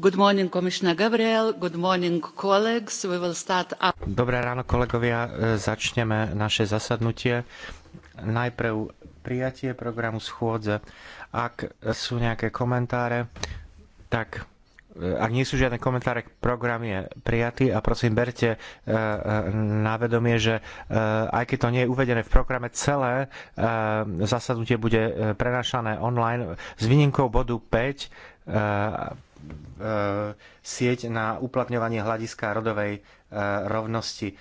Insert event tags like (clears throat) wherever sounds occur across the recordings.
Good morning, Commissioner Gabriel. Good morning, colleagues. We will start Dobré ráno, kolegovia. E, začneme naše zasadnutie. Najprv prijatie programu schôdze. Ak sú nejaké komentáre, tak e, ak nie sú žiadne komentáre, program je prijatý a prosím berte e, na vedomie, že aj keď to nie je uvedené v programe, celé zasadnutie bude prenašané online s výnimkou bodu 5 E, sieť na uplatňovanie hľadiska rodovej e, rovnosti. E,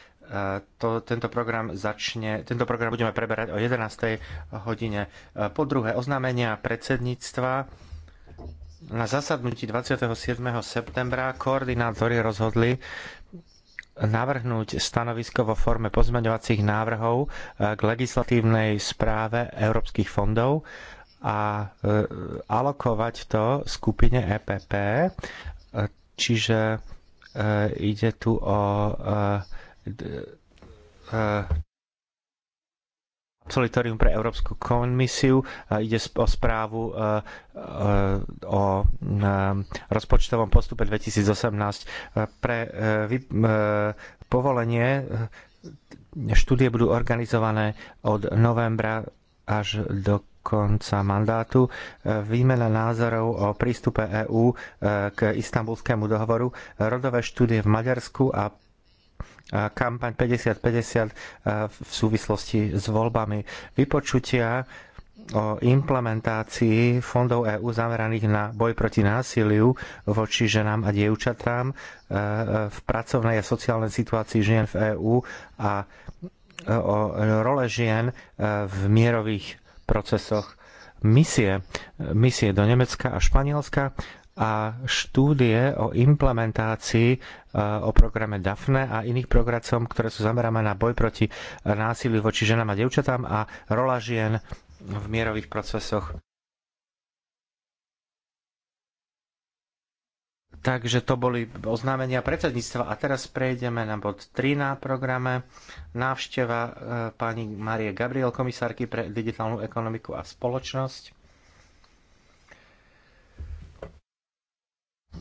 to, tento, program začne, tento program budeme preberať o 11. hodine. Po druhé, oznámenia predsedníctva. Na zasadnutí 27. septembra koordinátori rozhodli navrhnúť stanovisko vo forme pozmeňovacích návrhov k legislatívnej správe európskych fondov a e, alokovať to skupine EPP, e, čiže e, ide tu o absolutorium pre Európsku komisiu, ide o správu o rozpočtovom postupe 2018 pre povolenie štúdie budú organizované od novembra až do konca mandátu e, výmena názorov o prístupe EÚ e, k istambulskému dohovoru, rodové štúdie v Maďarsku a kampaň 50-50 e, v súvislosti s voľbami. Vypočutia o implementácii fondov EÚ zameraných na boj proti násiliu voči ženám a dievčatám v pracovnej a sociálnej situácii žien v EÚ a o role žien v mierových procesoch, misie, misie do Nemecka a Španielska a štúdie o implementácii e, o programe DAFNE a iných programov, ktoré sú zamerané na boj proti násiliu voči ženám a devčatám a rola žien v mierových procesoch. Takže to boli oznámenia predsedníctva. A teraz prejdeme na bod 3 na programe. Návšteva e, pani Marie Gabriel, komisárky pre digitálnu ekonomiku a spoločnosť.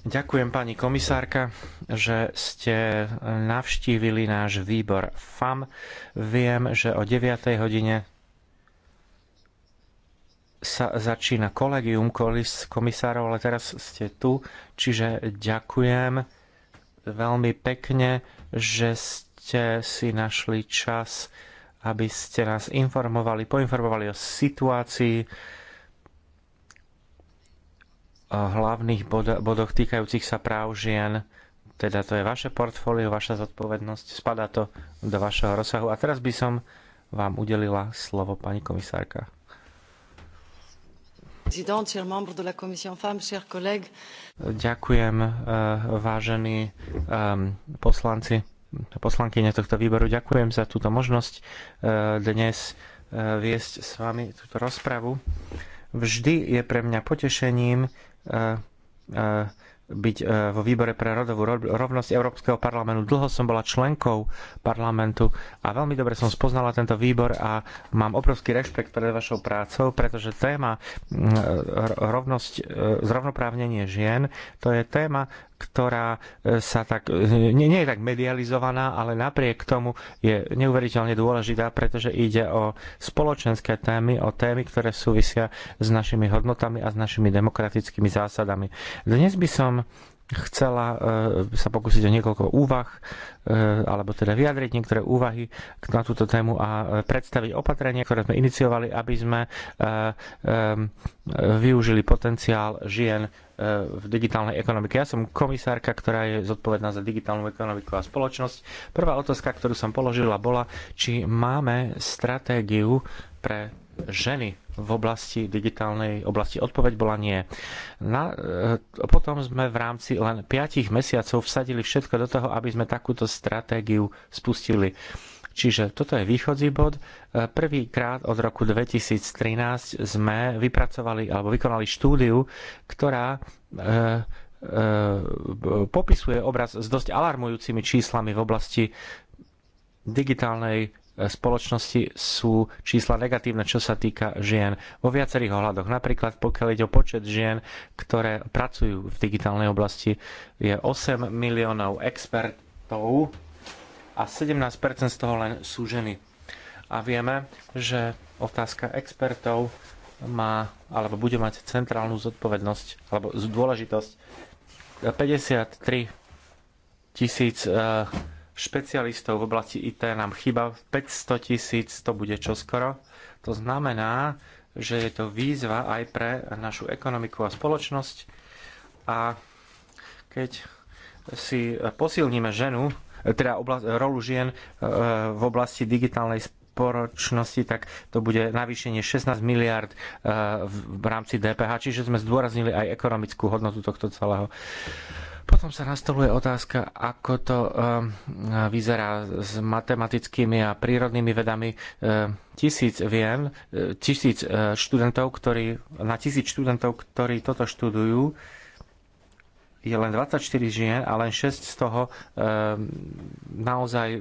Ďakujem pani komisárka, že ste navštívili náš výbor FAM. Viem, že o 9. hodine sa začína kolegium komisárov, ale teraz ste tu, čiže ďakujem veľmi pekne, že ste si našli čas, aby ste nás informovali, poinformovali o situácii, o hlavných bodoch týkajúcich sa práv žien. Teda to je vaše portfólio, vaša zodpovednosť, spadá to do vašeho rozsahu. A teraz by som vám udelila slovo pani komisárka. Ďakujem, eh, vážení ehm, poslanci, poslankyne tohto výboru. Ďakujem za túto možnosť eh, dnes eh, viesť s vami túto rozpravu. Vždy je pre mňa potešením byť e, vo výbore pre rodovú rovnosť Európskeho parlamentu. Dlho som bola členkou parlamentu a veľmi dobre som spoznala tento výbor a mám obrovský rešpekt pred vašou prácou, pretože téma e, rovnosť, e, zrovnoprávnenie žien, to je téma, ktorá e, sa tak, e, nie, nie je tak medializovaná, ale napriek tomu je neuveriteľne dôležitá, pretože ide o spoločenské témy, o témy, ktoré súvisia s našimi hodnotami a s našimi demokratickými zásadami. Dnes by som chcela e, sa pokúsiť o niekoľko úvah, e, alebo teda vyjadriť niektoré úvahy na túto tému a e, predstaviť opatrenia, ktoré sme iniciovali, aby sme využili potenciál žien v digitálnej ekonomike. Ja som komisárka, ktorá je zodpovedná za digitálnu ekonomiku a spoločnosť. Prvá otázka, ktorú som položila, bola, či máme stratégiu pre ženy v oblasti digitálnej oblasti? Odpoveď bola nie. Na, e, potom sme v rámci len 5 mesiacov vsadili všetko do toho, aby sme takúto stratégiu spustili. Čiže toto je východzí bod. E, prvýkrát od roku 2013 sme vypracovali alebo vykonali štúdiu, ktorá e, e, popisuje obraz s dosť alarmujúcimi číslami v oblasti digitálnej spoločnosti sú čísla negatívne, čo sa týka žien. Vo viacerých ohľadoch, napríklad pokiaľ ide o počet žien, ktoré pracujú v digitálnej oblasti, je 8 miliónov expertov a 17% z toho len sú ženy. A vieme, že otázka expertov má alebo bude mať centrálnu zodpovednosť alebo dôležitosť 53 tisíc eh, špecialistov v oblasti IT nám chýba 500 tisíc, to bude čoskoro. To znamená, že je to výzva aj pre našu ekonomiku a spoločnosť. A keď si posilníme ženu, teda oblast, rolu žien e, v oblasti digitálnej spoločnosti, tak to bude navýšenie 16 miliard e, v rámci DPH, čiže sme zdôraznili aj ekonomickú hodnotu tohto celého. Potom sa nastoluje otázka, ako to ehm, vyzerá s matematickými a prírodnými vedami. Ehm, tisíc viem, e, tisíc e, študentov, ktorí, na tisíc študentov, ktorí toto študujú, je len 24 žien a len 6 z toho e, naozaj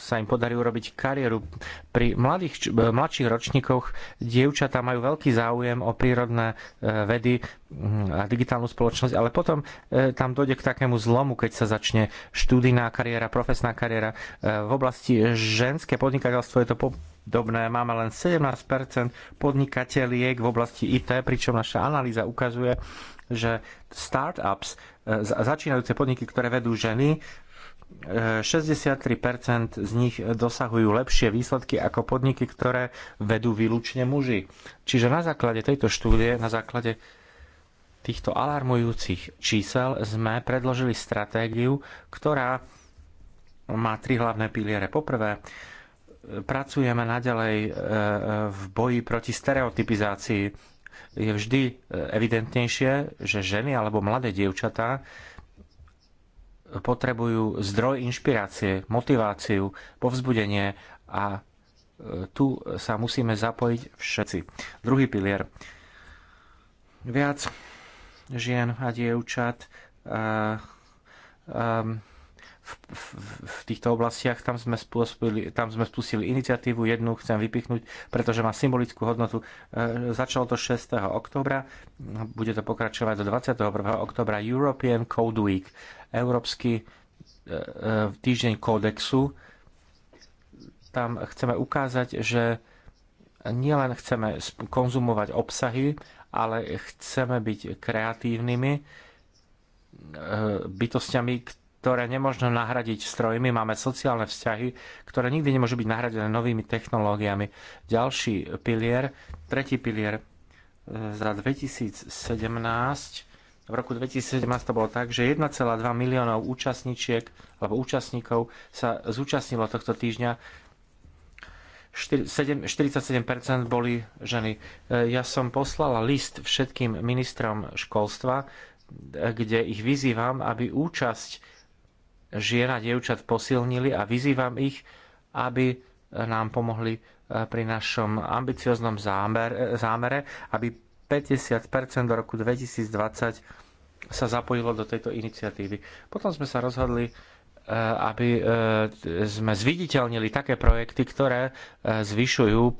sa im podarí urobiť kariéru. Pri mladých, mladších ročníkoch dievčatá majú veľký záujem o prírodné e, vedy mm, a digitálnu spoločnosť, ale potom e, tam dojde k takému zlomu, keď sa začne študijná kariéra, profesná kariéra. E, v oblasti ženské podnikateľstvo je to po Dobné máme len 17 podnikateliek v oblasti IT, pričom naša analýza ukazuje, že startups, e, začínajúce podniky, ktoré vedú ženy, 63% e, z nich dosahujú lepšie výsledky ako podniky, ktoré vedú výlučne muži. Čiže na základe tejto štúdie, na základe týchto alarmujúcich čísel sme predložili stratégiu, ktorá má tri hlavné piliere. Poprvé, pracujeme naďalej e, e, v boji proti stereotypizácii. Je vždy e, evidentnejšie, že ženy alebo mladé dievčatá potrebujú zdroj inšpirácie, motiváciu, povzbudenie a tu sa musíme zapojiť všetci. Druhý pilier. Viac žien a dievčat um, v, v, v týchto oblastiach. Tam sme, spustili, tam sme spustili iniciatívu, jednu chcem vypichnúť, pretože má symbolickú hodnotu. E, začalo to 6. oktobra, bude to pokračovať do 21. oktobra European Code Week, Európsky e, e, týždeň kódexu. Tam chceme ukázať, že nielen chceme konzumovať obsahy, ale chceme byť kreatívnymi e, bytostiami, ktoré nemôžno nahradiť strojmi. Máme sociálne vzťahy, ktoré nikdy nemôžu byť nahradené novými technológiami. Ďalší pilier, tretí pilier e, za 2017. V roku 2017 to bolo tak, že 1,2 miliónov účastníčiek alebo účastníkov sa zúčastnilo tohto týždňa. 47% boli ženy. E, ja som poslala list všetkým ministrom školstva, e, kde ich vyzývam, aby účasť žien a dievčat posilnili a vyzývam ich, aby nám pomohli e, pri našom ambicioznom zámer, e, zámere, aby 50% do roku 2020 sa zapojilo do tejto iniciatívy. Potom sme sa rozhodli Eh, aby eh, sme zviditeľnili také projekty, ktoré eh, zvyšujú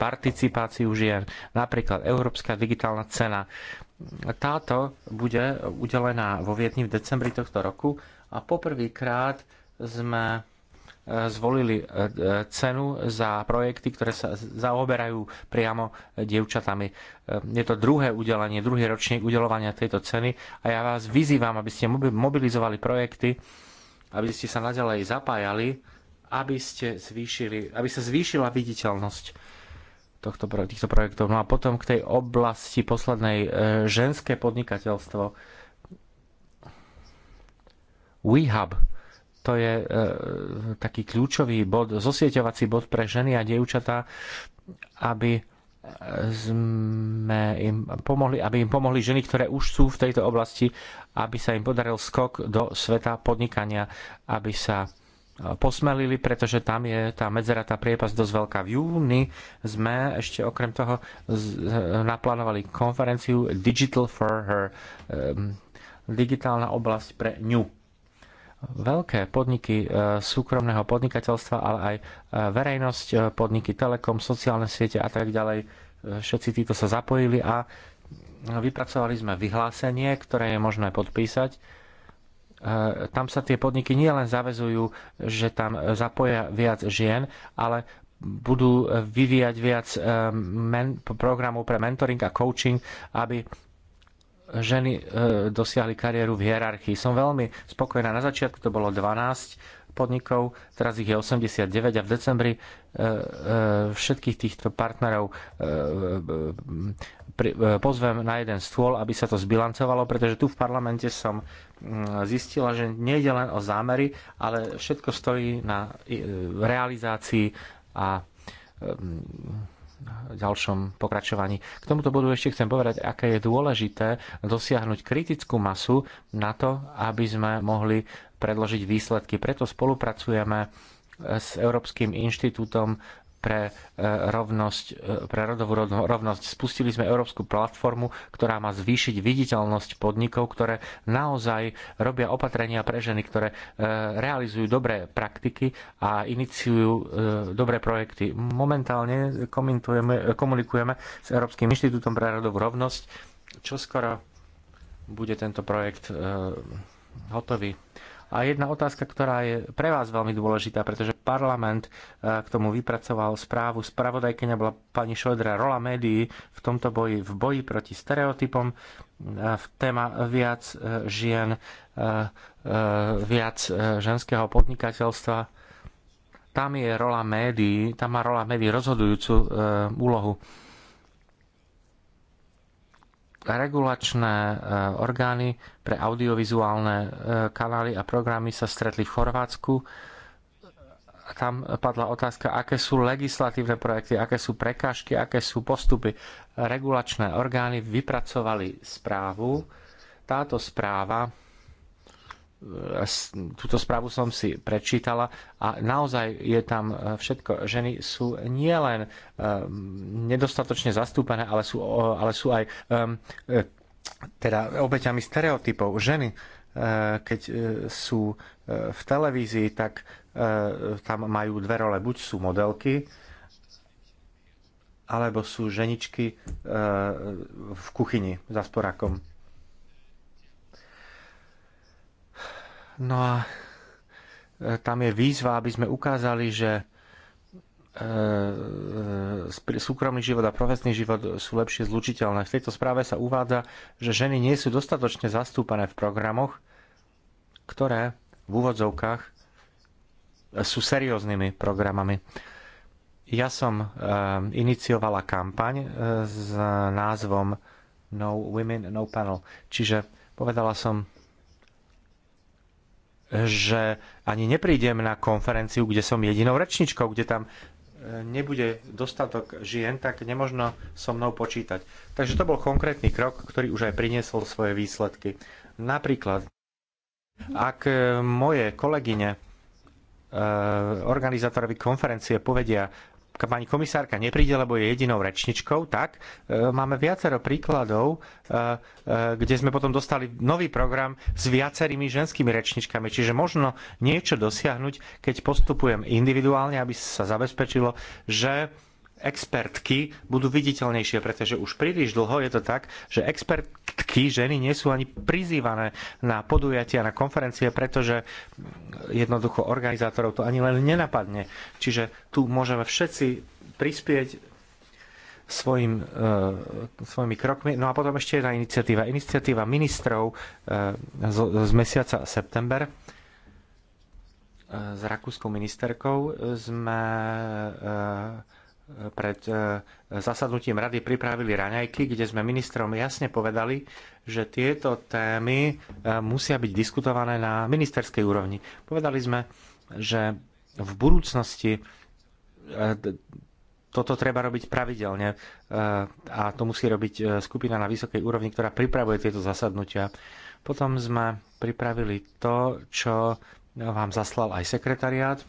participáciu žien. Napríklad Európska digitálna cena. Táto bude udelená vo Viedni v decembri tohto roku a poprvýkrát sme zvolili e, cenu za projekty, ktoré sa zaoberajú priamo dievčatami. E, je to druhé udelanie, druhý ročník udelovania tejto ceny a ja vás vyzývam, aby ste mobilizovali projekty, aby ste sa naďalej zapájali, aby, ste zvýšili, aby sa zvýšila viditeľnosť tohto, týchto projektov. No a potom k tej oblasti poslednej e, ženské podnikateľstvo. WeHub to je e, taký kľúčový bod, zosieťovací bod pre ženy a dievčatá, aby e, sme im pomohli, aby im pomohli ženy, ktoré už sú v tejto oblasti, aby sa im podaril skok do sveta podnikania, aby sa e, posmelili, pretože tam je tá medzera, tá priepas dosť veľká. V júni sme ešte okrem toho e, naplánovali konferenciu Digital for Her, digitálna oblasť pre ňu veľké podniky e, súkromného podnikateľstva, ale aj e, verejnosť, e, podniky Telekom, sociálne siete a tak ďalej. Všetci títo sa zapojili a vypracovali sme vyhlásenie, ktoré je možné podpísať. Tam sa tie podniky nielen zavezujú, že tam zapoja viac žien, ale budú vyvíjať viac programov pre mentoring a coaching, aby ženy e, dosiahli kariéru v hierarchii. Som veľmi spokojná. Na začiatku to bolo 12 podnikov, teraz ich je 89 a v decembri e, e, všetkých týchto partnerov e, e, e, pozvem na jeden stôl, aby sa to zbilancovalo, pretože tu v parlamente som mm, zistila, že nie je len o zámery, ale všetko stojí na e, realizácii a ďalšom pokračovaní. K tomuto bodu ešte chcem povedať, aké je dôležité dosiahnuť kritickú masu na to, aby sme mohli predložiť výsledky. Preto spolupracujeme s Európskym inštitútom pre, e, rovnosť, e, pre rodovú rovnosť. Spustili sme európsku platformu, ktorá má zvýšiť viditeľnosť podnikov, ktoré naozaj robia opatrenia pre ženy, ktoré e, realizujú dobré praktiky a iniciujú dobré projekty. Momentálne komunikujeme s Európskym inštitútom pre rodovú rovnosť, čo skoro bude tento projekt hotový. A jedna otázka, ktorá je pre vás veľmi dôležitá, pretože parlament e, k tomu vypracoval správu. Spravodajkenia bola pani Šodra rola médií v tomto boji, v boji proti stereotypom. E, v téma viac e, žien, viac ženského podnikateľstva. Tam je rola médií, tam má rola médií rozhodujúcu úlohu regulačné eh, orgány pre audiovizuálne eh, kanály a programy sa stretli v Chorvátsku. Tam padla otázka, aké sú legislatívne projekty, aké sú prekážky, aké sú postupy. Regulačné orgány vypracovali správu. Táto správa túto správu som si prečítala a naozaj je tam e, všetko. Ženy sú nielen e, nedostatočne zastúpené, ale sú, ale sú aj e, teda obeťami stereotypov. Ženy, keď sú v televízii, tak tam majú dve role. Buď sú modelky, alebo sú ženičky v kuchyni za sporakom No a e, tam je výzva, aby sme ukázali, že e, e, súkromný život a profesný život sú lepšie zlučiteľné. V tejto správe sa uvádza, že ženy nie sú dostatočne zastúpané v programoch, ktoré v úvodzovkách sú serióznymi programami. Ja som iniciovala kampaň s názvom No Women, No Panel. Čiže povedala som, že ani neprídem na konferenciu, kde som jedinou rečničkou, kde tam e, nebude dostatok žien, tak nemožno so mnou počítať. Takže to bol konkrétny krok, ktorý už aj priniesol svoje výsledky. Napríklad, ak e, moje kolegyne e, organizátorovi konferencie povedia, pani komisárka nepríde, lebo je jedinou rečničkou, tak e, máme viacero príkladov, e, e, kde sme potom dostali nový program s viacerými ženskými rečničkami. Čiže možno niečo dosiahnuť, keď postupujem individuálne, aby sa zabezpečilo, že expertky budú viditeľnejšie, pretože už príliš dlho je to tak, že expertky ženy nie sú ani prizývané na podujatia, na konferencie, pretože jednoducho organizátorov to ani len nenapadne. Čiže tu môžeme všetci prispieť svojim, e, svojimi krokmi. No a potom ešte jedna iniciatíva. Iniciatíva ministrov e, z, z mesiaca september e, s rakúskou ministerkou sme e, pred e, zasadnutím rady pripravili raňajky, kde sme ministrom jasne povedali, že tieto témy e, musia byť diskutované na ministerskej úrovni. Povedali sme, že v budúcnosti e, toto treba robiť pravidelne a to musí robiť skupina na vysokej úrovni, ktorá pripravuje tieto zasadnutia. Potom sme pripravili to, čo vám zaslal aj sekretariát.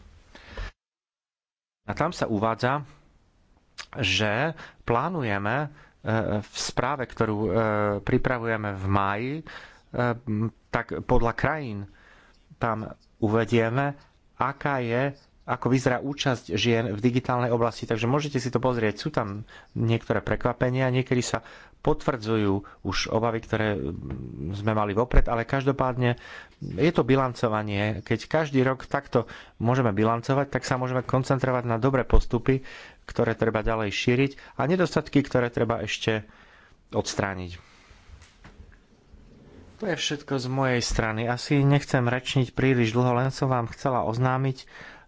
A tam sa uvádza, že plánujeme e, v správe, ktorú e, pripravujeme v máji, e, tak podľa krajín tam uvedieme, aká je ako vyzerá účasť žien v digitálnej oblasti. Takže môžete si to pozrieť. Sú tam niektoré prekvapenia, niekedy sa potvrdzujú už obavy, ktoré sme mali vopred, ale každopádne je to bilancovanie. Keď každý rok takto môžeme bilancovať, tak sa môžeme koncentrovať na dobré postupy ktoré treba ďalej šíriť a nedostatky, ktoré treba ešte odstrániť. To je všetko z mojej strany. Asi nechcem rečniť príliš dlho, len som vám chcela oznámiť,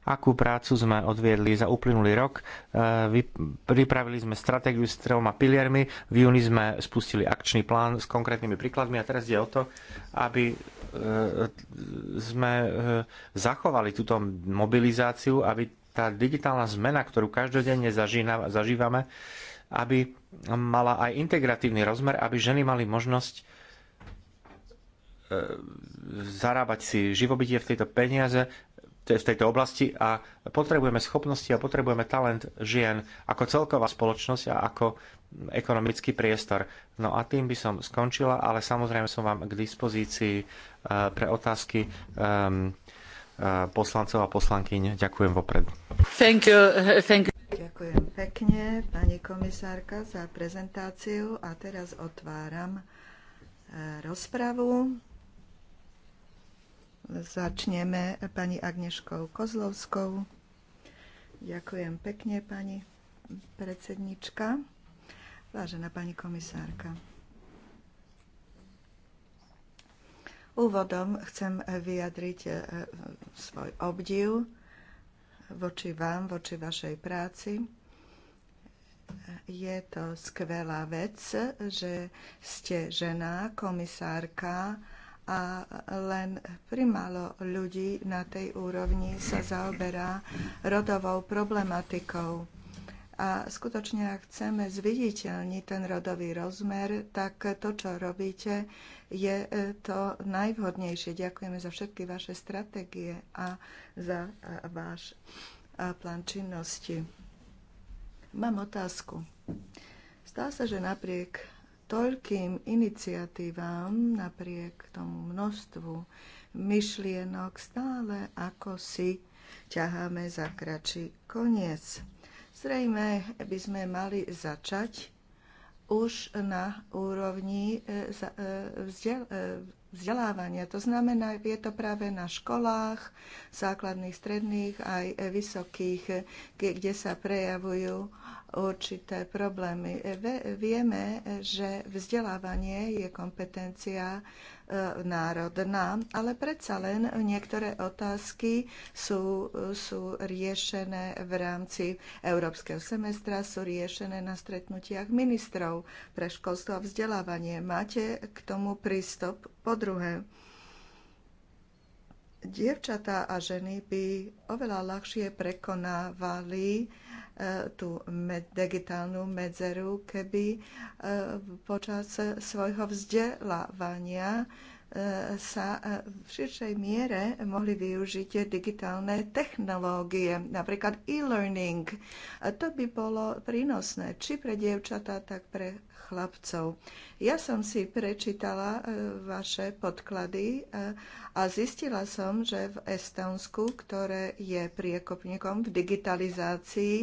akú prácu sme odviedli za uplynulý rok. E, pripravili sme stratégiu s troma piliermi, v júni sme spustili akčný plán s konkrétnymi príkladmi a teraz ide o to, aby e, sme e, zachovali túto mobilizáciu, aby tá digitálna zmena, ktorú každodenne zažívame, aby mala aj integratívny rozmer, aby ženy mali možnosť e, zarábať si živobytie v tejto peniaze, v tejto oblasti a potrebujeme schopnosti a potrebujeme talent žien ako celková spoločnosť a ako ekonomický priestor. No a tým by som skončila, ale samozrejme som vám k dispozícii e, pre otázky ehm, poslancov a poslankyň. Ďakujem vopred. Thank you, eh, thank you. Ďakujem pekne, pani komisárka, za prezentáciu a teraz otváram eh, rozpravu. Začneme pani Agneškou Kozlovskou. Ďakujem pekne, pani predsednička. Vážená pani komisárka. Úvodom chcem vyjadriť e, svoj obdiv voči vám, voči vašej práci. Je to skvelá vec, že ste žena, komisárka a len primálo ľudí na tej úrovni sa zaoberá rodovou problematikou a skutočne, ak chceme zviditeľniť ten rodový rozmer, tak to, čo robíte, je e, to najvhodnejšie. Ďakujeme za všetky vaše stratégie a za e, váš e, plán činnosti. Mám otázku. Zdá sa, že napriek toľkým iniciatívam, napriek tomu množstvu myšlienok, stále ako si ťaháme za kračí koniec Zrejme by sme mali začať už na úrovni e, e, e, vzdelávania. To znamená, je to práve na školách, základných, stredných aj vysokých, kde sa prejavujú určité problémy. E, vieme, že vzdelávanie je kompetencia e, národná, ale predsa len niektoré otázky sú, sú riešené v rámci európskeho semestra, sú riešené na stretnutiach ministrov pre školstvo a vzdelávanie. Máte k tomu prístup? Po druhé, dievčatá a ženy by oveľa ľahšie prekonávali tú digitálnu medzeru, keby e, počas svojho vzdelávania e, sa e, v širšej miere mohli využiť digitálne technológie, napríklad e-learning. To by bolo prínosné či pre dievčatá, tak pre chlapcov. Ja som si prečítala e, vaše podklady e, a zistila som, že v Estonsku, ktoré je priekopníkom v digitalizácii,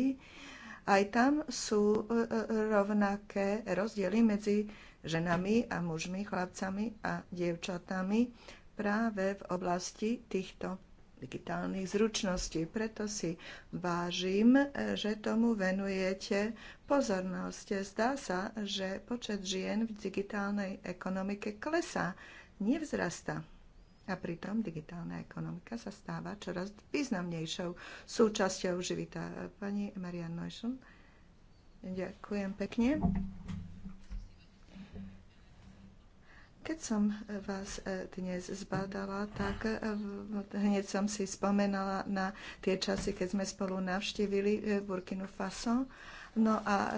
aj tam sú e, rovnaké rozdiely medzi ženami a mužmi, chlapcami a dievčatami práve v oblasti týchto digitálnych zručností. Preto si vážim, že tomu venujete pozornosť. Zdá sa, že počet žien v digitálnej ekonomike klesá, nevzrasta. A pritom digitálna ekonomika sa stáva čoraz významnejšou súčasťou živita. Pani Marian Neuschel, ďakujem pekne. Keď som vás e, dnes zbadala, tak e, hneď som si spomenala na tie časy, keď sme spolu navštívili e, Burkinu Faso. No a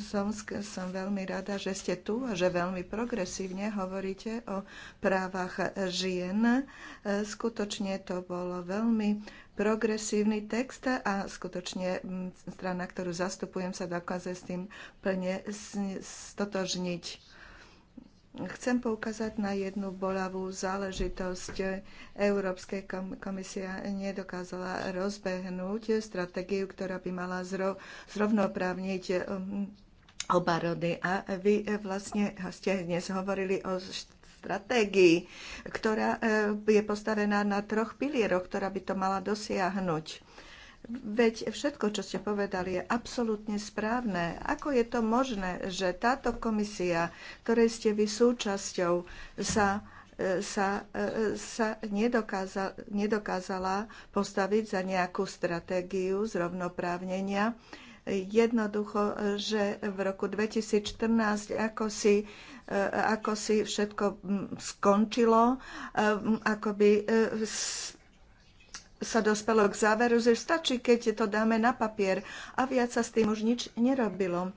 som, som veľmi rada, že ste tu a že veľmi progresívne hovoríte o právach žien. Skutočne to bolo veľmi progresívny text a skutočne strana, ktorú zastupujem, sa dokáže s tým plne stotožniť. Chcem poukázať na jednu bolavú záležitosť. Európska komisia nedokázala rozbehnúť stratégiu, ktorá by mala zrovnoprávniť um, oba rody. A vy vlastne ste dnes hovorili o stratégii, ktorá eh, je postavená na troch pilieroch, ktorá by to mala dosiahnuť Veď všetko, čo ste povedali, je absolútne správne. Ako je to možné, že táto komisia, ktorej ste vy súčasťou, sa e, sa, e, sa nedokáza, nedokázala postaviť za nejakú stratégiu zrovnoprávnenia. Jednoducho, že v roku 2014 ako si, e, ako si všetko skončilo, ako by sa dospelo k záveru, že stačí, keď to dáme na papier a viac sa s tým už nič nerobilo.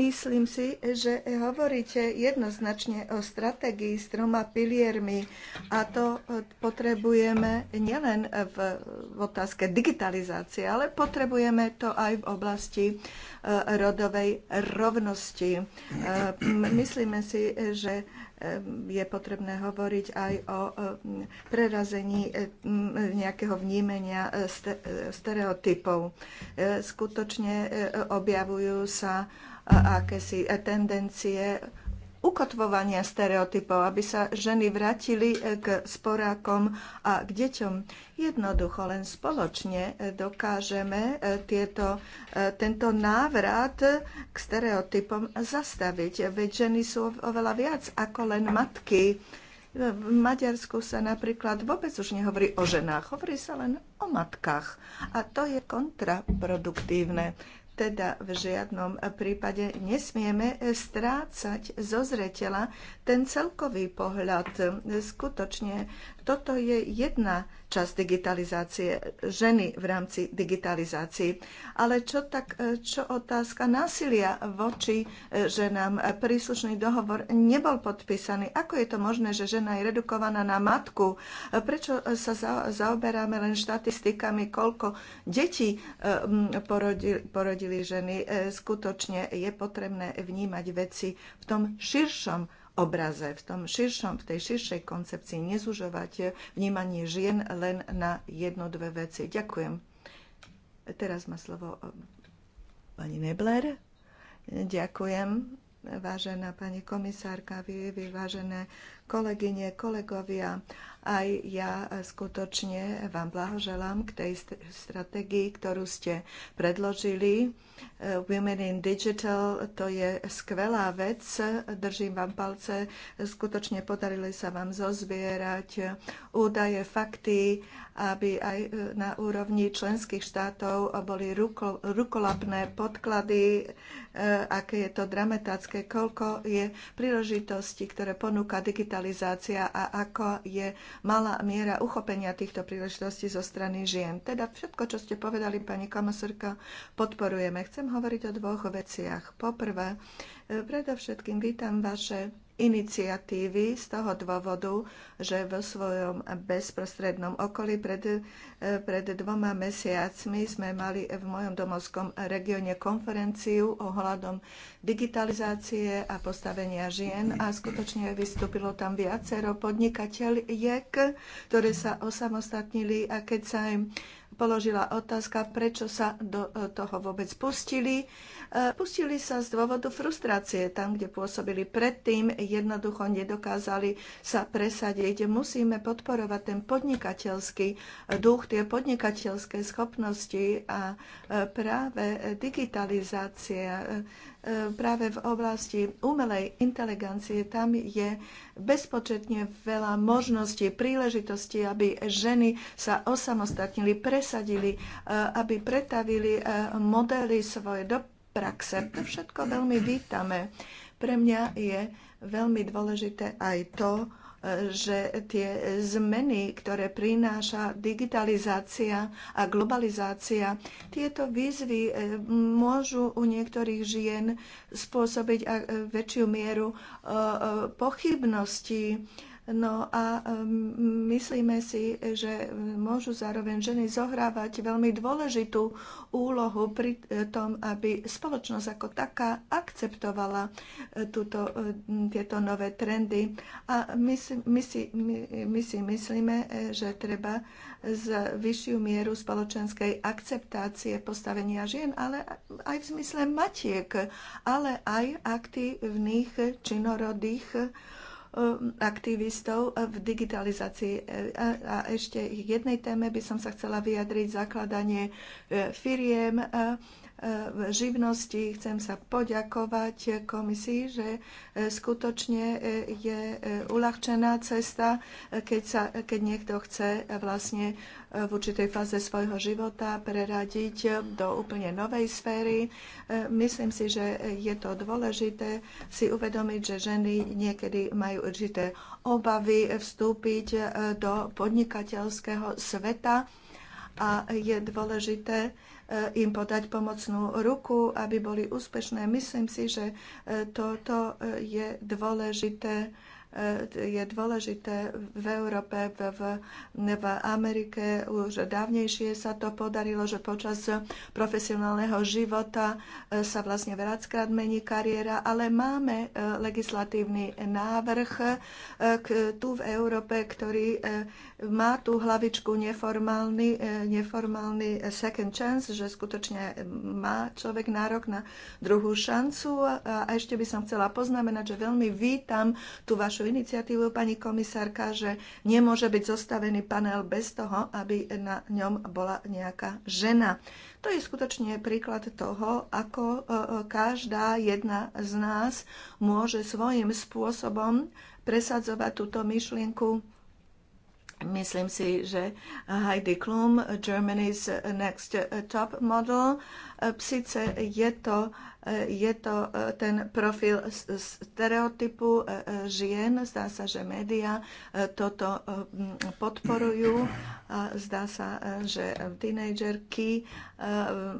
Myslím si, že hovoríte jednoznačne o stratégii s troma piliermi a to e, potrebujeme nielen v, v otázke digitalizácie, ale potrebujeme to aj v oblasti e, rodovej rovnosti. E, myslíme si, že je potrebné hovoriť aj o e, prerazení e, nejakého vnímenia e, stereotypov. Skutočne objavujú sa akési tendencie ukotvovania stereotypov, aby sa ženy vrátili e, k sporákom a k deťom. Jednoducho len spoločne e, dokážeme e, tieto, tento návrat k stereotypom zastaviť. Veď ženy sú oveľa viac ako len matky. V Maďarsku sa napríklad vôbec už nehovorí o ženách, hovorí sa len o matkách. A to je kontraproduktívne. Teda v žiadnom prípade nesmieme strácať zo zretela ten celkový pohľad. Skutočne toto je jedna časť digitalizácie ženy v rámci digitalizácií. Ale čo, tak, čo otázka násilia voči e, ženám? Príslušný dohovor nebol podpísaný. Ako je to možné, že žena je redukovaná na matku? E, Prečo sa zaoberáme len štatistikami, koľko detí e, porodí? poškodili ženy. E, skutočne je potrebné vnímať veci v tom širšom obraze, v tom širšom, v tej širšej koncepcii, nezužovať e, vnímanie žien len na jedno, dve veci. Ďakujem. Teraz má slovo e, pani Nebler. Ďakujem, vážená pani komisárka, vy, vy vážené kolegyne, kolegovia. Aj ja e, skutočne vám blahoželám k tej stratégii, ktorú ste predložili. E, Women in Digital, to je skvelá vec. Držím vám palce. Skutočne podarili sa vám zozbierať údaje, fakty, aby aj e, na úrovni členských štátov boli ruko, rukolapné podklady, aké je to dramatické, koľko je príležitosti, ktoré ponúka digitalizácia a ako je malá miera uchopenia týchto príležitostí zo strany žien. Teda všetko, čo ste povedali, pani komisárka, podporujeme. Chcem hovoriť o dvoch veciach. Poprvé, e, predovšetkým vítam vaše iniciatívy z toho dôvodu, že vo svojom bezprostrednom okolí pred, pred dvoma mesiacmi sme mali v mojom domovskom regióne konferenciu ohľadom digitalizácie a postavenia žien a skutočne vystúpilo tam viacero podnikateľiek, ktoré sa osamostatnili a keď sa im položila otázka, prečo sa do e, toho vôbec pustili. E, pustili sa z dôvodu frustrácie. Tam, kde pôsobili predtým, jednoducho nedokázali sa presadiť. Musíme podporovať ten podnikateľský duch, tie podnikateľské schopnosti a e, práve digitalizácia E, práve v oblasti umelej inteligencie, tam je bezpočetne veľa možností, príležitostí, aby ženy sa osamostatnili, presadili, e, aby pretavili e, modely svoje do praxe. To všetko veľmi vítame. Pre mňa je veľmi dôležité aj to, že tie zmeny, ktoré prináša digitalizácia a globalizácia, tieto výzvy e, môžu u niektorých žien spôsobiť e, väčšiu mieru e, pochybností No a myslíme si, že môžu zároveň ženy zohrávať veľmi dôležitú úlohu pri eh, tom, aby spoločnosť ako taká akceptovala eh, túto, eh, tieto nové trendy. A my si, my, si, my, my si myslíme, že treba z vyššiu mieru spoločenskej akceptácie postavenia žien, ale aj v zmysle matiek, ale aj aktívnych činorodých Um, aktivistov uh, v digitalizácii. E, a ešte jednej téme by som sa chcela vyjadriť, zakladanie e, firiem e, v živnosti. Chcem sa poďakovať komisii, že e, skutočne e, je e, uľahčená cesta, keď, sa, keď niekto chce vlastne v určitej fáze svojho života preradiť do úplne novej sféry. Myslím si, že je to dôležité si uvedomiť, že ženy niekedy majú určité obavy vstúpiť do podnikateľského sveta a je dôležité Eh, im podať pomocnú ruku, aby boli úspešné. Myslím si, že eh, toto eh, je dôležité je dôležité v Európe, v, v Amerike. Už dávnejšie sa to podarilo, že počas profesionálneho života e, sa vlastne veľackrát mení kariéra, ale máme e, legislatívny návrh e, tu v Európe, ktorý má tú hlavičku neformálny, neformálny second chance, že skutočne má človek nárok na druhú šancu. A ešte by som chcela poznamenať, že veľmi vítam tú vašu vašu iniciatívu, pani komisárka, že nemôže byť zostavený panel bez toho, aby na ňom bola nejaká žena. To je skutočne príklad toho, ako e, e, každá jedna z nás môže svojím spôsobom presadzovať túto myšlienku. Myslím si, že Heidi Klum, Germany's Next Top Model, e, síce je to je to e, ten profil stereotypu e, e, žien. Zdá sa, že médiá toto podporujú a zdá sa, e, že tínejdžerky e,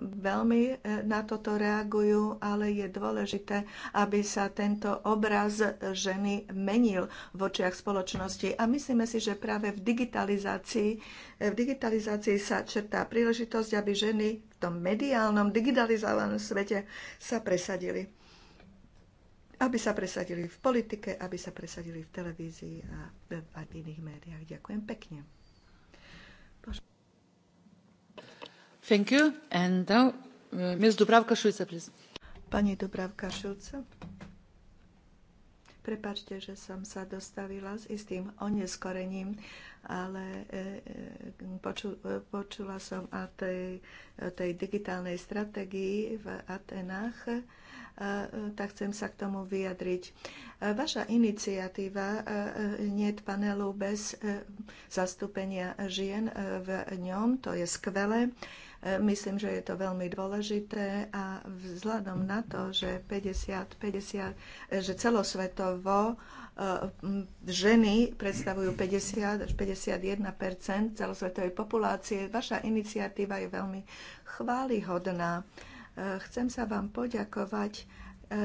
veľmi e, na toto reagujú, ale je dôležité, aby sa tento obraz ženy menil v očiach spoločnosti. A myslíme si, že práve v digitalizácii, v digitalizácii sa črtá príležitosť, aby ženy v tom mediálnom, digitalizovanom svete sa presadili aby sa presadili v politike, aby sa presadili v televízii a v, a v iných médiách. Ďakujem pekne. Uh, Pani Dubravka Šulca, Prepačte, že som sa dostavila s istým oneskorením, ale e, e, počula som o tej, tej digitálnej strategii v Atenách E, tak chcem sa k tomu vyjadriť. E, vaša iniciatíva je e, panelu bez zastúpenia žien v ňom, to je skvelé. Myslím, že je to veľmi dôležité a vzhľadom na to, že 50, 50, že celosvetovo ženy predstavujú 50 až 51 celosvetovej populácie, vaša iniciatíva je veľmi chválihodná Chcem sa vám poďakovať, e, e,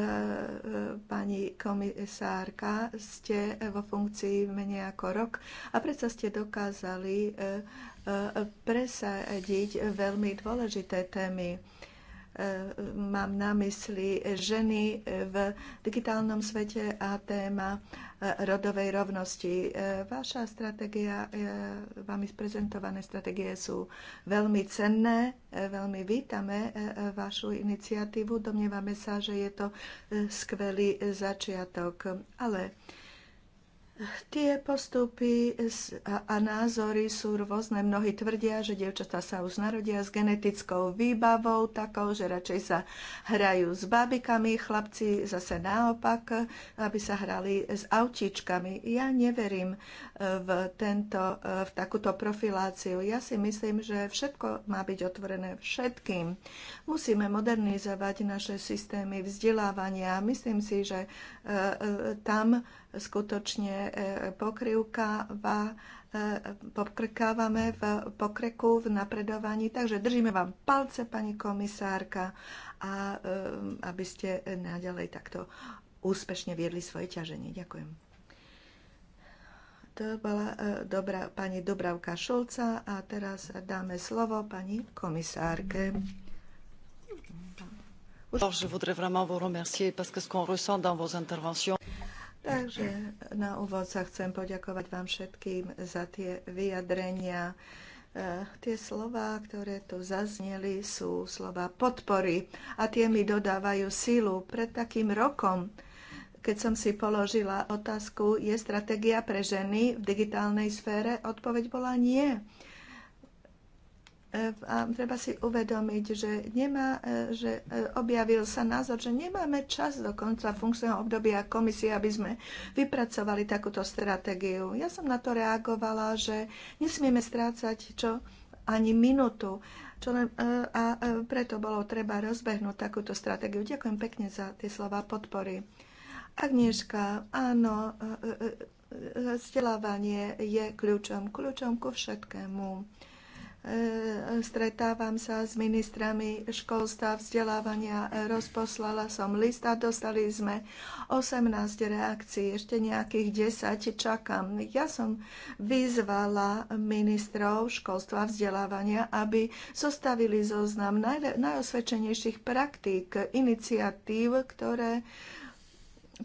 pani komisárka, ste vo funkcii menej ako rok a predsa ste dokázali e, presadiť veľmi dôležité témy mám na mysli ženy v digitálnom svete a téma rodovej rovnosti. E, vaša stratégia, e, vami prezentované stratégie sú veľmi cenné, e, veľmi vítame vašu iniciatívu. Domnievame sa, že je to skvelý začiatok. Ale Tie postupy a názory sú rôzne. Mnohí tvrdia, že dievčatá sa už narodia s genetickou výbavou takou, že radšej sa hrajú s bábikami, chlapci zase naopak, aby sa hrali s autíčkami. Ja neverím e, v, tento, e, v takúto profiláciu. Ja si myslím, že všetko má byť otvorené všetkým. Musíme modernizovať naše systémy vzdelávania. Myslím si, že e, tam skutočne e, pokrývkava, e, pokrkávame v pokreku, v napredovaní. Takže držíme vám palce, pani komisárka, a e, aby ste naďalej takto úspešne viedli svoje ťaženie. Ďakujem. To bola dobrá, pani Dobravka Šulca a teraz dáme slovo pani komisárke. Už... Alors, je voudrais vraiment vous remercier parce que ce qu'on ressent dans vos interventions... Takže na úvod sa chcem poďakovať vám všetkým za tie vyjadrenia. E, tie slova, ktoré tu zazneli, sú slova podpory a tie mi dodávajú sílu pred takým rokom, keď som si položila otázku, je stratégia pre ženy v digitálnej sfére, odpoveď bola nie. E, a treba si uvedomiť, že, nemá, e, že e, objavil sa názor, že nemáme čas do konca funkčného obdobia komisie, aby sme vypracovali takúto stratégiu. Ja som na to reagovala, že nesmieme strácať čo ani minútu. Čo len, a preto bolo treba rozbehnúť takúto stratégiu. Ďakujem pekne za tie slova podpory. Agnieszka, áno, vzdelávanie je kľúčom, kľúčom ku všetkému E, stretávam sa s ministrami školstva, vzdelávania, e, rozposlala som list a dostali sme 18 reakcií, ešte nejakých 10 čakám. Ja som vyzvala ministrov školstva, vzdelávania, aby zostavili zoznam najosvedčenejších praktík, iniciatív, ktoré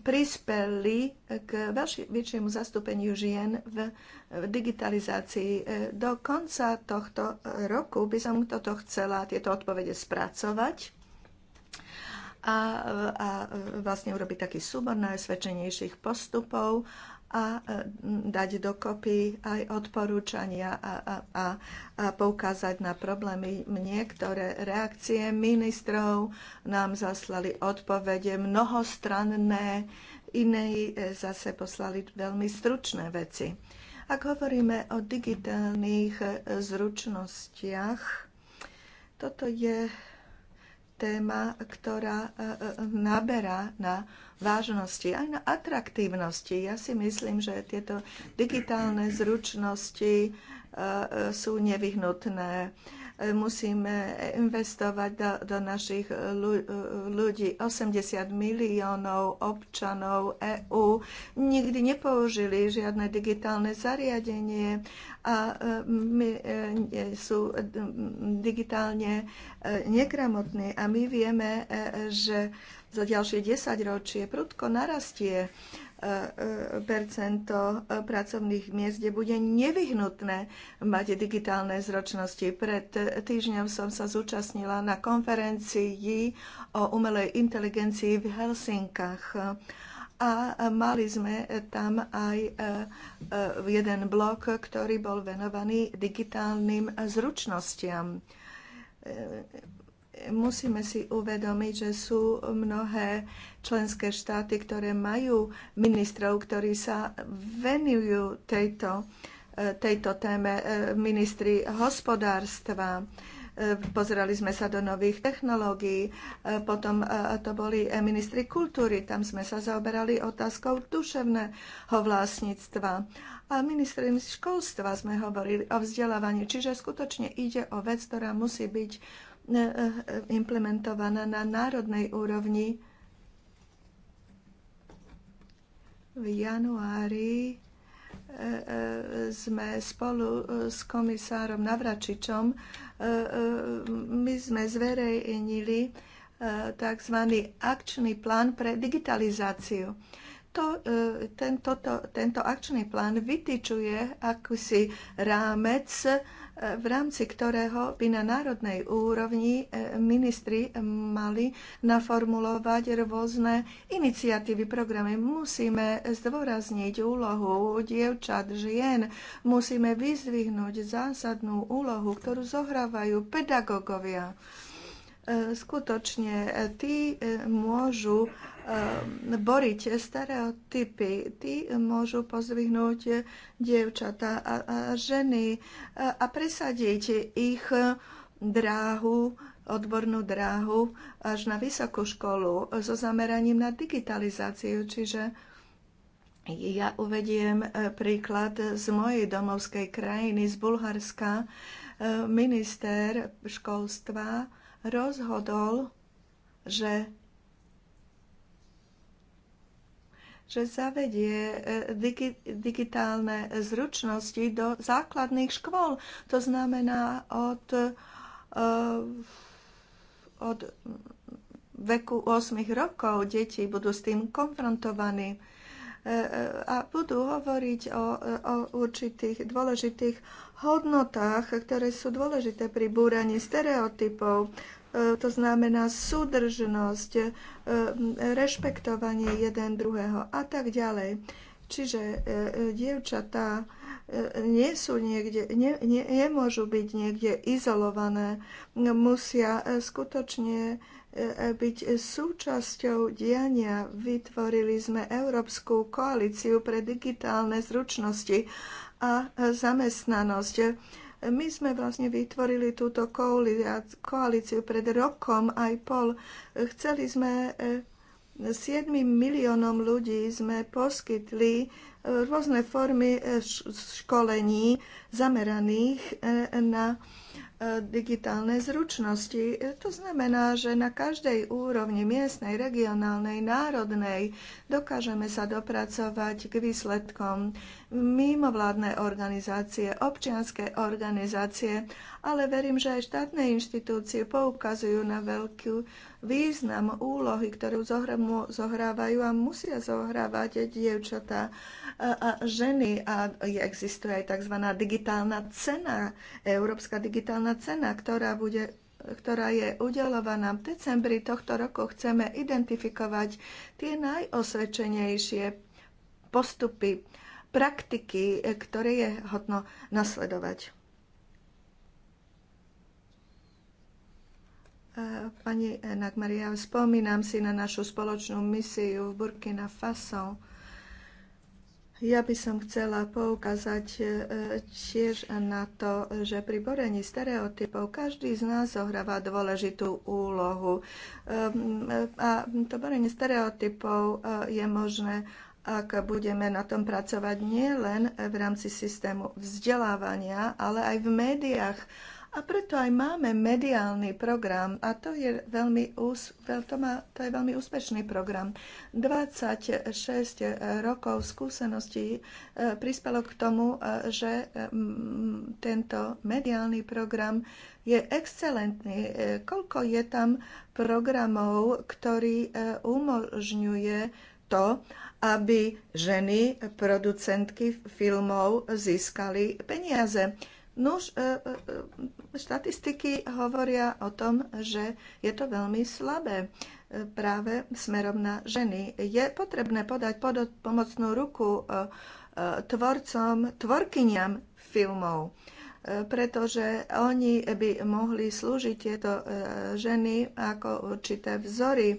prispeli k väčšiemu zastúpeniu žien v digitalizácii. Do konca tohto roku by som toto chcela tieto odpovede spracovať a, a vlastne urobiť taký súbor najsvedčenejších postupov a e, dať dokopy aj odporúčania a, a, a, a poukázať na problémy. Niektoré reakcie ministrov nám zaslali odpovede mnohostranné, iné e, zase poslali veľmi stručné veci. Ak hovoríme o digitálnych e, zručnostiach, toto je téma, ktorá naberá na vážnosti, aj na atraktívnosti. Ja si myslím, že tieto digitálne zručnosti e, e, sú nevyhnutné e, musíme investovať do, do našich ľudí. 80 miliónov občanov EÚ nikdy nepoužili žiadne digitálne zariadenie a my sú digitálne negramotní. A my vieme, že za ďalšie 10 ročie prudko narastie e, e, percento e, pracovných miest, kde bude nevyhnutné mať digitálne zročnosti. Pred týždňom som sa zúčastnila na konferencii o umelej inteligencii v Helsinkách a mali sme tam aj jeden blok, ktorý bol venovaný digitálnym zručnostiam musíme si uvedomiť, že sú mnohé členské štáty, ktoré majú ministrov, ktorí sa venujú tejto, e, tejto téme, e, ministri hospodárstva. E, pozerali sme sa do nových technológií, potom to boli ministri kultúry, tam sme sa zaoberali otázkou duševného vlastníctva a ministri školstva sme hovorili o vzdelávaní. Čiže skutočne ide o vec, ktorá musí byť E, e, implementovaná na národnej úrovni. V januári e, sme spolu s komisárom Navračičom my sme zverejnili tzv. akčný plán pre digitalizáciu. To, ten, toto, tento akčný plán vytyčuje akúsi rámec v rámci ktorého by na národnej úrovni e, ministri mali naformulovať rôzne iniciatívy, programy. Musíme zdôrazniť úlohu dievčat, žien, musíme vyzvihnúť zásadnú úlohu, ktorú zohrávajú pedagógovia E, skutočne e, tí e, môžu boriť stereotypy, tí môžu pozvihnúť dievčatá a, ženy a presadiť ich dráhu, odbornú dráhu až na vysokú školu so zameraním na digitalizáciu. Čiže ja uvediem príklad z mojej domovskej krajiny, z Bulharska. Minister školstva rozhodol, že že zavedie e, digi, digitálne zručnosti do základných škôl. To znamená od, e, od veku 8 rokov deti budú s tým konfrontovaní a budú hovoriť o, o určitých dôležitých hodnotách, ktoré sú dôležité pri búraní stereotypov. E, to znamená súdržnosť, e, rešpektovanie jeden druhého a tak ďalej. Čiže e, dievčatá nie sú niekde, ne, ne, nemôžu byť niekde izolované, musia skutočne E, byť súčasťou diania. Vytvorili sme Európsku koalíciu pre digitálne zručnosti a zamestnanosť. My sme vlastne vytvorili túto koalíciu pred rokom aj pol. Chceli sme 7 e, miliónom ľudí sme poskytli e, rôzne formy školení zameraných e, na e, digitálne zručnosti. E, to znamená, že na každej úrovni miestnej, regionálnej, národnej dokážeme sa dopracovať k výsledkom mimovládne organizácie, občianské organizácie, ale verím, že aj štátne inštitúcie poukazujú na veľký význam úlohy, ktorú zohrávajú a musia zohrávať dievčatá a ženy. A existuje aj tzv. digitálna digitálna cena, Európska digitálna cena, ktorá bude ktorá je udelovaná v decembri tohto roku, chceme identifikovať tie najosvedčenejšie postupy, praktiky, eh, ktoré je hodno nasledovať. Eh, pani Nagmaria, spomínam si na našu spoločnú misiu v Burkina Faso ja by som chcela poukázať e, tiež na to, že pri borení stereotypov každý z nás zohráva dôležitú úlohu. Ehm, a to borenie stereotypov e, je možné ak budeme na tom pracovať nie len v rámci systému vzdelávania, ale aj v médiách a preto aj máme mediálny program a to je veľmi, ús, to má, to je veľmi úspešný program. 26 rokov skúseností e, prispelo k tomu, e, že e, tento mediálny program je excelentný. Koľko je tam programov, ktorý umožňuje to, aby ženy, producentky filmov získali peniaze Nuž, e, e, e, štatistiky hovoria o tom, že je to veľmi slabé práve smerom na ženy. Je potrebné podať pomocnú ruku tvorcom, tvorkyniam filmov, pretože oni by mohli slúžiť tieto ženy ako určité vzory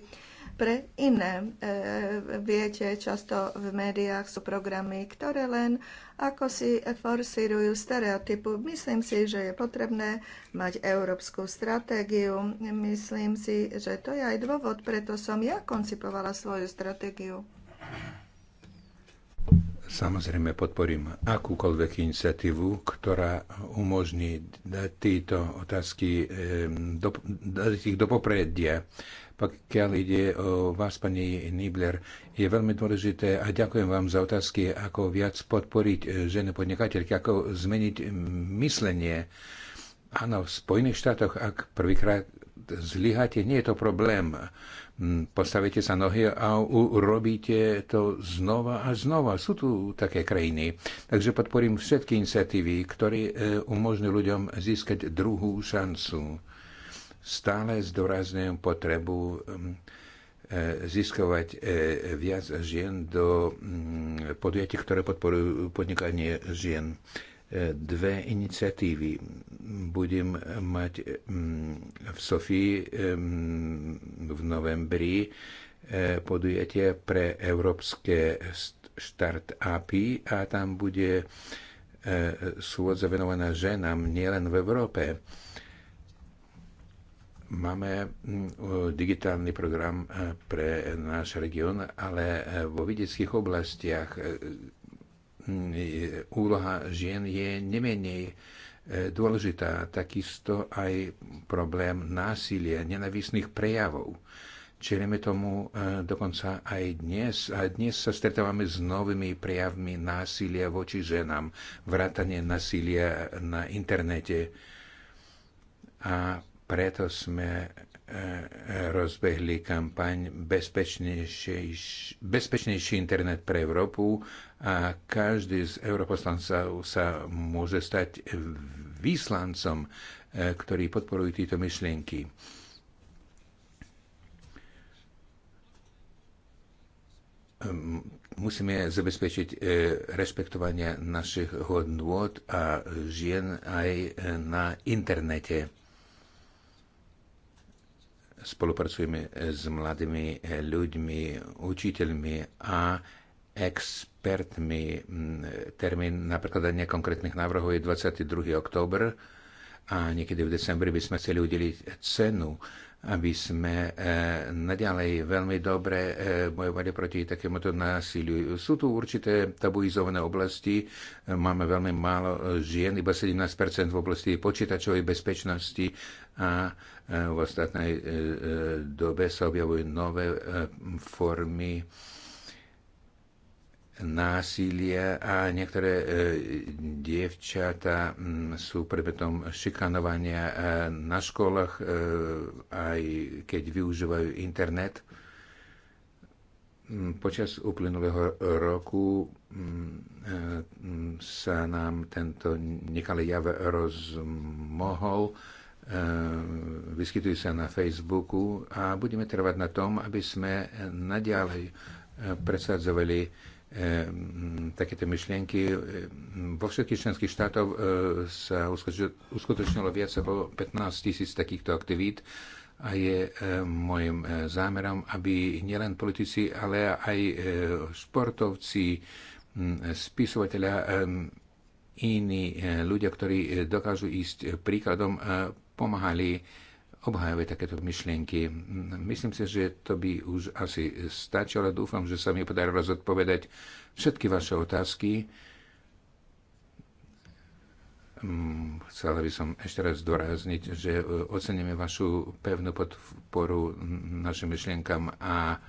pre iné. E, viete, často v médiách sú programy, ktoré len ako si forsírujú stereotypu. Myslím si, že je potrebné mať európsku stratégiu. Myslím si, že to je aj dôvod, preto som ja koncipovala svoju stratégiu. Samozrejme podporím akúkoľvek iniciatívu, ktorá umožní dať tieto otázky e, do, dať ich do popredia. Pokiaľ ide o vás, pani Nibler, je veľmi dôležité a ďakujem vám za otázky, ako viac podporiť eh, ženy podnikateľky, ako zmeniť mm, myslenie. Áno, v Spojených štátoch, ak prvýkrát zlyháte, nie je to problém. Mm, Postavíte sa nohy a urobíte to znova a znova. Sú tu také krajiny. Takže podporím všetky iniciatívy, ktoré eh, umožňujú ľuďom získať druhú šancu stále zdôrazňujem potrebu um, e, získovať e, viac žien do mm, podujatí, ktoré podporujú podnikanie žien. E, dve iniciatívy. Budem mať mm, v Sofii mm, v novembri podujatie pre európske start-upy a tam bude súvod zavenovaná ženám nielen v Európe. Máme mm, digitálny program e, pre náš región, ale e, vo vidieckých oblastiach e, úloha žien je nemenej dôležitá. Takisto aj problém násilia, nenavisných prejavov. Čelíme tomu dokonca aj dnes. A dnes sa stretávame s novými prejavmi násilia voči ženám, vrátanie násilia na internete. A preto sme e, e, rozbehli kampaň bezpečnejší, bezpečnejší internet pre Európu a každý z europoslancov sa môže stať výslancom, e, ktorí podporujú tieto myšlienky. Musíme zabezpečiť rešpektovanie našich hodnôt a žien aj na internete spolupracujeme s mladými eh, ľuďmi, učiteľmi a expertmi. Mm, termín napríklad prekladanie konkrétnych návrhov je 22. október a niekedy v decembri by sme chceli udeliť cenu aby sme e, naďalej veľmi dobre e, bojovali proti takémuto násiliu. Sú tu určité tabuizované oblasti. Máme veľmi málo žien, iba 17% v oblasti počítačovej bezpečnosti a e, v ostatnej dobe sa objavujú nové formy násilie a niektoré e, dievčata sú predmetom šikanovania e, na školách, e, aj keď využívajú internet. Počas uplynulého roku e, sa nám tento nekalý jav rozmohol. Vyskytujú sa na Facebooku a budeme trvať na tom, aby sme nadiaľ presadzovali Ehm, takéto myšlienky. Ehm, vo všetkých členských štátoch e, sa uskutočnilo viac ako 15 tisíc takýchto aktivít a je e, môjim e, zámerom, aby nielen politici, ale aj športovci, spisovateľia, iní ľudia, ktorí dokážu ísť príkladom, pomáhali obhajovať takéto myšlienky. Myslím si, že to by už asi stačilo. Dúfam, že sa mi podarilo zodpovedať všetky vaše otázky. Mm, chcela by som ešte raz dorazniť, že e, oceníme vašu pevnú podporu našim myšlienkam a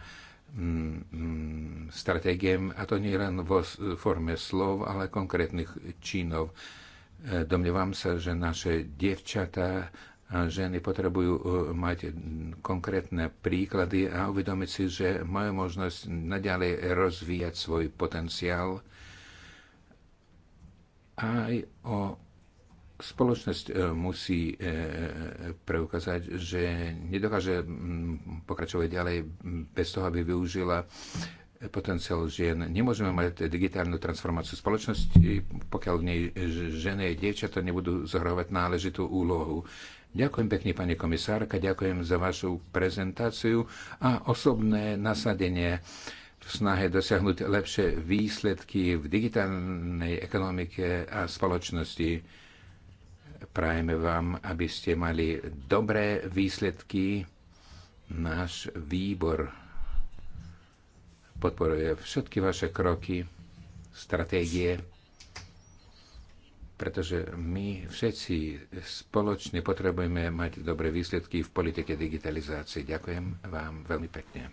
mm, mm, stratégiem, a to nie len vo forme slov, ale konkrétnych činov. E, domnievam sa, že naše dievčatá ženy potrebujú e, mať konkrétne príklady a uvedomiť si, že majú možnosť naďalej rozvíjať svoj potenciál aj o spoločnosť e, musí e, preukázať, že nedokáže pokračovať ďalej bez toho, aby využila potenciál žien. Nemôžeme mať digitálnu transformáciu spoločnosti, pokiaľ v nej ženy a dievčatá nebudú zohrávať náležitú úlohu. Ďakujem pekne, pani komisárka, ďakujem za vašu prezentáciu a osobné nasadenie v snahe dosiahnuť lepšie výsledky v digitálnej ekonomike a spoločnosti. Prajeme vám, aby ste mali dobré výsledky. Náš výbor podporuje všetky vaše kroky, stratégie pretože my všetci spoločne potrebujeme mať dobré výsledky v politike digitalizácie. Ďakujem vám veľmi pekne.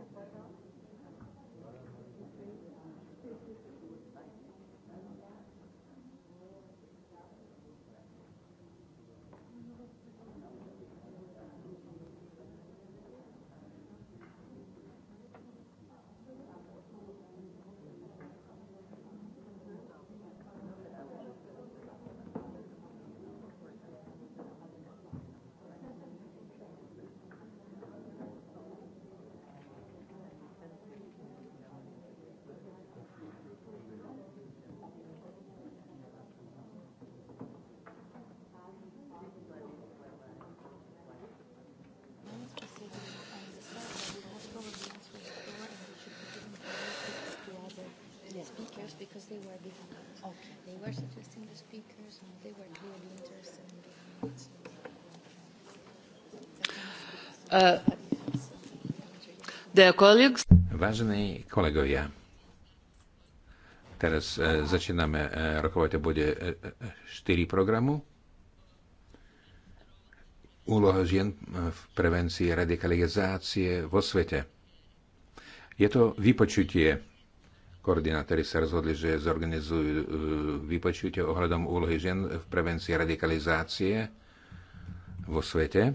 were uh, suggesting the speakers, they were clearly interested in doing it. Vážení kolegovia, teraz uh, začíname uh, rokovať o bode 4 programu. Úloha žien v prevencii radikalizácie vo svete. Je to vypočutie Koordinátori sa rozhodli, že zorganizujú e, vypočutie ohľadom úlohy žien v prevencii radikalizácie vo svete. E,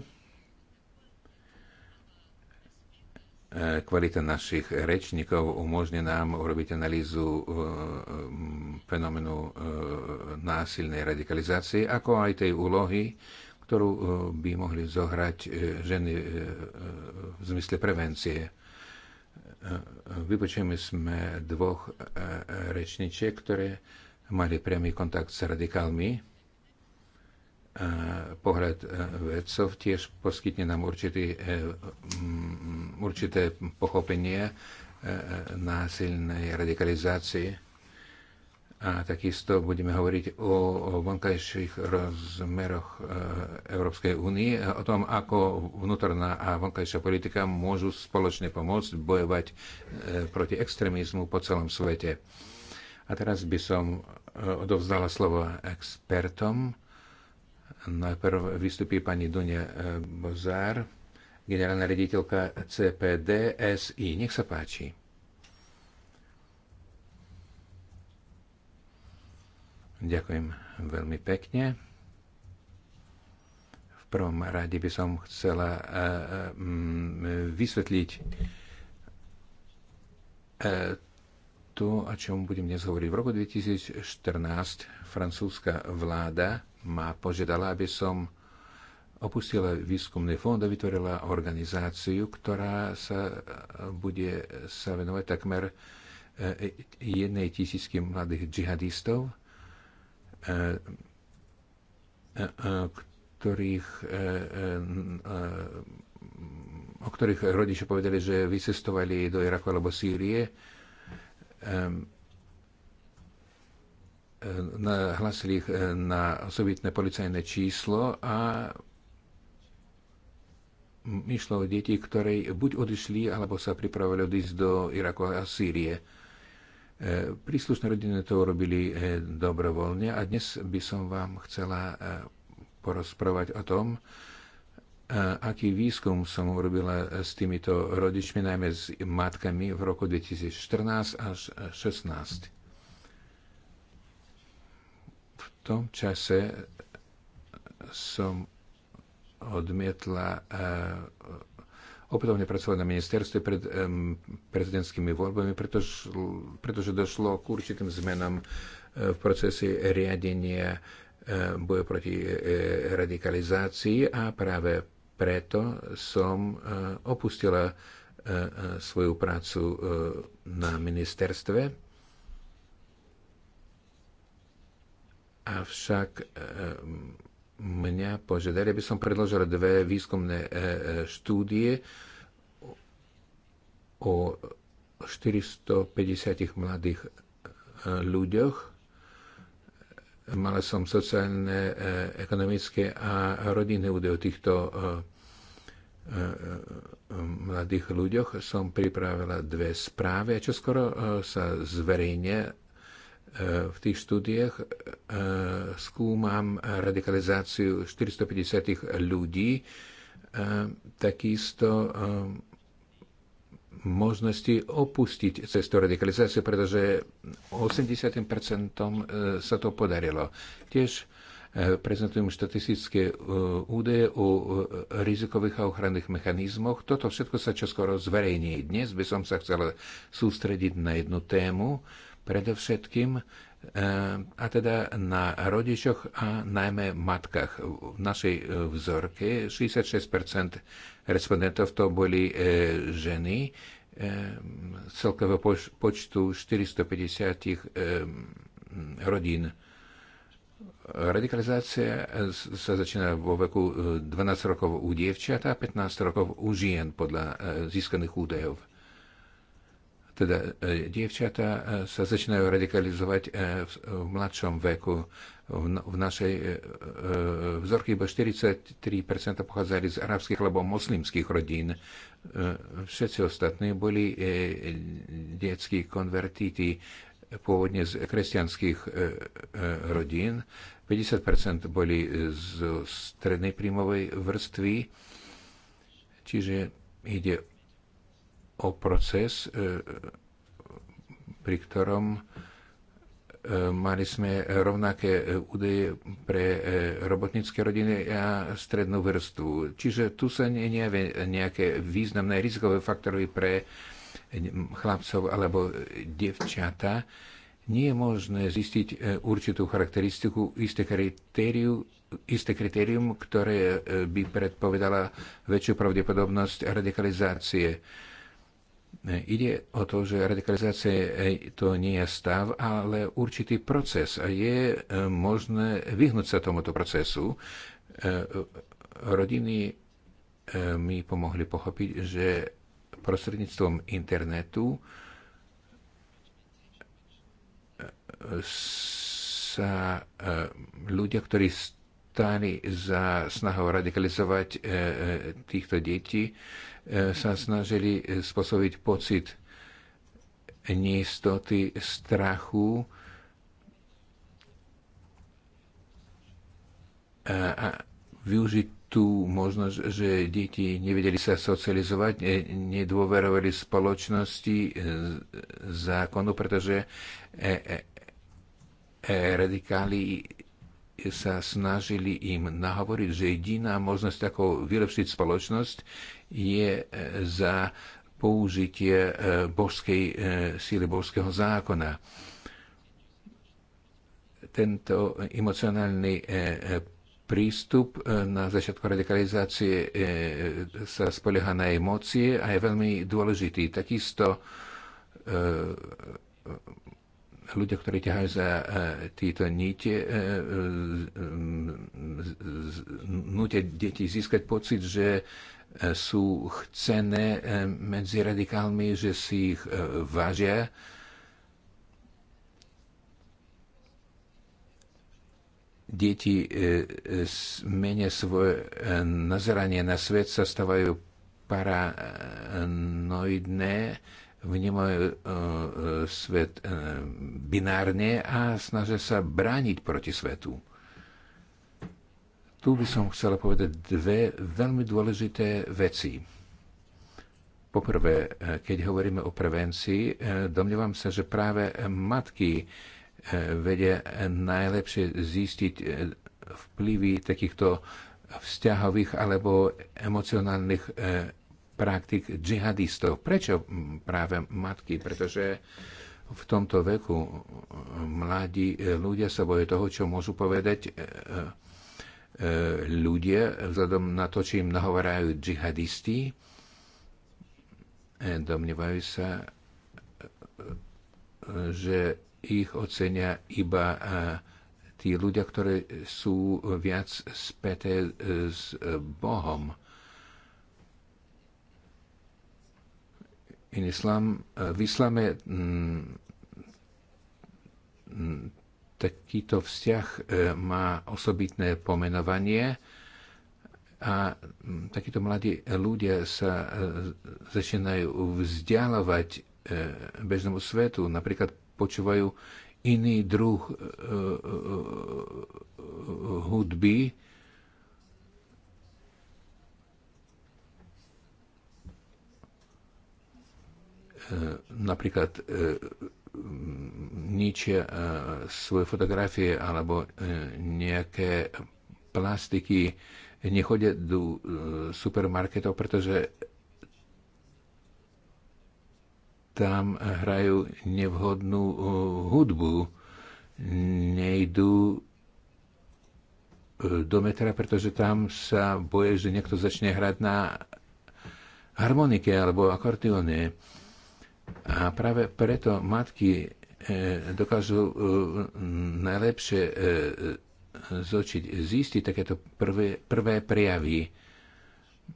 kvalita našich rečníkov umožňuje nám urobiť analýzu e, fenomenu násilnej radikalizácie, ako aj tej úlohy, ktorú by mohli zohrať ženy v zmysle prevencie vypočujeme sme dvoch e, e, rečničiek, ktoré mali priamy kontakt s radikálmi. E, pohľad vedcov tiež poskytne nám určitý, určité pochopenie násilnej radikalizácie a takisto budeme hovoriť o, vonkajších rozmeroch e, Európskej únie, o tom, ako vnútorná a vonkajšia politika môžu spoločne pomôcť bojovať e, proti extrémizmu po celom svete. A teraz by som e, odovzdala slovo expertom. Najprv vystupí pani Dunia Bozár, generálna rediteľka CPDSI. Nech sa páči. Ďakujem veľmi pekne. V prvom rade by som chcela e, e, mm, vysvetliť e, to, o čom budem dnes hovoriť. V roku 2014 francúzska vláda ma požiadala, aby som opustila výskumný fond a vytvorila organizáciu, ktorá sa bude sa venovať takmer jednej tisícky mladých džihadistov, E, e, e, ktorých, o ktorých rodičia povedali, že vycestovali do Iraku alebo Sýrie, nahlasili ich na osobitné policajné číslo a išlo o deti, ktoré buď odišli, alebo sa pripravili odísť do Iraku a Sýrie E, príslušné rodiny to urobili e, dobrovoľne a dnes by som vám chcela e, porozprávať o tom, aký výskum som urobila s týmito rodičmi, najmä s matkami v roku 2014 až 2016. V tom čase som odmietla opätovne pracovať na ministerstve pred um, prezidentskými voľbami, pretože, pretože došlo k určitým zmenám e, v procese riadenia e, boja proti e, radikalizácii a práve preto som opustila svoju prácu na ministerstve. Avšak mňa požiadali, aby som predložil dve výskumné e, e, štúdie o 450 mladých e, ľuďoch. Mala som sociálne, ekonomické a rodinné údaje o týchto mladých ľuďoch. Som pripravila dve správy a čo skoro sa zverejne v tých štúdiách e, skúmam radikalizáciu 450 ľudí, e, takisto e, možnosti opustiť cestu radikalizácie, pretože 80% sa to podarilo. Tiež prezentujem štatistické údaje o rizikových a ochranných mechanizmoch. Toto všetko sa čoskoro zverejní. Dnes by som sa chcel sústrediť na jednu tému, predovšetkým e, a teda na rodičoch a najmä matkách. V našej e, vzorke 66% respondentov to boli e, ženy, celkového počtu 450 rodín. Radikalizácia sa začína vo veku 12 rokov u dievčat a 15 rokov u žien podľa získaných údajov. Teda e, dievčatá e, sa začínajú radikalizovať e, v mladšom veku. V našej vzorke iba 43% pochádzali z arabských alebo moslimských rodín. Všetci ostatní boli detskí konvertíti pôvodne z kresťanských rodín. 50% boli z strednej príjmovej vrstvy, čiže ide o proces, e, pri ktorom e, mali sme rovnaké e, údaje pre robotnícke rodiny a strednú vrstvu. Čiže tu sa nejavia nejaké významné rizikové faktory pre chlapcov alebo devčata. Nie je možné zistiť určitú charakteristiku, isté kritériu, isté kritérium, ktoré by predpovedala väčšiu pravdepodobnosť radikalizácie Ide o to, že radikalizácia to nie je stav, ale určitý proces a je e, možné vyhnúť sa tomuto procesu. E, rodiny e, mi pomohli pochopiť, že prostredníctvom internetu sa ľudia, ktorí stáli za snahou radikalizovať týchto detí, E, sa snažili e, spôsobiť pocit neistoty, strachu a využiť tú možnosť, že deti nevedeli sa socializovať, nedôverovali spoločnosti, e, zákonu, pretože radikáli sa snažili im nahovoriť, že jediná možnosť, ako vylepšiť spoločnosť, je e, za použitie e, božskej e, síly, božského zákona. Tento emocionálny prístup na začiatku radikalizácie sa spolieha na emócie a je veľmi dôležitý. Takisto ľudia, ktorí ťahajú za tieto nite, nutia deti získať pocit, že sú chcené eh, medzi radikálmi, že si ich eh, vážia. Deti eh, menia svoje nazeranie na svet, sa stávajú paranoidné, vnímajú svet binárne a snažia sa brániť proti svetu. Tu by som chcela povedať dve veľmi dôležité veci. Poprvé, eh, keď hovoríme o prevencii, eh, domnievam sa, že práve matky eh, vedia najlepšie zistiť vplyvy takýchto vzťahových alebo emocionálnych praktik džihadistov. Prečo mm, práve matky? Pretože v tomto veku mladí ľudia sa boje toho, čo môžu povedať ľudia, vzhľadom na to, čo im nahovorajú džihadisti, e, domnievajú sa, e, že ich ocenia iba e, tí ľudia, ktorí sú viac späté s Bohom. islam, v islame takýto vzťah e, má osobitné pomenovanie a takíto mladí ľudia sa e, začínajú vzdialovať e, bežnému svetu, napríklad počúvajú iný druh hudby, napríklad ničia e, svoje fotografie alebo e, nejaké plastiky, nechodia do e, supermarketov, pretože tam hrajú nevhodnú hudbu, nejdú do metra, pretože tam sa boje, že niekto začne hrať na harmonike alebo akordeóne a práve preto matky e, dokážu e, najlepšie e, zočiť, zistiť takéto prvé, prvé prejavy.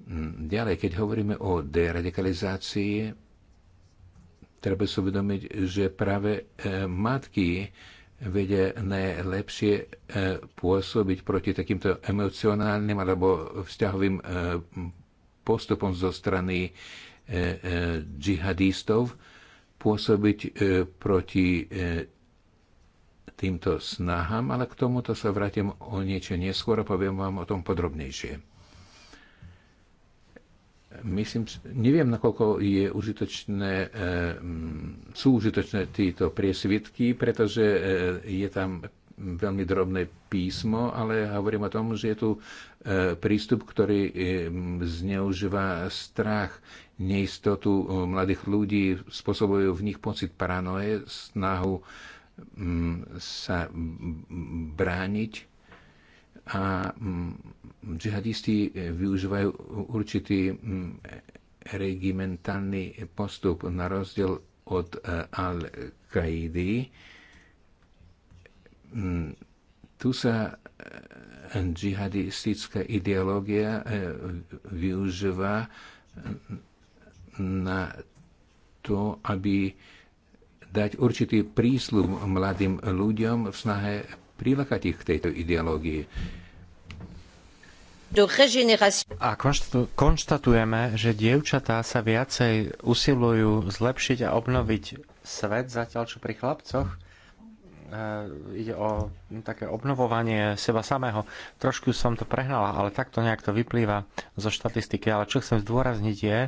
Mm, ďalej, keď hovoríme o deradikalizácii, treba si uvedomiť, že práve matky vedia najlepšie pôsobiť proti takýmto emocionálnym alebo vzťahovým postupom zo strany E, e, džihadistov pôsobiť e, proti týmto snahám, ale k tomuto sa vrátim o niečo neskôr a poviem vám o tom podrobnejšie. Myslím, neviem, nakoľko je užitočné, sú užitočné títo priesvitky, pretože je tam veľmi drobné písmo, ale hovorím o tom, že je tu prístup, ktorý zneužíva strach neistotu eh, mladých ľudí, spôsobujú v nich pocit paranoje, snahu mm, sa mm, brániť a mm, džihadisti eh, využívajú určitý regimentálny postup na rozdiel od eh, Al-Qaidi. Tu sa džihadistická ideológia využíva na to, aby dať určitý prísľub mladým ľuďom v snahe prilakať ich k tejto ideológii. A konštatujeme, že dievčatá sa viacej usilujú zlepšiť a obnoviť svet, zatiaľ čo pri chlapcoch Eh, ide o no, také obnovovanie seba samého. Trošku som to prehnala, ale takto nejak to vyplýva zo štatistiky. Ale čo chcem zdôrazniť je,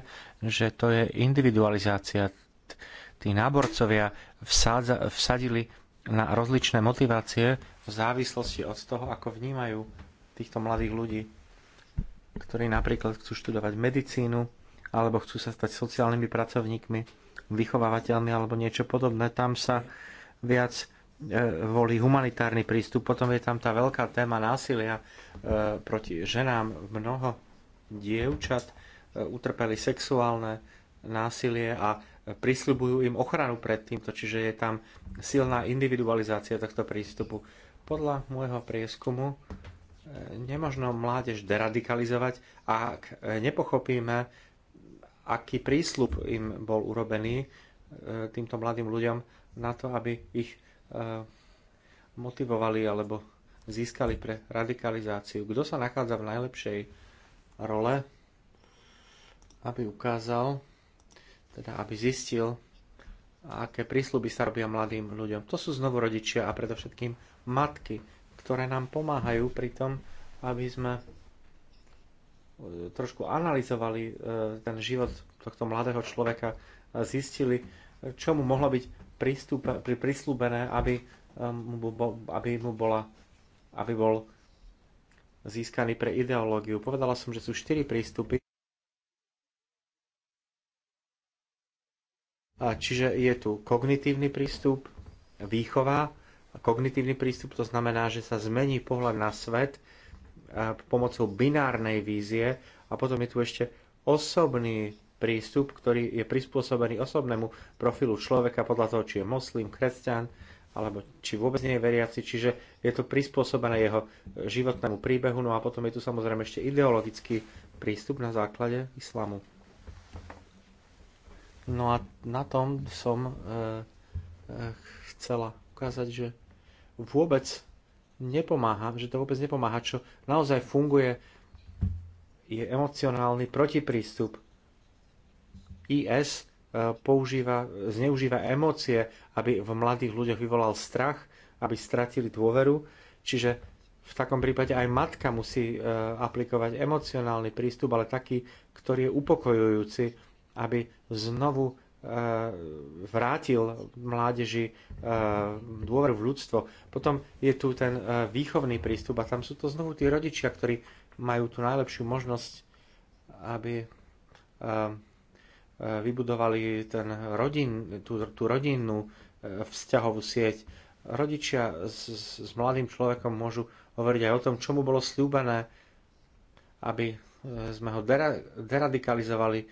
že to je individualizácia. Tí náborcovia vsádza, vsadili na rozličné motivácie v závislosti od toho, ako vnímajú týchto mladých ľudí, ktorí napríklad chcú študovať medicínu alebo chcú sa stať sociálnymi pracovníkmi, vychovávateľmi alebo niečo podobné. Tam sa viac E, volí humanitárny prístup. Potom je tam tá veľká téma násilia e, proti ženám. Mnoho dievčat e, utrpeli sexuálne násilie a prisľubujú im ochranu pred týmto, čiže je tam silná individualizácia tohto prístupu. Podľa môjho prieskumu nemožno mládež deradikalizovať, ak nepochopíme, aký prísľub im bol urobený týmto mladým ľuďom na to, aby ich Eh, motivovali alebo získali pre radikalizáciu. Kto sa nachádza v najlepšej role, aby ukázal, teda aby zistil, aké prísľuby sa robia mladým ľuďom. To sú znovu rodičia a predovšetkým matky, ktoré nám pomáhajú pri tom, aby sme eh, trošku analyzovali eh, ten život tohto mladého človeka, a zistili, čo mu mohlo byť prislúbené, aby um, aby mu bola, aby bol získaný pre ideológiu. Povedala som, že sú štyri prístupy. A čiže je tu kognitívny prístup, výchova. Kognitívny prístup to znamená, že sa zmení pohľad na svet e, pomocou binárnej vízie a potom je tu ešte osobný prístup, ktorý je prispôsobený osobnému profilu človeka podľa toho, či je moslim, kresťan, alebo či vôbec nie je veriaci, čiže je to prispôsobené jeho životnému príbehu, no a potom je tu samozrejme ešte ideologický prístup na základe islamu. No a na tom som e, e, chcela ukázať, že vôbec nepomáha, že to vôbec nepomáha, čo naozaj funguje, je emocionálny protiprístup IS e, používa, zneužíva emócie, aby v mladých ľuďoch vyvolal strach, aby stratili dôveru. Čiže v takom prípade aj matka musí e, aplikovať emocionálny prístup, ale taký, ktorý je upokojujúci, aby znovu e, vrátil mládeži dôveru v ľudstvo. Potom je tu ten výchovný prístup a tam sú to znovu tí rodičia, ktorí majú tú najlepšiu možnosť, aby vybudovali ten rodin, tú, tú rodinnú e, vzťahovú sieť. Rodičia s, s mladým človekom môžu hovoriť aj o tom, čo mu bolo slúbené, aby e, sme ho dera, deradikalizovali,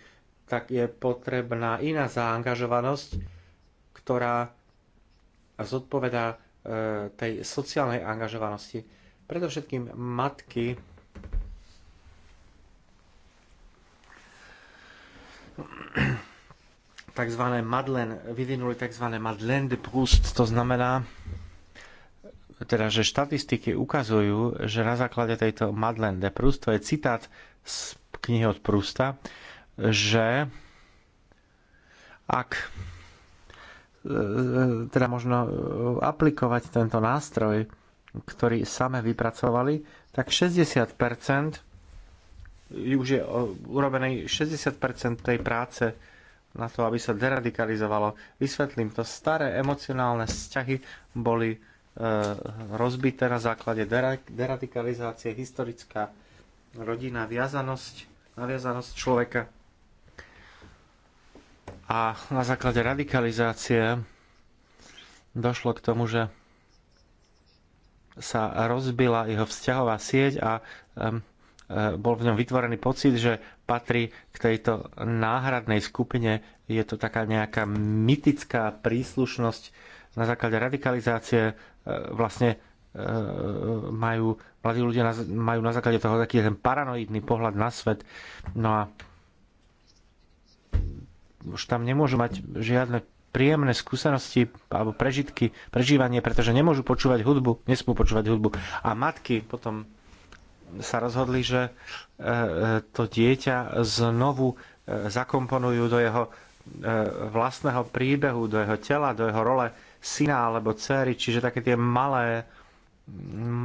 tak je potrebná iná zaangažovanosť, ktorá zodpovedá e, tej sociálnej angažovanosti. Predovšetkým matky tzv. Madlen, vyvinuli tzv. Madlen de Proust, to znamená, teda, že štatistiky ukazujú, že na základe tejto Madlen de Proust, to je citát z knihy od Prusta, že ak e, teda možno aplikovať tento nástroj, ktorý same vypracovali, tak 60 už je urobené 60% tej práce na to, aby sa deradikalizovalo. Vysvetlím to. Staré emocionálne vzťahy boli e, rozbité na základe deradikalizácie, historická rodina, viazanosť, naviazanosť človeka. A na základe radikalizácie došlo k tomu, že sa rozbila jeho vzťahová sieť a Eh, bol v ňom vytvorený pocit, že patrí k tejto náhradnej skupine. Je to taká nejaká mytická príslušnosť na základe radikalizácie. Eh, vlastne eh, majú, mladí ľudia majú na základe toho taký ten paranoidný pohľad na svet. No a už tam nemôžu mať žiadne príjemné skúsenosti alebo prežitky, prežívanie, pretože nemôžu počúvať hudbu, nesmú počúvať hudbu. A matky potom sa rozhodli, že e, e, to dieťa znovu e, zakomponujú do jeho vlastného príbehu, do jeho tela, do jeho role syna alebo céry, čiže také tie malé,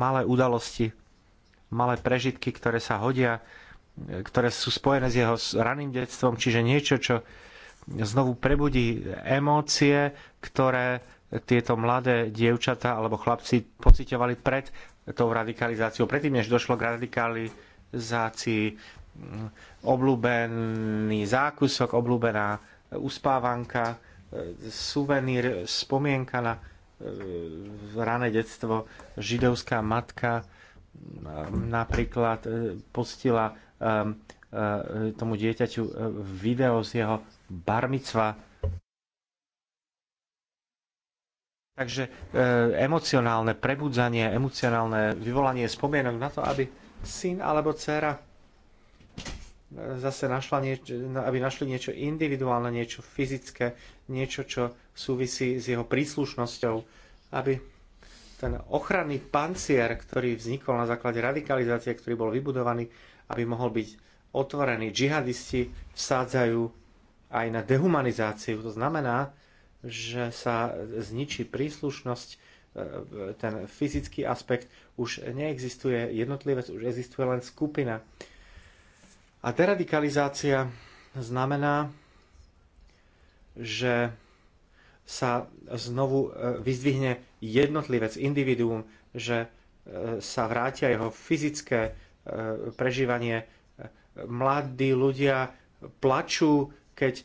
malé udalosti, malé prežitky, ktoré sa hodia, ktoré sú spojené s jeho raným detstvom, čiže niečo, čo znovu prebudí emócie, ktoré tieto mladé dievčatá alebo chlapci pocitovali pred tou radikalizáciou. Predtým, než došlo k radikalizácii, mm, obľúbený zákusok, obľúbená uspávanka, e, suvenír, spomienka na e, rané detstvo, židovská matka e, napríklad postila tomu dieťaťu video z jeho barmicva Takže e, emocionálne prebudzanie, emocionálne vyvolanie spomienok na to, aby syn alebo dcera e, zase našla niečo, aby našli niečo individuálne, niečo fyzické, niečo, čo súvisí s jeho príslušnosťou, aby ten ochranný pancier, ktorý vznikol na základe radikalizácie, ktorý bol vybudovaný, aby mohol byť otvorený. Džihadisti vsádzajú aj na dehumanizáciu. To znamená, že sa zničí príslušnosť, e, ten fyzický aspekt, už neexistuje jednotlivec, už existuje len skupina. A deradikalizácia znamená, že sa znovu e, vyzdvihne jednotlivec, individuum, že e, sa vrátia jeho fyzické prežívanie. Mladí ľudia plačú keď e,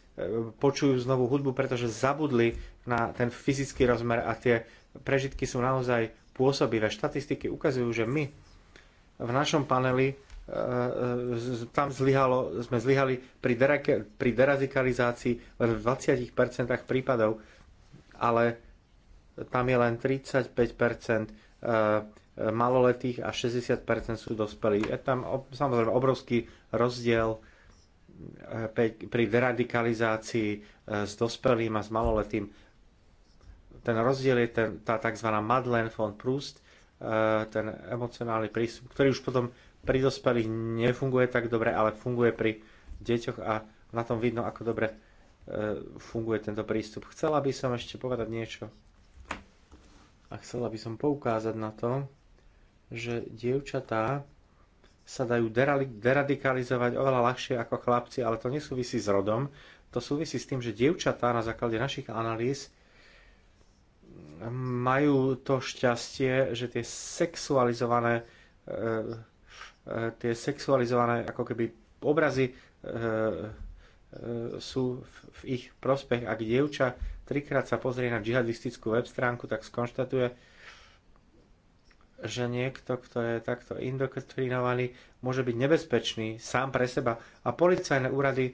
počujú znovu hudbu, pretože zabudli na ten fyzický rozmer a tie prežitky sú naozaj pôsobivé. Štatistiky ukazujú, že my v našom paneli e, e, tam zlyhalo, sme zlyhali pri, derake, pri deradikalizácii len v 20% prípadov, ale tam je len 35% maloletých a 60% sú dospelí. Je tam samozrejme obrovský rozdiel pri deradikalizácii e, s dospelým a s maloletým. Ten rozdiel je ten, tá tzv. Madeleine von Proust, e, ten emocionálny prístup, ktorý už potom pri dospelých nefunguje tak dobre, ale funguje pri deťoch a na tom vidno, ako dobre e, funguje tento prístup. Chcela by som ešte povedať niečo a chcela by som poukázať na to, že dievčatá sa dajú deradikalizovať oveľa ľahšie ako chlapci, ale to nesúvisí s rodom, to súvisí s tým, že dievčatá na základe našich analýz majú to šťastie, že tie sexualizované e, e, tie sexualizované ako keby obrazy e, sú v, v ich prospech. Ak dievča trikrát sa pozrie na džihadistickú web stránku, tak skonštatuje, že niekto, kto je takto indoktrinovaný, môže byť nebezpečný sám pre seba. A policajné úrady e,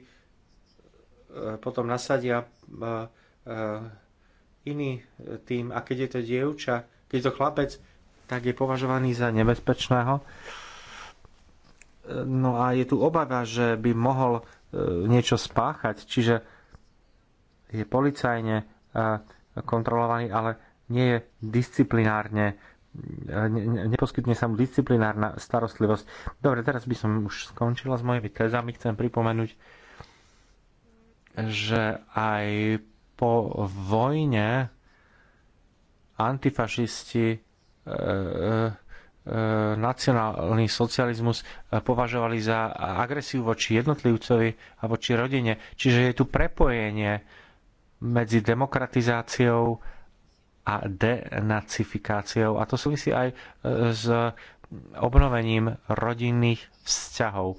potom nasadia e, e, iný tým a keď je to dievča, keď je to chlapec, tak je považovaný za nebezpečného. No a je tu obava, že by mohol niečo spáchať, čiže je policajne kontrolovaný, ale nie je disciplinárne ne, ne, neposkytne sa mu disciplinárna starostlivosť. Dobre, teraz by som už skončila s mojimi tezami. Chcem pripomenúť, že aj po vojne antifašisti e, e, e nacionálny socializmus e, považovali za agresiu voči jednotlivcovi a voči rodine. Čiže je tu prepojenie medzi demokratizáciou a denacifikáciou. A to súvisí aj e, s obnovením rodinných vzťahov.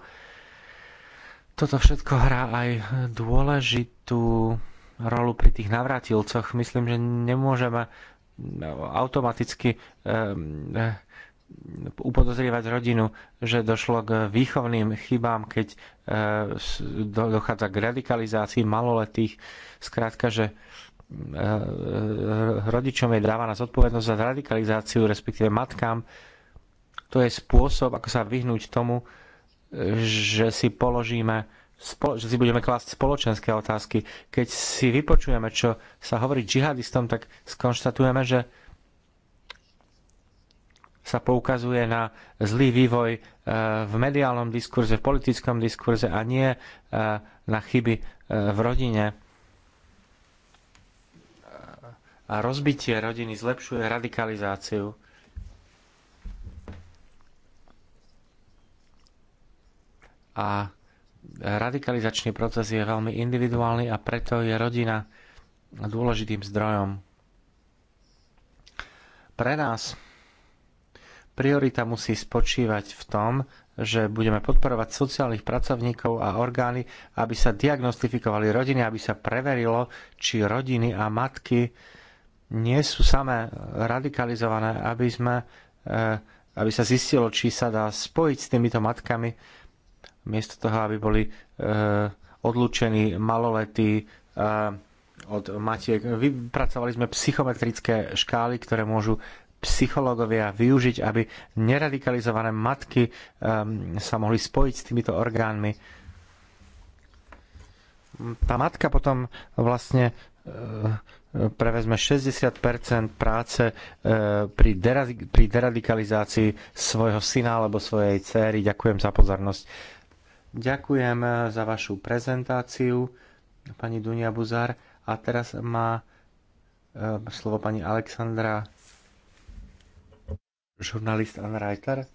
Toto všetko hrá aj dôležitú rolu pri tých navratilcoch. Myslím, že nemôžeme e, automaticky e, upodozrievať rodinu, že došlo k výchovným chybám, keď dochádza k radikalizácii maloletých. Skrátka, že Eh, rodičom je dávaná zodpovednosť za radikalizáciu, respektíve matkám. To je spôsob, ako sa vyhnúť tomu, že si položíme že si budeme klásť spoločenské otázky. Keď si vypočujeme, čo sa hovorí džihadistom, tak skonštatujeme, že sa poukazuje na zlý vývoj eh, v mediálnom diskurze, v politickom diskurze a nie eh, na chyby v rodine a rozbitie rodiny zlepšuje radikalizáciu. A radikalizačný proces je veľmi individuálny a preto je rodina dôležitým zdrojom. Pre nás priorita musí spočívať v tom, že budeme podporovať sociálnych pracovníkov a orgány, aby sa diagnostifikovali rodiny, aby sa preverilo, či rodiny a matky nie sú samé radikalizované, aby, sme, eh, aby sa zistilo, či sa dá spojiť s týmito matkami, miesto toho, aby boli eh, odlúčení maloletí eh, od matiek. Vypracovali sme psychometrické škály, ktoré môžu psychológovia využiť, aby neradikalizované matky sa mohli spojiť s týmito orgánmi. Tá matka potom vlastne prevezme 60 práce e, pri, derad- pri deradikalizácii svojho syna alebo svojej céry. Ďakujem za pozornosť. Ďakujem e, za vašu prezentáciu, pani Dunia Buzar. A teraz má e, slovo pani Alexandra, žurnalist a Reiter.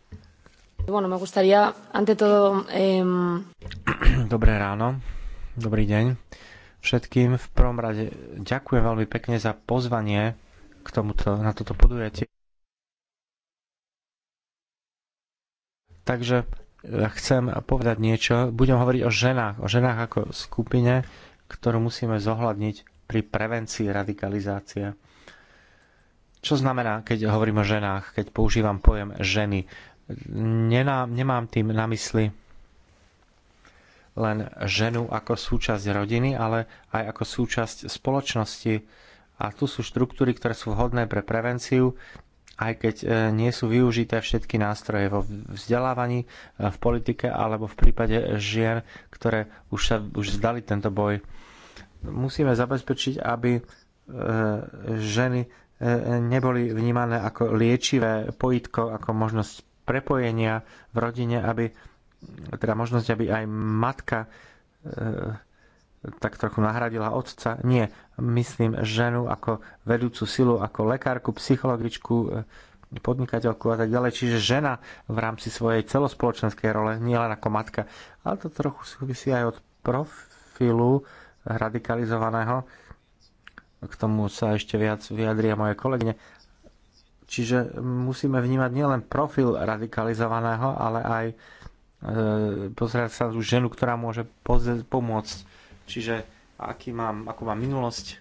Bueno, me gustaría, ante todo... Eh... Dobré ráno, dobrý deň všetkým. V prvom rade ďakujem veľmi pekne za pozvanie k tomuto, na toto podujatie. Takže e, chcem povedať niečo. Budem hovoriť o ženách, o ženách ako skupine, ktorú musíme zohľadniť pri prevencii radikalizácie. Čo znamená, keď hovorím o ženách, keď používam pojem ženy? Nená, nemám tým na mysli len ženu ako súčasť rodiny, ale aj ako súčasť spoločnosti. A tu sú štruktúry, ktoré sú vhodné pre prevenciu, aj keď e, nie sú využité všetky nástroje vo vzdelávaní, e, v politike alebo v prípade žien, ktoré už, sa, už zdali tento boj. Musíme zabezpečiť, aby e, ženy neboli vnímané ako liečivé pojitko, ako možnosť prepojenia v rodine, aby teda možnosť, aby aj matka e, tak trochu nahradila otca. Nie, myslím ženu ako vedúcu silu, ako lekárku, psychologičku, e, podnikateľku a tak ďalej. Čiže žena v rámci svojej celospoločenskej role, nie len ako matka. Ale to trochu súvisí aj od profilu radikalizovaného. K tomu sa ešte viac vyjadria moje kolegyne. Čiže musíme vnímať nielen profil radikalizovaného, ale aj E, pozerať sa tú ženu, ktorá môže pomôcť. Čiže aký mám, ako mám minulosť,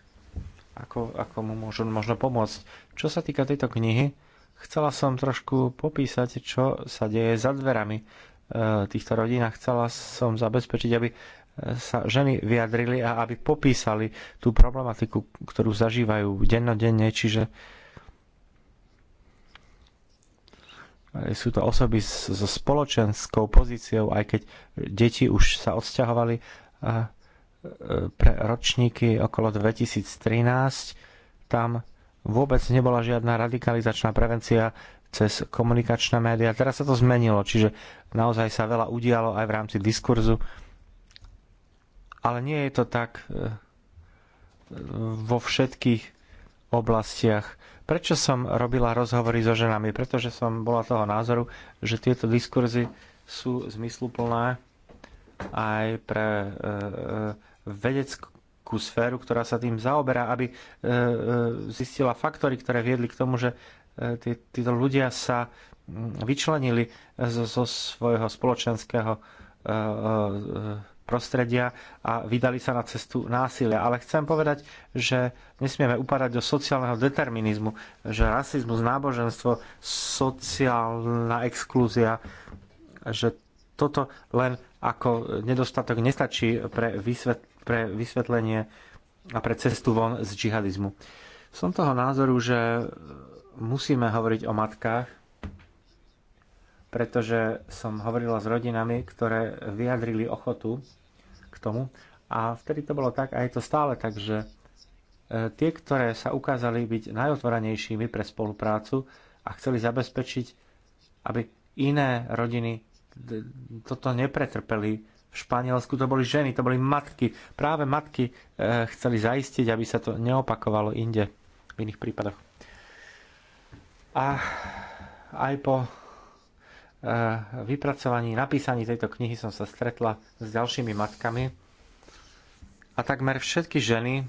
ako, ako mu môžu možno pomôcť. Čo sa týka tejto knihy, chcela som trošku popísať, čo sa deje za dverami e, týchto rodín a chcela som zabezpečiť, aby e, sa ženy vyjadrili a aby popísali tú problematiku, ktorú zažívajú dennodenne, čiže e, sú to osoby so spoločenskou pozíciou, aj keď deti už sa odsťahovali e, pre ročníky okolo 2013. Tam vôbec nebola žiadna radikalizačná prevencia cez komunikačné médiá. Teraz sa to zmenilo, čiže naozaj sa veľa udialo aj v rámci diskurzu. Ale nie je to tak e, vo všetkých oblastiach Prečo som robila rozhovory so ženami? Pretože som bola toho názoru, že tieto diskurzy sú zmysluplné aj pre e, e vedeckú sféru, ktorá sa tým zaoberá, aby e, e, zistila faktory, ktoré viedli k tomu, že e, tí, títo ľudia sa vyčlenili zo, zo svojho spoločenského e, e, prostredia a vydali sa na cestu násilia. Ale chcem povedať, že nesmieme upadať do sociálneho determinizmu, že rasizmus, náboženstvo, sociálna exklúzia, že toto len ako nedostatok nestačí pre, vysvet, pre vysvetlenie a pre cestu von z džihadizmu. Som toho názoru, že musíme hovoriť o matkách, pretože som hovorila s rodinami, ktoré vyjadrili ochotu k tomu. A vtedy to bolo tak, a je to stále tak, že e, tie, ktoré sa ukázali byť najotvorenejšími pre spoluprácu a chceli zabezpečiť, aby iné rodiny toto nepretrpeli. V Španielsku to boli ženy, to boli matky. Práve matky e, chceli zaistiť, aby sa to neopakovalo inde v iných prípadoch. A aj po Eh, vypracovaní, napísaní tejto knihy som sa stretla s ďalšími matkami a takmer všetky ženy, eh,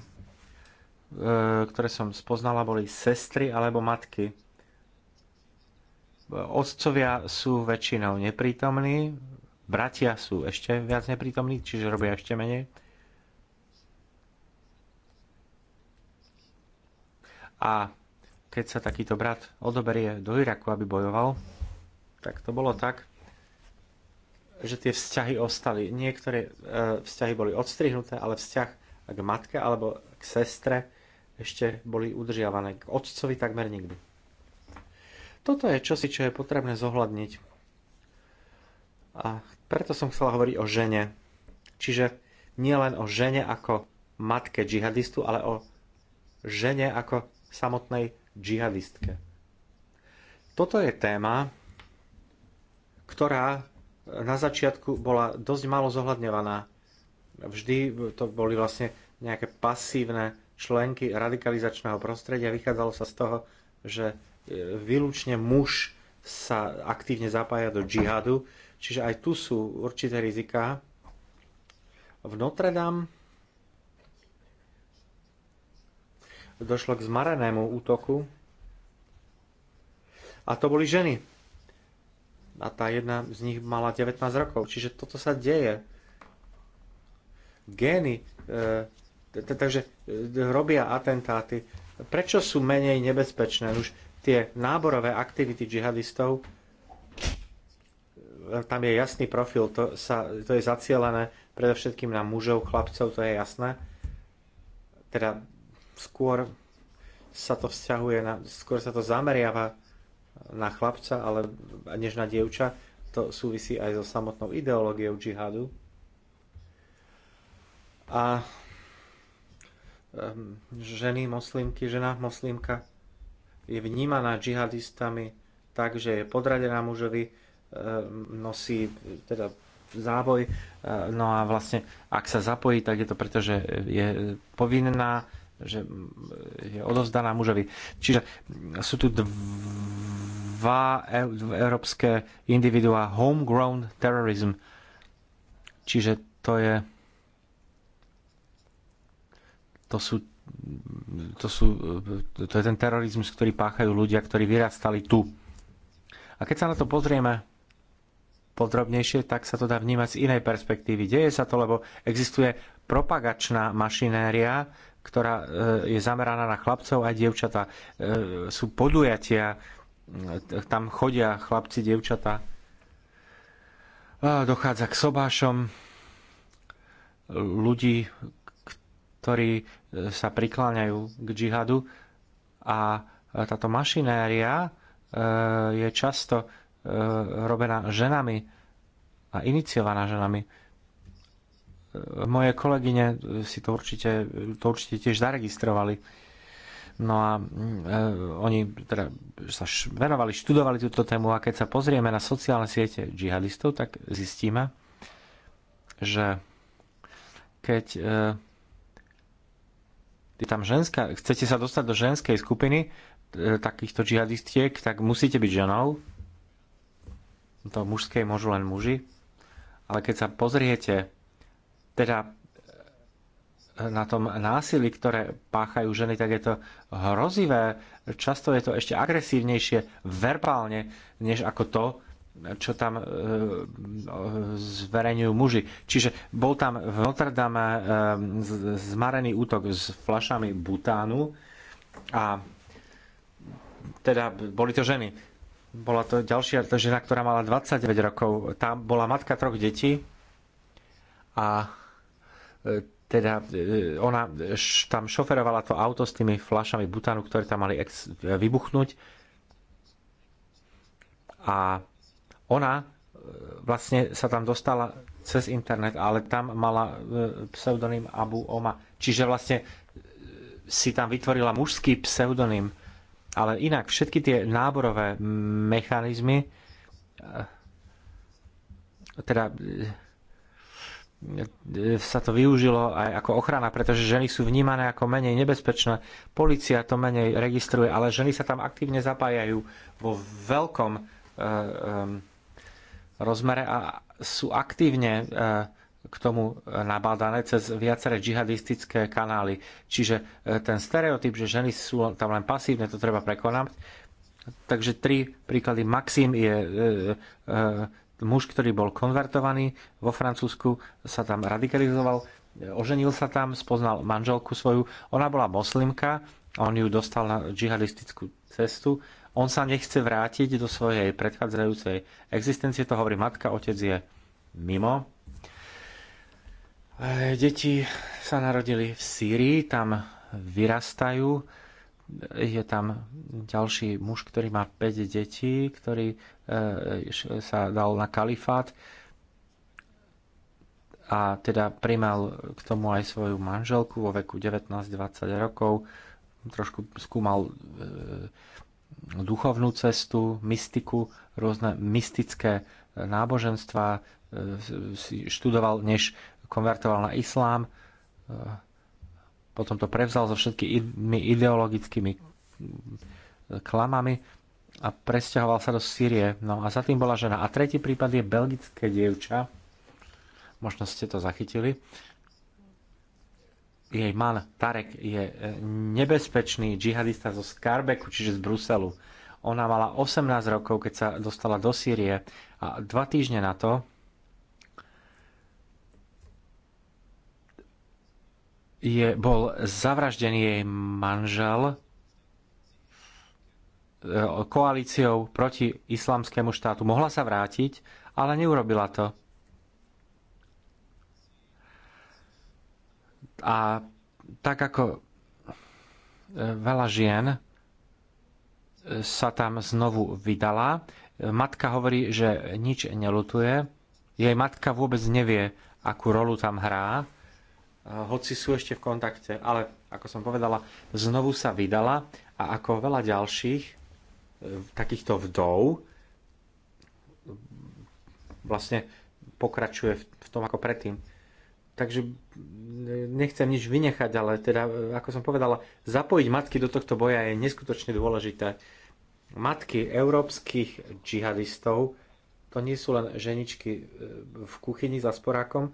ktoré som spoznala, boli sestry alebo matky. Otcovia sú väčšinou neprítomní, bratia sú ešte viac neprítomní, čiže robia ešte menej. A keď sa takýto brat odoberie do Iraku, aby bojoval, tak to bolo tak, že tie vzťahy ostali. Niektoré e, vzťahy boli odstrihnuté, ale vzťah k matke alebo k sestre ešte boli udržiavané. K otcovi takmer nikdy. Toto je čosi, čo je potrebné zohľadniť. A preto som chcela hovoriť o žene. Čiže nie len o žene ako matke džihadistu, ale o žene ako samotnej džihadistke. Toto je téma, ktorá na začiatku bola dosť málo zohľadňovaná. Vždy to boli vlastne nejaké pasívne členky radikalizačného prostredia. Vychádzalo sa z toho, že e, výlučne muž sa aktívne zapája do džihadu, čiže aj tu sú určité riziká. V Notre Dame došlo k zmarenému útoku a to boli ženy a tá jedna z nich mala 19 rokov. Čiže toto sa deje. Gény, e, takže e, robia atentáty. Prečo sú menej nebezpečné? Už tie náborové aktivity džihadistov, e, tam je jasný profil, to, sa, to je zacielené predovšetkým na mužov, chlapcov, to je jasné. Teda skôr sa to vzťahuje na, skôr sa to zameriava na chlapca, ale než na dievča. To súvisí aj so samotnou ideológiou džihadu. A ehm, ženy moslimky, žena moslimka je vnímaná džihadistami tak, že je podradená mužovi, ehm, nosí teda záboj, e, no a vlastne ak sa zapojí, tak je to preto, že je povinná že je odovzdaná mužovi. Čiže sú tu dva európske individuá homegrown terrorism. Čiže to je to sú to, sú, to je ten terorizmus, ktorý páchajú ľudia, ktorí vyrastali tu. A keď sa na to pozrieme podrobnejšie, tak sa to dá vnímať z inej perspektívy. Deje sa to, lebo existuje propagačná mašinéria, ktorá e, je zameraná na chlapcov a dievčatá. E, sú podujatia, e, tam chodia chlapci, dievčatá. Dochádza k sobášom ľudí, ktorí sa prikláňajú k džihadu a táto mašinéria je často robená ženami a iniciovaná ženami moje kolegyne si to určite, to určite tiež zaregistrovali. No a mm, e, oni teda sa venovali, študovali túto tému a keď sa pozrieme na sociálne siete džihadistov, tak zistíme, že keď e, je tam ženská, chcete sa dostať do ženskej skupiny e, takýchto džihadistiek, tak musíte byť ženou. To mužskej môžu len muži. Ale keď sa pozriete teda e, na tom násilí, ktoré páchajú ženy, tak je to hrozivé. Často je to ešte agresívnejšie verbálne, než ako to, čo tam e, zverejňujú muži. Čiže bol tam v Notre Dame e, zmarený útok s flašami butánu a teda boli to ženy. Bola to ďalšia žena, ktorá mala 29 rokov. tam bola matka troch detí a E, teda e, ona tam šoferovala to auto s tými flašami butánu, ktoré tam mali ex- vybuchnúť a ona e, vlastne sa tam dostala cez internet, ale tam mala pseudonym Abu Oma. Čiže vlastne si tam vytvorila mužský pseudonym. Ale inak všetky tie náborové mechanizmy teda sa to využilo aj ako ochrana, pretože ženy sú vnímané ako menej nebezpečné. Polícia to menej registruje, ale ženy sa tam aktívne zapájajú vo veľkom e, e, rozmere a sú aktívne e, k tomu nabádané cez viaceré džihadistické kanály. Čiže ten stereotyp, že ženy sú tam len pasívne, to treba prekonať. Takže tri príklady. Maxim je muž, ktorý bol konvertovaný vo Francúzsku, sa tam radikalizoval, oženil sa tam, spoznal manželku svoju. Ona bola moslimka, on ju dostal na džihadistickú cestu. On sa nechce vrátiť do svojej predchádzajúcej existencie, to hovorí matka, otec je mimo. Deti sa narodili v Sýrii, tam vyrastajú je tam ďalší muž, ktorý má 5 detí, ktorý e, sa dal na kalifát a teda primal k tomu aj svoju manželku vo veku 19-20 rokov, trošku skúmal e, duchovnú cestu, mystiku, rôzne mystické e, náboženstva, študoval, než konvertoval na islám, potom to prevzal so všetkými ideologickými klamami a presťahoval sa do Sýrie. No a za tým bola žena. A tretí prípad je belgické dievča. Možno ste to zachytili. Jej man Tarek je e, nebezpečný džihadista zo Skarbeku, čiže z Bruselu. Ona mala 18 rokov, keď sa dostala do Sýrie a dva týždne na to je, bol zavraždený jej manžel e, koalíciou proti islamskému štátu. Mohla sa vrátiť, ale neurobila to. A tak ako e, veľa žien e, sa tam znovu vydala, matka hovorí, že nič nelutuje, jej matka vôbec nevie, akú rolu tam hrá, hoci sú ešte v kontakte, ale ako som povedala, znovu sa vydala a ako veľa ďalších e, takýchto vdov vlastne pokračuje v tom ako predtým. Takže e, nechcem nič vynechať, ale teda, e, ako som povedala, zapojiť matky do tohto boja je neskutočne dôležité. Matky európskych džihadistov, to nie sú len ženičky v kuchyni za sporákom,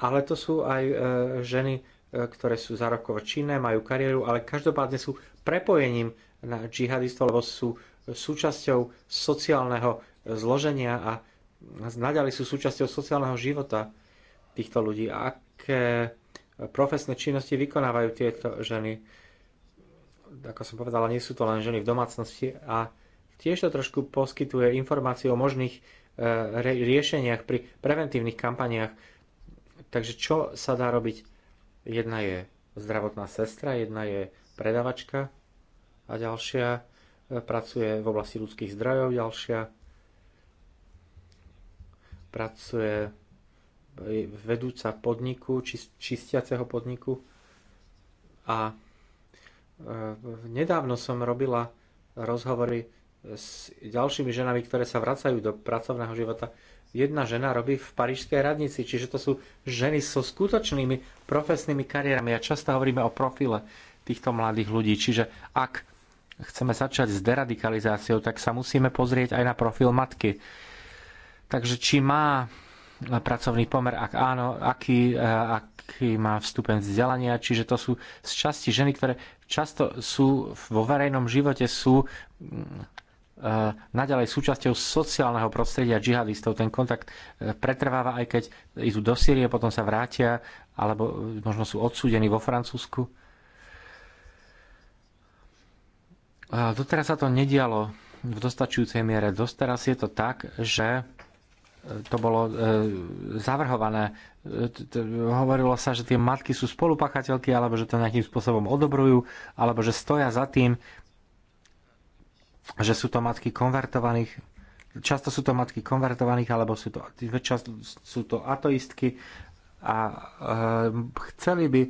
ale to sú aj e, ženy, e, ktoré sú zárokovo činné, majú kariéru, ale každopádne sú prepojením na džihadistov, lebo sú súčasťou sociálneho e, zloženia a naďalej sú súčasťou sociálneho života týchto ľudí. A aké profesné činnosti vykonávajú tieto ženy? Ako som povedala, nie sú to len ženy v domácnosti a tiež to trošku poskytuje informácie o možných riešeniach pri preventívnych kampaniách Takže čo sa dá robiť? Jedna je zdravotná sestra, jedna je predavačka a ďalšia e, pracuje v oblasti ľudských zdrojov, ďalšia pracuje vedúca podniku, čistiaceho podniku. A e, nedávno som robila rozhovory s ďalšími ženami, ktoré sa vracajú do pracovného života jedna žena robí v parížskej radnici, čiže to sú ženy so skutočnými profesnými kariérami a často hovoríme o profile týchto mladých ľudí. Čiže ak chceme začať s deradikalizáciou, tak sa musíme pozrieť aj na profil matky. Takže či má pracovný pomer, ak áno, aký, eh, aký má vstupen vzdelania, čiže to sú z časti ženy, ktoré často sú vo verejnom živote, sú mm, Eh, naďalej súčasťou sociálneho prostredia džihadistov. Ten kontakt eh, pretrváva, aj keď idú do Sýrie, potom sa vrátia, alebo eh, možno sú odsúdení vo Francúzsku. Doteraz sa to nedialo v dostačujúcej miere. Doteraz je to tak, že to bolo e, zavrhované. t, hovorilo sa, že tie matky sú spolupachateľky, alebo že to nejakým spôsobom odobrujú, alebo že stoja za tým, že sú to matky konvertovaných často sú to matky konvertovaných alebo sú to, často sú to ateistky a e, chceli by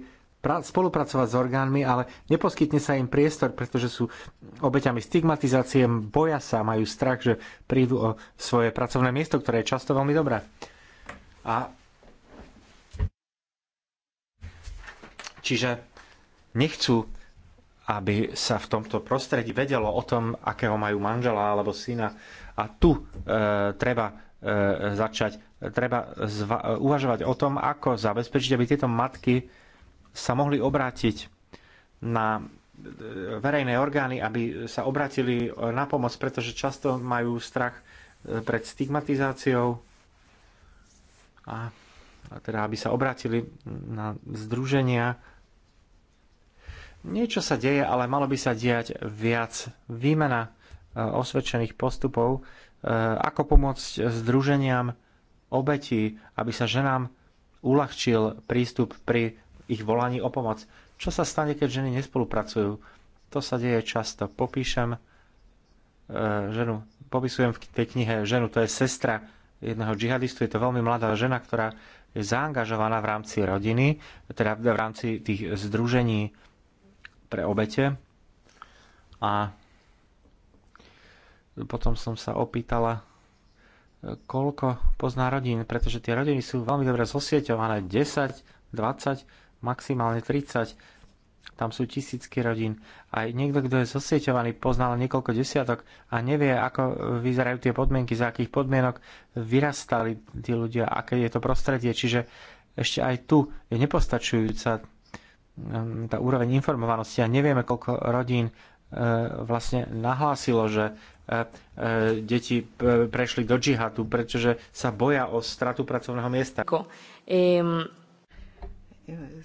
pra, spolupracovať s orgánmi, ale neposkytne sa im priestor, pretože sú obeťami stigmatizácie, boja sa, majú strach, že prídu o svoje pracovné miesto, ktoré je často veľmi dobré. A čiže nechcú aby sa v tomto prostredí vedelo o tom, akého majú manžela alebo syna. A tu e, treba e, začať, treba zva- uvažovať o tom, ako zabezpečiť, aby tieto matky sa mohli obrátiť na e, verejné orgány, aby sa obratili na pomoc, pretože často majú strach e, pred stigmatizáciou a, a teda aby sa obratili na združenia Niečo sa deje, ale malo by sa diať viac. Výmena e, osvedčených postupov, e, ako pomôcť združeniam obetí, aby sa ženám uľahčil prístup pri ich volaní o pomoc. Čo sa stane, keď ženy nespolupracujú? To sa deje často. Popíšem e, ženu, popisujem v tej knihe ženu, to je sestra jedného džihadistu, je to veľmi mladá žena, ktorá je zaangažovaná v rámci rodiny, teda v rámci tých združení pre obete. A potom som sa opýtala, koľko pozná rodín, pretože tie rodiny sú veľmi dobre zosieťované, 10, 20, maximálne 30, tam sú tisícky rodín. Aj niekto, kto je zosieťovaný, poznal niekoľko desiatok a nevie, ako vyzerajú tie podmienky, za akých podmienok vyrastali tí ľudia, aké je to prostredie. Čiže ešte aj tu je nepostačujúca tá úroveň informovanosti a nevieme, koľko rodín e, vlastne nahlásilo, že e, e, deti prešli do džihadu, pretože sa boja o stratu pracovného miesta.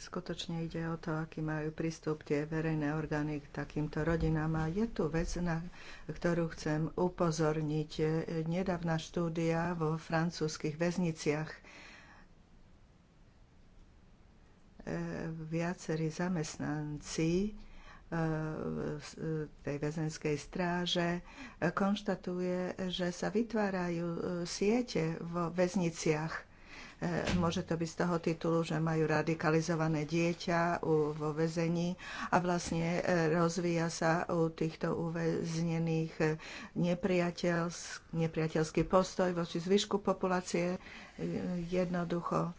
Skutočne ide o to, aký majú prístup tie verejné orgány k takýmto rodinám. A je tu vec, na ktorú chcem upozorniť. Nedávna štúdia vo francúzskych väzniciach E, viacerí zamestnanci e, e, tej väzenskej stráže konštatuje, že sa vytvárajú siete vo väzniciach môže to byť z toho titulu, že majú radikalizované dieťa vo väzení a vlastne rozvíja sa u týchto uväznených nepriateľský postoj voči zvyšku populácie. Jednoducho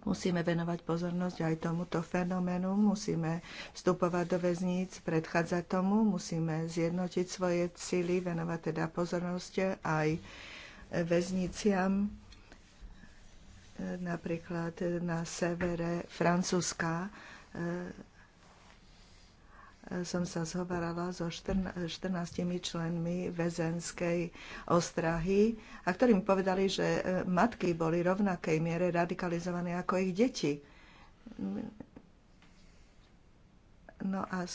Musíme venovať pozornosť aj tomuto fenoménu, musíme vstupovať do väzníc, predchádzať tomu, musíme zjednotiť svoje cíly, venovať teda pozornosť aj väzniciam, e, napríklad na severe Francúzska e, som sa zhovarala so 14 členmi väzenskej ostrahy a ktorí mi povedali, že e, matky boli rovnakej miere radikalizované ako ich deti. No a e,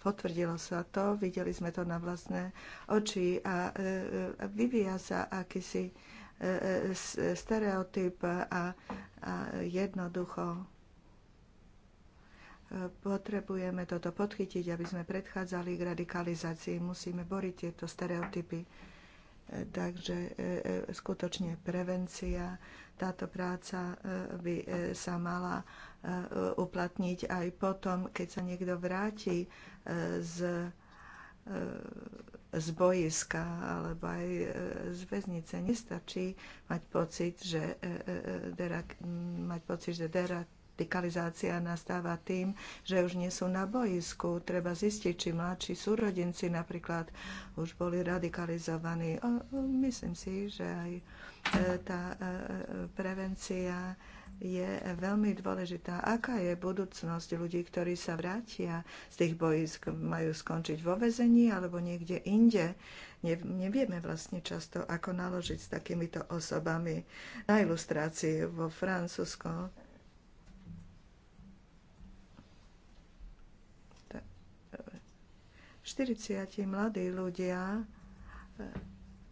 potvrdilo sa to, videli sme to na vlastné oči a e, vyvíja sa akýsi stereotyp a, a jednoducho Potrebujeme toto podchytiť, aby sme predchádzali k radikalizácii. Musíme boriť tieto stereotypy. E, takže e, e, skutočne prevencia, táto práca by sa mala uplatniť aj potom, keď sa niekto vráti z z bojiska alebo aj z väznice. Nestačí mať pocit, že, mať pocit, že dera, radikalizácia nastáva tým, že už nie sú na boisku. Treba zistiť, či mladší súrodenci napríklad už boli radikalizovaní. Myslím si, že aj e, tá e, e, prevencia je veľmi dôležitá. Aká je budúcnosť ľudí, ktorí sa vrátia z tých boisk? Majú skončiť vo vezení alebo niekde inde? Nevieme vlastne často, ako naložiť s takýmito osobami. Na ilustrácii vo Francúzsku 40 mladí ľudia, e,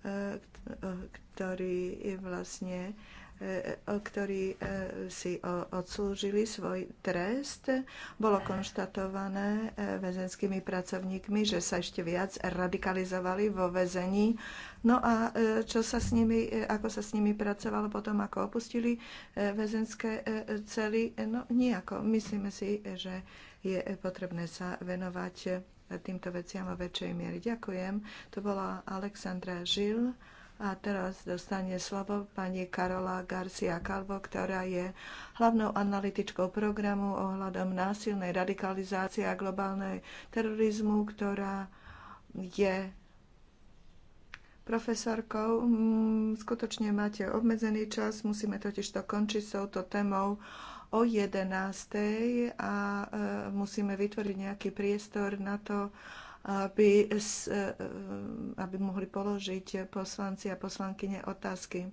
e, ktorí vlastne e, ktorí si odslúžili svoj trest. Bolo konštatované väzenskými pracovníkmi, že sa ešte viac radikalizovali vo väzení. No a čo sa s nimi, ako sa s nimi pracovalo potom, ako opustili väzenské cely? No nejako. Myslíme si, že je potrebné sa venovať týmto veciam vo väčšej miery. Ďakujem. To bola Alexandra Žil. A teraz dostane slovo pani Karola Garcia Calvo, ktorá je hlavnou analytičkou programu ohľadom násilnej radikalizácie a globálnej terorizmu, ktorá je profesorkou. Mm, skutočne máte obmedzený čas, musíme totiž to končiť s touto témou o 11. a e, musíme vytvoriť nejaký priestor na to, aby, e, e, aby mohli položiť poslanci a poslankyne otázky.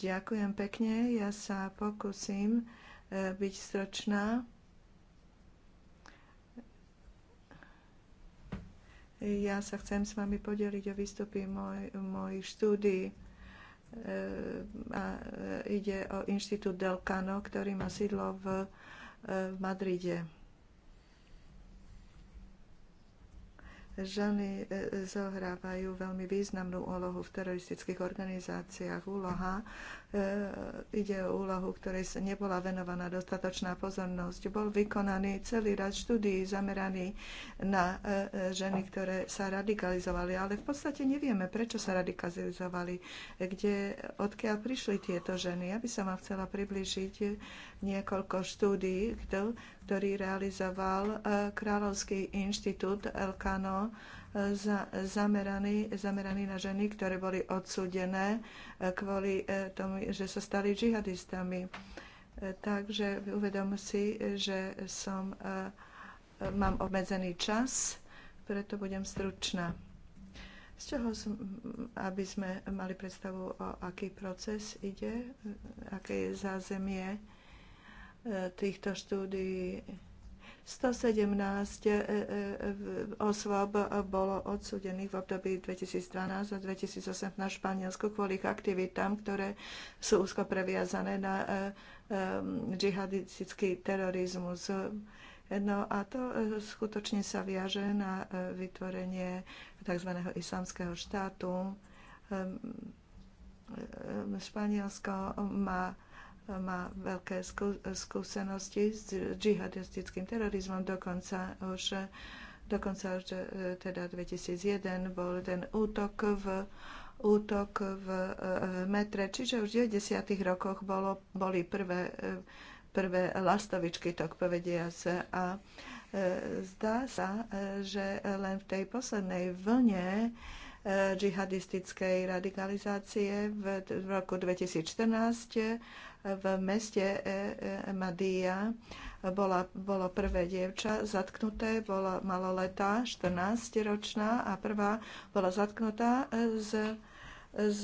Ďakujem pekne, ja sa pokúsim byť stročná. Ja sa chcem s vami podeliť o výstupy moj, mojich štúdií a e, ide o inštitút Del Cano, ktorý má sídlo v, e, v Madride. Ženy e, zohrávajú veľmi významnú úlohu v teroristických organizáciách. Úloha E, ide o úlohu, ktorej sa nebola venovaná dostatočná pozornosť. Bol vykonaný celý rad štúdií zameraný na e, e, ženy, ktoré sa radikalizovali, ale v podstate nevieme, prečo sa radikalizovali, kde, odkiaľ prišli tieto ženy. Ja by som vám chcela približiť niekoľko štúdií, ktorý realizoval Kráľovský inštitút Elkano za, zameraný, zameraný na ženy, ktoré boli odsúdené e, kvôli e, tomu, že sa stali džihadistami. E, takže uvedom si, že som, mám obmedzený čas, preto budem stručná. Z čoho, som, aby sme mali predstavu, o aký proces ide, aké je zázemie týchto štúdií, 117 e, e, e, osôb bolo odsudených v období 2012 a 2008 na Španielsku kvôli ich aktivitám, ktoré sú úzko previazané na džihadistický terorizmus. No a to skutočne sa viaže na vytvorenie tzv. islamského štátu. Ehm, ehm, Španielsko má má veľké skúsenosti s džihadistickým terorizmom, dokonca už, dokonca už e, teda 2001 bol ten útok v útok v e, e, metre, čiže už v 90. rokoch bolo, boli prvé, prvé lastovičky, tak povedia sa. A zdá sa, že len v tej poslednej vlne džihadistickej radikalizácie v roku 2014 v meste e, e, Madia bola, bolo prvé dievča zatknuté, bola maloletá, 14-ročná a prvá bola zatknutá e, z, z,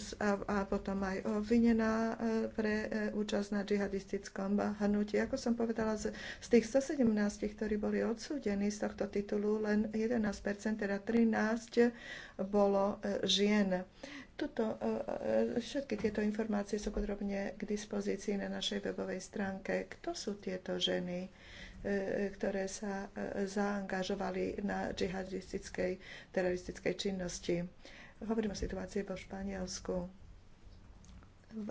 z, a, a potom aj obvinená pre účasť na džihadistickom hnutí. Ako som povedala, z, z tých 117, ktorí boli odsúdení z tohto titulu, len 11%, teda 13 bolo žien. Toto, e, e, všetky tieto informácie sú podrobne k dispozícii na našej webovej stránke. Kto sú tieto ženy, e, ktoré sa zaangažovali na džihadistickej teroristickej činnosti? Hovorím o situácii vo Španielsku v,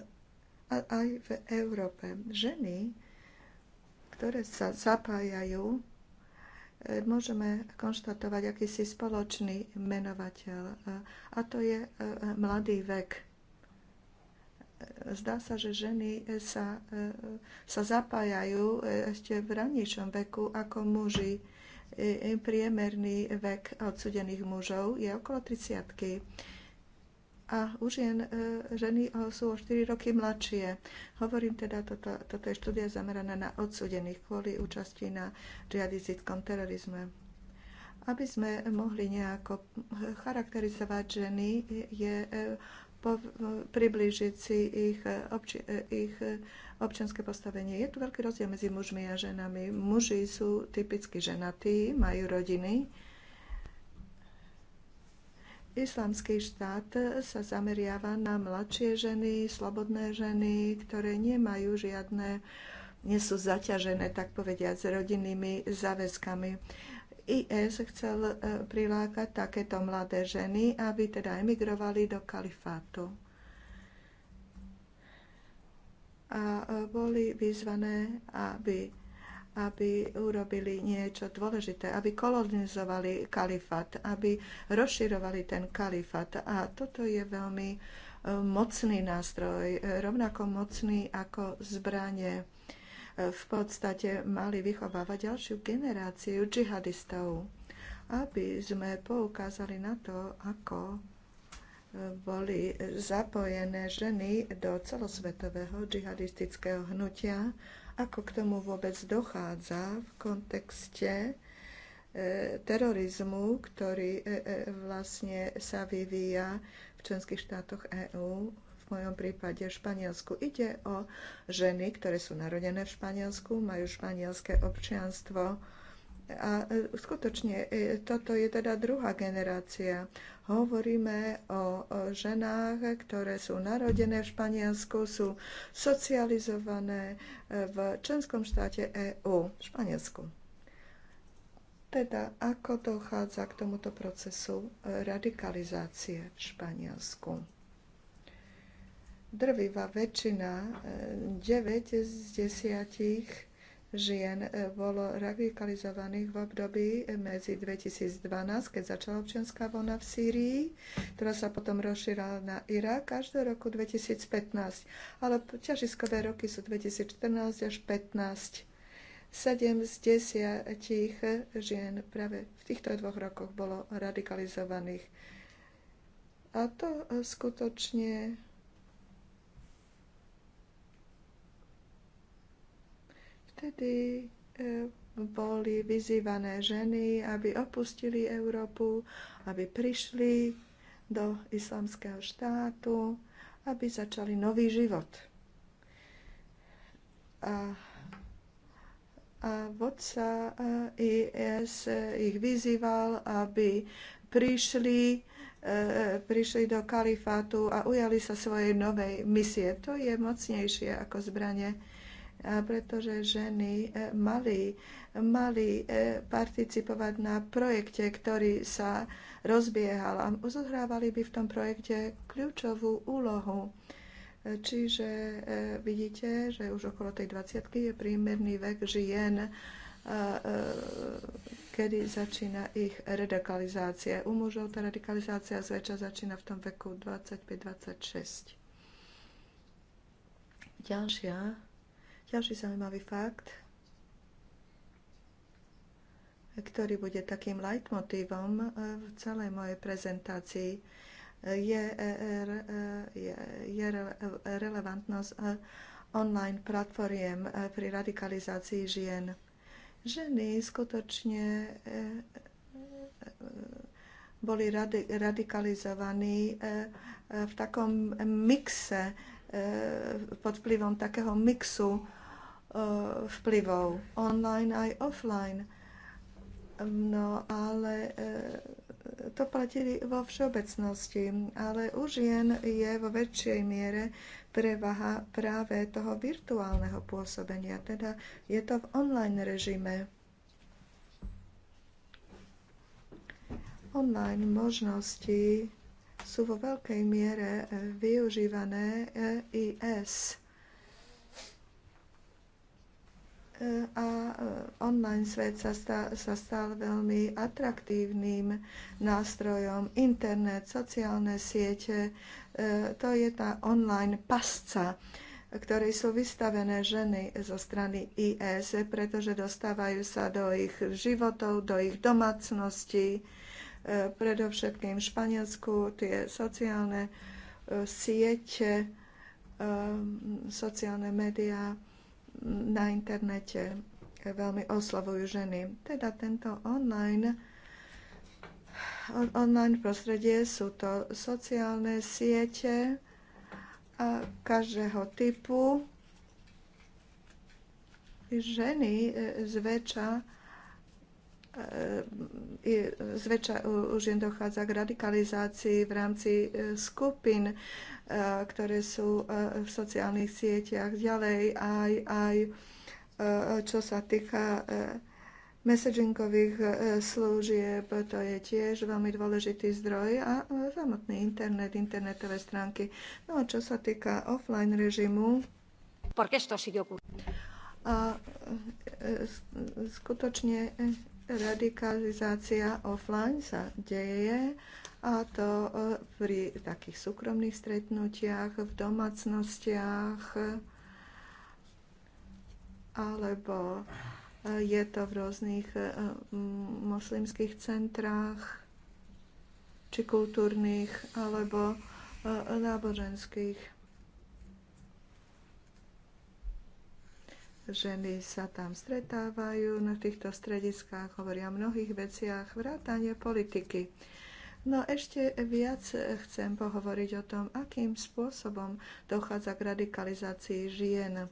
aj v Európe. Ženy, ktoré sa zapájajú môžeme konštatovať akýsi spoločný menovateľ a to je e, mladý vek. Zdá sa, že ženy sa, e, sa zapájajú e, ešte v ranejšom veku ako muži. Priemerný vek odsudených mužov je okolo 30 a už jen e, ženy e, sú o 4 roky mladšie. Hovorím teda, toto, toto je štúdia zameraná na odsudených kvôli účasti na džihadistickom terorizme. Aby sme mohli nejako charakterizovať ženy, je e, priblížiť si ich, obči- ich občianské postavenie. Je tu veľký rozdiel medzi mužmi a ženami. Muži sú typicky ženatí, majú rodiny, Islamský štát sa zameriava na mladšie ženy, slobodné ženy, ktoré nemajú žiadne, nie sú zaťažené, tak povediať, s rodinnými záväzkami. IS chcel e, prilákať takéto mladé ženy, aby teda emigrovali do kalifátu. A e, boli vyzvané, aby aby urobili niečo dôležité, aby kolonizovali kalifát, aby rozširovali ten kalifát. A toto je veľmi e, mocný nástroj, e, rovnako mocný ako zbranie. E, v podstate mali vychovávať ďalšiu generáciu džihadistov, aby sme poukázali na to, ako boli zapojené ženy do celosvetového džihadistického hnutia ako k tomu vôbec dochádza v kontexte e, terorizmu, ktorý e, e, vlastne sa vyvíja v členských štátoch EÚ, v mojom prípade v Španielsku. Ide o ženy, ktoré sú narodené v Španielsku, majú španielské občianstvo, a e, skutočne e, toto je teda druhá generácia. Hovoríme o ženách, ktoré sú narodené v Španielsku, sú socializované e, v členskom štáte EÚ, v Španielsku. Teda ako dochádza k tomuto procesu radikalizácie v Španielsku? Drvivá väčšina, 9 z 10 žien e, bolo radikalizovaných v období e, medzi 2012, keď začala občianská vojna v Sýrii, ktorá sa potom rozšírala na Irak až do roku 2015. Ale ťažiskové roky sú 2014 až 15. 7 z 10 žien práve v týchto dvoch rokoch bolo radikalizovaných. A to e, skutočne Vtedy e, boli vyzývané ženy, aby opustili Európu, aby prišli do islamského štátu, aby začali nový život. A a vodca e, IS e, ich vyzýval, aby prišli, prišli do kalifátu a ujali sa svojej novej misie. To je mocnejšie ako zbranie pretože ženy e, mali, mali e, participovať na projekte, ktorý sa rozbiehal a uzohrávali by v tom projekte kľúčovú úlohu. E, čiže vidíte, že už okolo tej 20 je priemerný vek žien, kedy začína ich radikalizácia. U mužov tá radikalizácia zväčša začína v tom veku 25-26. Ďalšia ďalší zaujímavý fakt, ktorý bude takým leitmotívom eh, v celej mojej prezentácii, eh, eh, je, je, je relevantnosť online platformiem pri radikalizácii žien. Ženy skutočne boli radikalizovaní v takom mixe, pod vplyvom takého mixu Eh, vplyvov, online aj offline. No ale eh, to platí vo všeobecnosti, ale u žien je vo väčšej miere prevaha práve toho virtuálneho pôsobenia, teda je to v online režime. Online možnosti sú vo veľkej miere eh, využívané IS a e, online svet sa, stá, sa stal veľmi atraktívnym nástrojom. Internet, sociálne siete, e, to je tá online pasca, ktorej sú vystavené ženy zo strany IS, pretože dostávajú sa do ich životov, do ich domácností, e, predovšetkým v Španielsku tie sociálne siete, sociálne médiá na internete veľmi oslavujú ženy. Teda tento online online prostredie sú to sociálne siete každého typu. Ženy e, zväčša e, zväčša už jen dochádza k radikalizácii v rámci e, skupín ktoré sú e, v sociálnych sieťach. Ďalej aj, aj e, čo sa týka e, messagingových služieb, to je tiež veľmi dôležitý zdroj a samotný internet, internetové stránky. No a čo sa týka offline režimu, a skutočne radikalizácia offline sa deje a to e, pri takých súkromných stretnutiach, v domácnostiach, alebo e, je to v rôznych e, moslimských centrách, či kultúrnych, alebo náboženských. ženy sa tam stretávajú na týchto strediskách, hovoria o mnohých veciach, vrátanie politiky. No ešte viac chcem pohovoriť o tom, akým spôsobom dochádza k radikalizácii žien.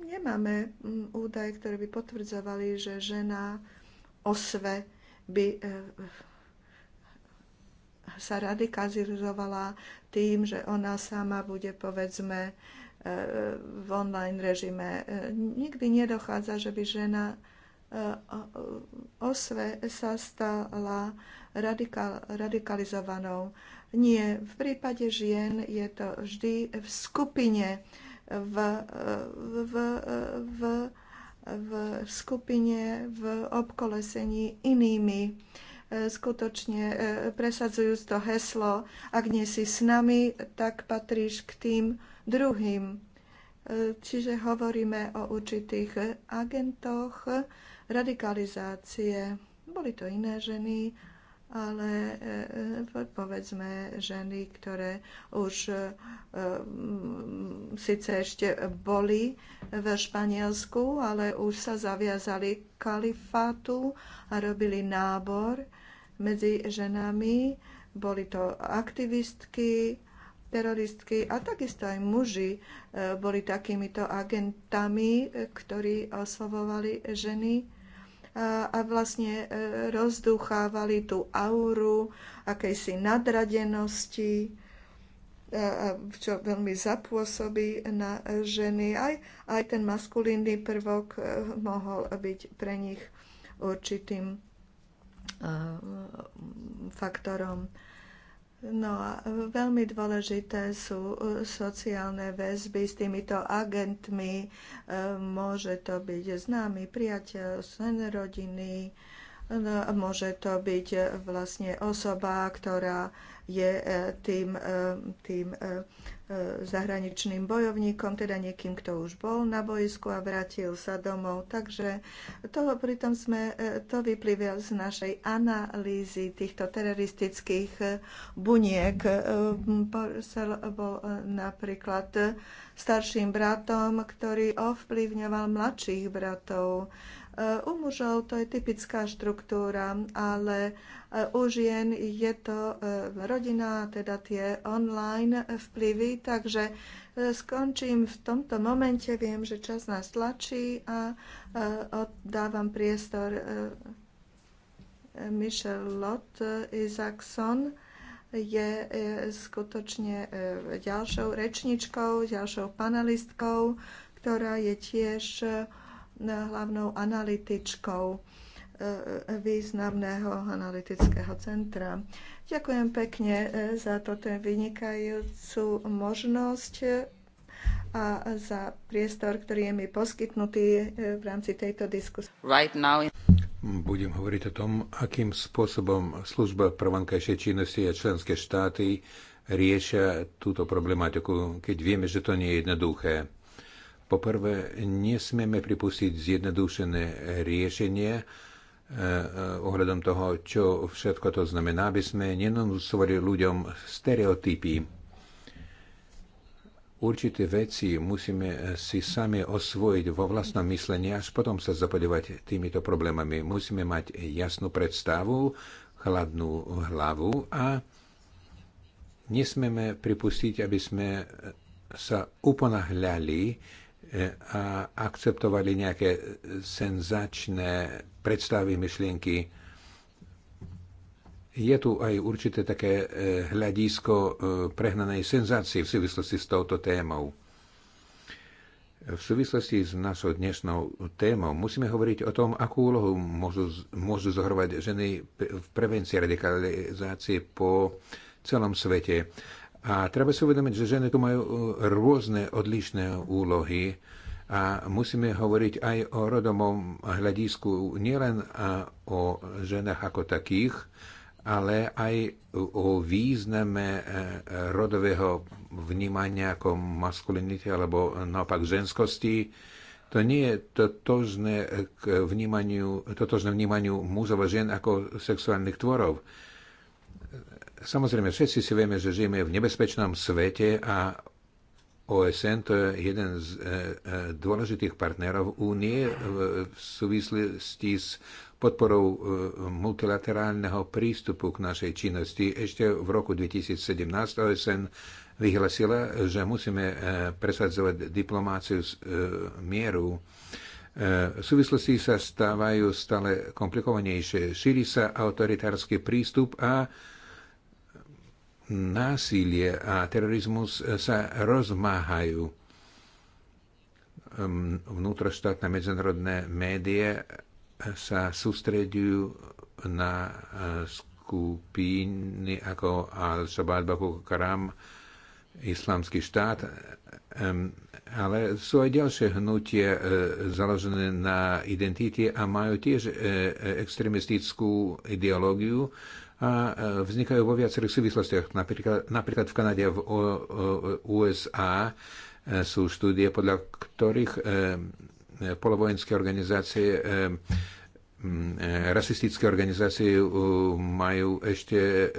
Nemáme mm, údaje, ktoré by potvrdzovali, že žena osve by eh, sa radikalizovala tým, že ona sama bude, povedzme, eh, v online režime. Eh, nikdy nedochádza, že by žena Eh, eh, osve sa stala radikal, radikalizovanou. Nie, v prípade žien je to vždy v skupine, v, eh, v, v, v skupine, v obkolesení inými skutočne presadzujúc to heslo, ak nie si s nami, tak patríš k tým druhým. Čiže hovoríme o určitých agentoch, radikalizácie. Boli to iné ženy, ale e, e, povedzme ženy, ktoré už e, síce ešte boli v Španielsku, ale už sa zaviazali k kalifátu a robili nábor medzi ženami. Boli to aktivistky, teroristky a takisto aj muži boli takýmito agentami, ktorí oslovovali ženy a, a vlastne e, rozduchávali tú auru akejsi nadradenosti, e, čo veľmi zapôsobí na ženy. Aj, aj ten maskulínny prvok e, mohol byť pre nich určitým faktorom No a veľmi dôležité sú eh, sociálne väzby s týmito agentmi. Eh, môže to byť známy priateľ, sen rodiny, no môže to byť eh, vlastne osoba, ktorá je tým, tým zahraničným bojovníkom, teda niekým, kto už bol na boisku a vrátil sa domov. Takže to, pritom sme, e, to vyplýva z našej analýzy týchto teroristických e, buniek. E, Porcel bol napríklad starším bratom, ktorý ovplyvňoval mladších bratov u mužov to je typická štruktúra, ale e, u žien je to e, rodina, teda tie online vplyvy, takže e, skončím v tomto momente. Viem, že čas nás tlačí a oddávam priestor Michelle Lott Isaacson je skutočne ďalšou rečničkou, ďalšou panelistkou, ktorá je tiež hlavnou analytičkou e, významného analytického centra. Ďakujem pekne e, za toto vynikajúcu možnosť e, a za priestor, ktorý je mi poskytnutý v rámci tejto diskusie. Right now... Budem hovoriť o tom, akým spôsobom služba prvankajšej činnosti a členské štáty riešia túto problematiku, keď vieme, že to nie je jednoduché. Poprvé, nesmieme pripustiť zjednodušené riešenie e, e, ohľadom toho, čo všetko to znamená, aby sme nenúcovali ľuďom stereotypy. Určité veci musíme si sami osvojiť vo vlastnom myslení, až potom sa zapodevať týmito problémami. Musíme mať jasnú predstavu, chladnú hlavu a nesmieme pripustiť, aby sme sa uponahľali E, a akceptovali nejaké senzačné predstavy, myšlienky. Je tu aj určité také e, hľadisko e, prehnanej senzácie v súvislosti s touto témou. V súvislosti s našou dnešnou témou musíme hovoriť o tom, akú úlohu môžu, môžu zohrovať ženy v prevencii radikalizácie po celom svete. A treba si uvedomiť, že ženy tu majú uh, rôzne odlišné úlohy a musíme hovoriť aj o rodomom hľadisku nielen o ženách ako takých, ale aj o význame e, rodového vnímania ako maskulinity alebo naopak ženskosti. To nie je totožné, k vnímaniu, totožné vnímaniu mužov a žien ako sexuálnych tvorov. Samozrejme, všetci si vieme, že žijeme v nebezpečnom svete a OSN to je jeden z e, e, dôležitých partnerov únie v súvislosti s podporou e, multilaterálneho prístupu k našej činnosti. Ešte v roku 2017 OSN vyhlasila, že musíme presadzovať diplomáciu mieru. V súvislosti sa stávajú stále komplikovanejšie. Šíri sa autoritársky prístup a násilie a terorizmus sa rozmáhajú. Vnútroštátne medzinárodné médiá sa sústredujú na e, skupiny ako Al-Shabaab, Boko Karam, Islamský štát, ale sú aj ďalšie hnutie e, založené na identite a majú tiež e, extremistickú ideológiu, a vznikajú vo viacerých súvislostiach. Napríklad, napríklad v Kanade, v USA e, sú štúdie, podľa ktorých e, e, polovojenské organizácie rasistické organizácie majú ešte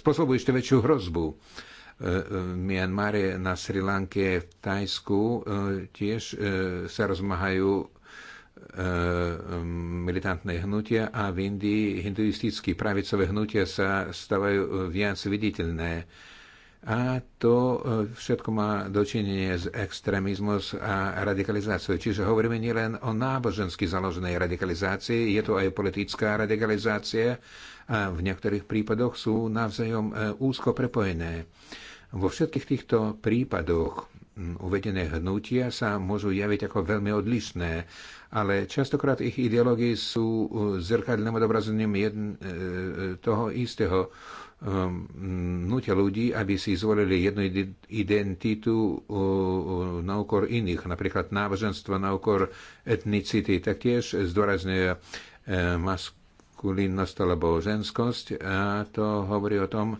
spôsobujú ešte väčšiu hrozbu. V Mianmare, na Sri Lanke, v Tajsku tiež sa rozmáhajú Eh, militantné hnutia a v Indii hinduistické pravicové hnutia sa stávajú viac viditeľné. A to eh, všetko má dočinenie s extrémizmus a radikalizáciou. Čiže hovoríme nielen o nábožensky založenej radikalizácii, je to aj politická radikalizácia a v niektorých prípadoch sú navzájom eh, úzko prepojené. Vo všetkých týchto prípadoch hm, uvedené hnutia sa môžu javiť ako veľmi odlišné ale častokrát ich ideológie sú e, zrkadlným odobrazením jedn, e, e, toho istého ehm, nutia ľudí, aby si zvolili jednu identitu na úkor iných, napríklad náboženstvo na úkor etnicity, taktiež zdôrazňuje maskulinnosť alebo ženskosť a to hovorí o tom,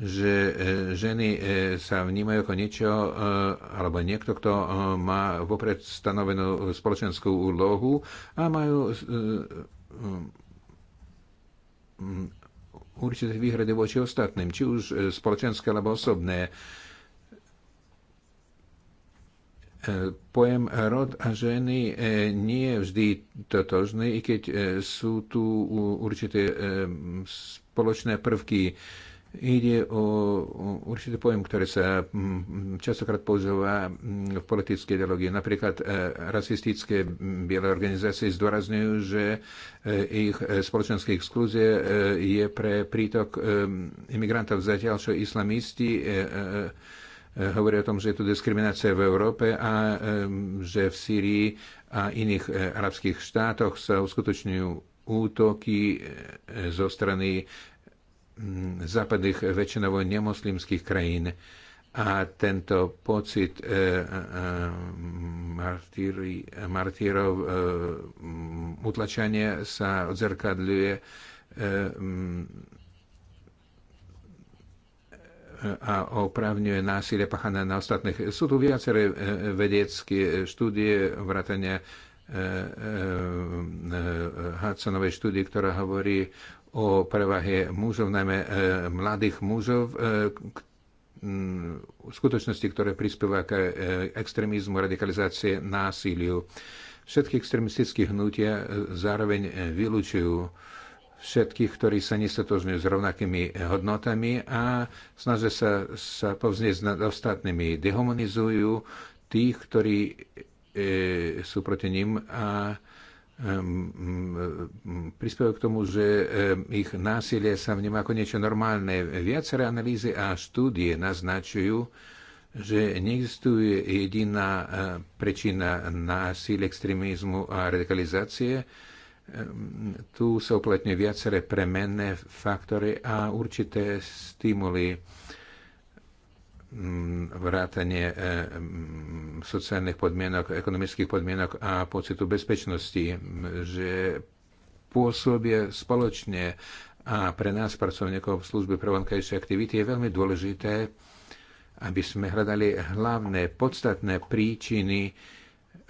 že e, ženy e, sa vnímajú ako niečo, e, alebo niekto, kto má vopred stanovenú spoločenskú úlohu a majú určité výhrady voči ostatným, či už spoločenské alebo osobné. Pojem rod a ženy nie je vždy totožný, i keď sú tu určité spoločné prvky Ide o určitý pojem, ktorý sa mm, častokrát používa mm, v politickej ideológii. Napríklad e, rasistické mm, biele organizácie zdôrazňujú, že e, ich e, spoločenská exklúzia je pre prítok imigrantov zatiaľ, čo islamisti hovorí o tom, že je to diskriminácia v Európe a že v Sýrii a iných arabských štátoch sa uskutočňujú útoky zo strany západných väčšinovo nemoslimských krajín. A tento pocit e, e, martíri, martírov, e, utlačania sa odzrkadľuje e, a opravňuje násilie pachané na ostatných. Sú tu viaceré e, vedecké štúdie, vrátania e, e, Hudsonovej štúdie, ktorá hovorí o prevahe mužov, najmä e, mladých mužov, e, skutočnosti, ktoré prispieva k e, extrémizmu, radikalizácie, násiliu. Všetky extrémistické hnutia zároveň vylúčujú všetkých, ktorí sa nestotožňujú s rovnakými hodnotami a snažia sa, sa povznieť nad ostatnými. Dehumanizujú tých, ktorí e, sú proti ním a e, Ehm, prispievajú k tomu, že ehm, ich násilie sa vníma ako niečo normálne. Viaceré analýzy a štúdie naznačujú, že neexistuje jediná eh, prečina násilia, extrémizmu a radikalizácie. Ehm, tu sa uplatňujú viaceré premenné faktory a určité stimuly Mm, vrátanie e, mm, sociálnych podmienok, ekonomických podmienok a pocitu bezpečnosti, že pôsobie spoločne a pre nás, pracovníkov služby pre vonkajšie aktivity, je veľmi dôležité, aby sme hľadali hlavné, podstatné príčiny,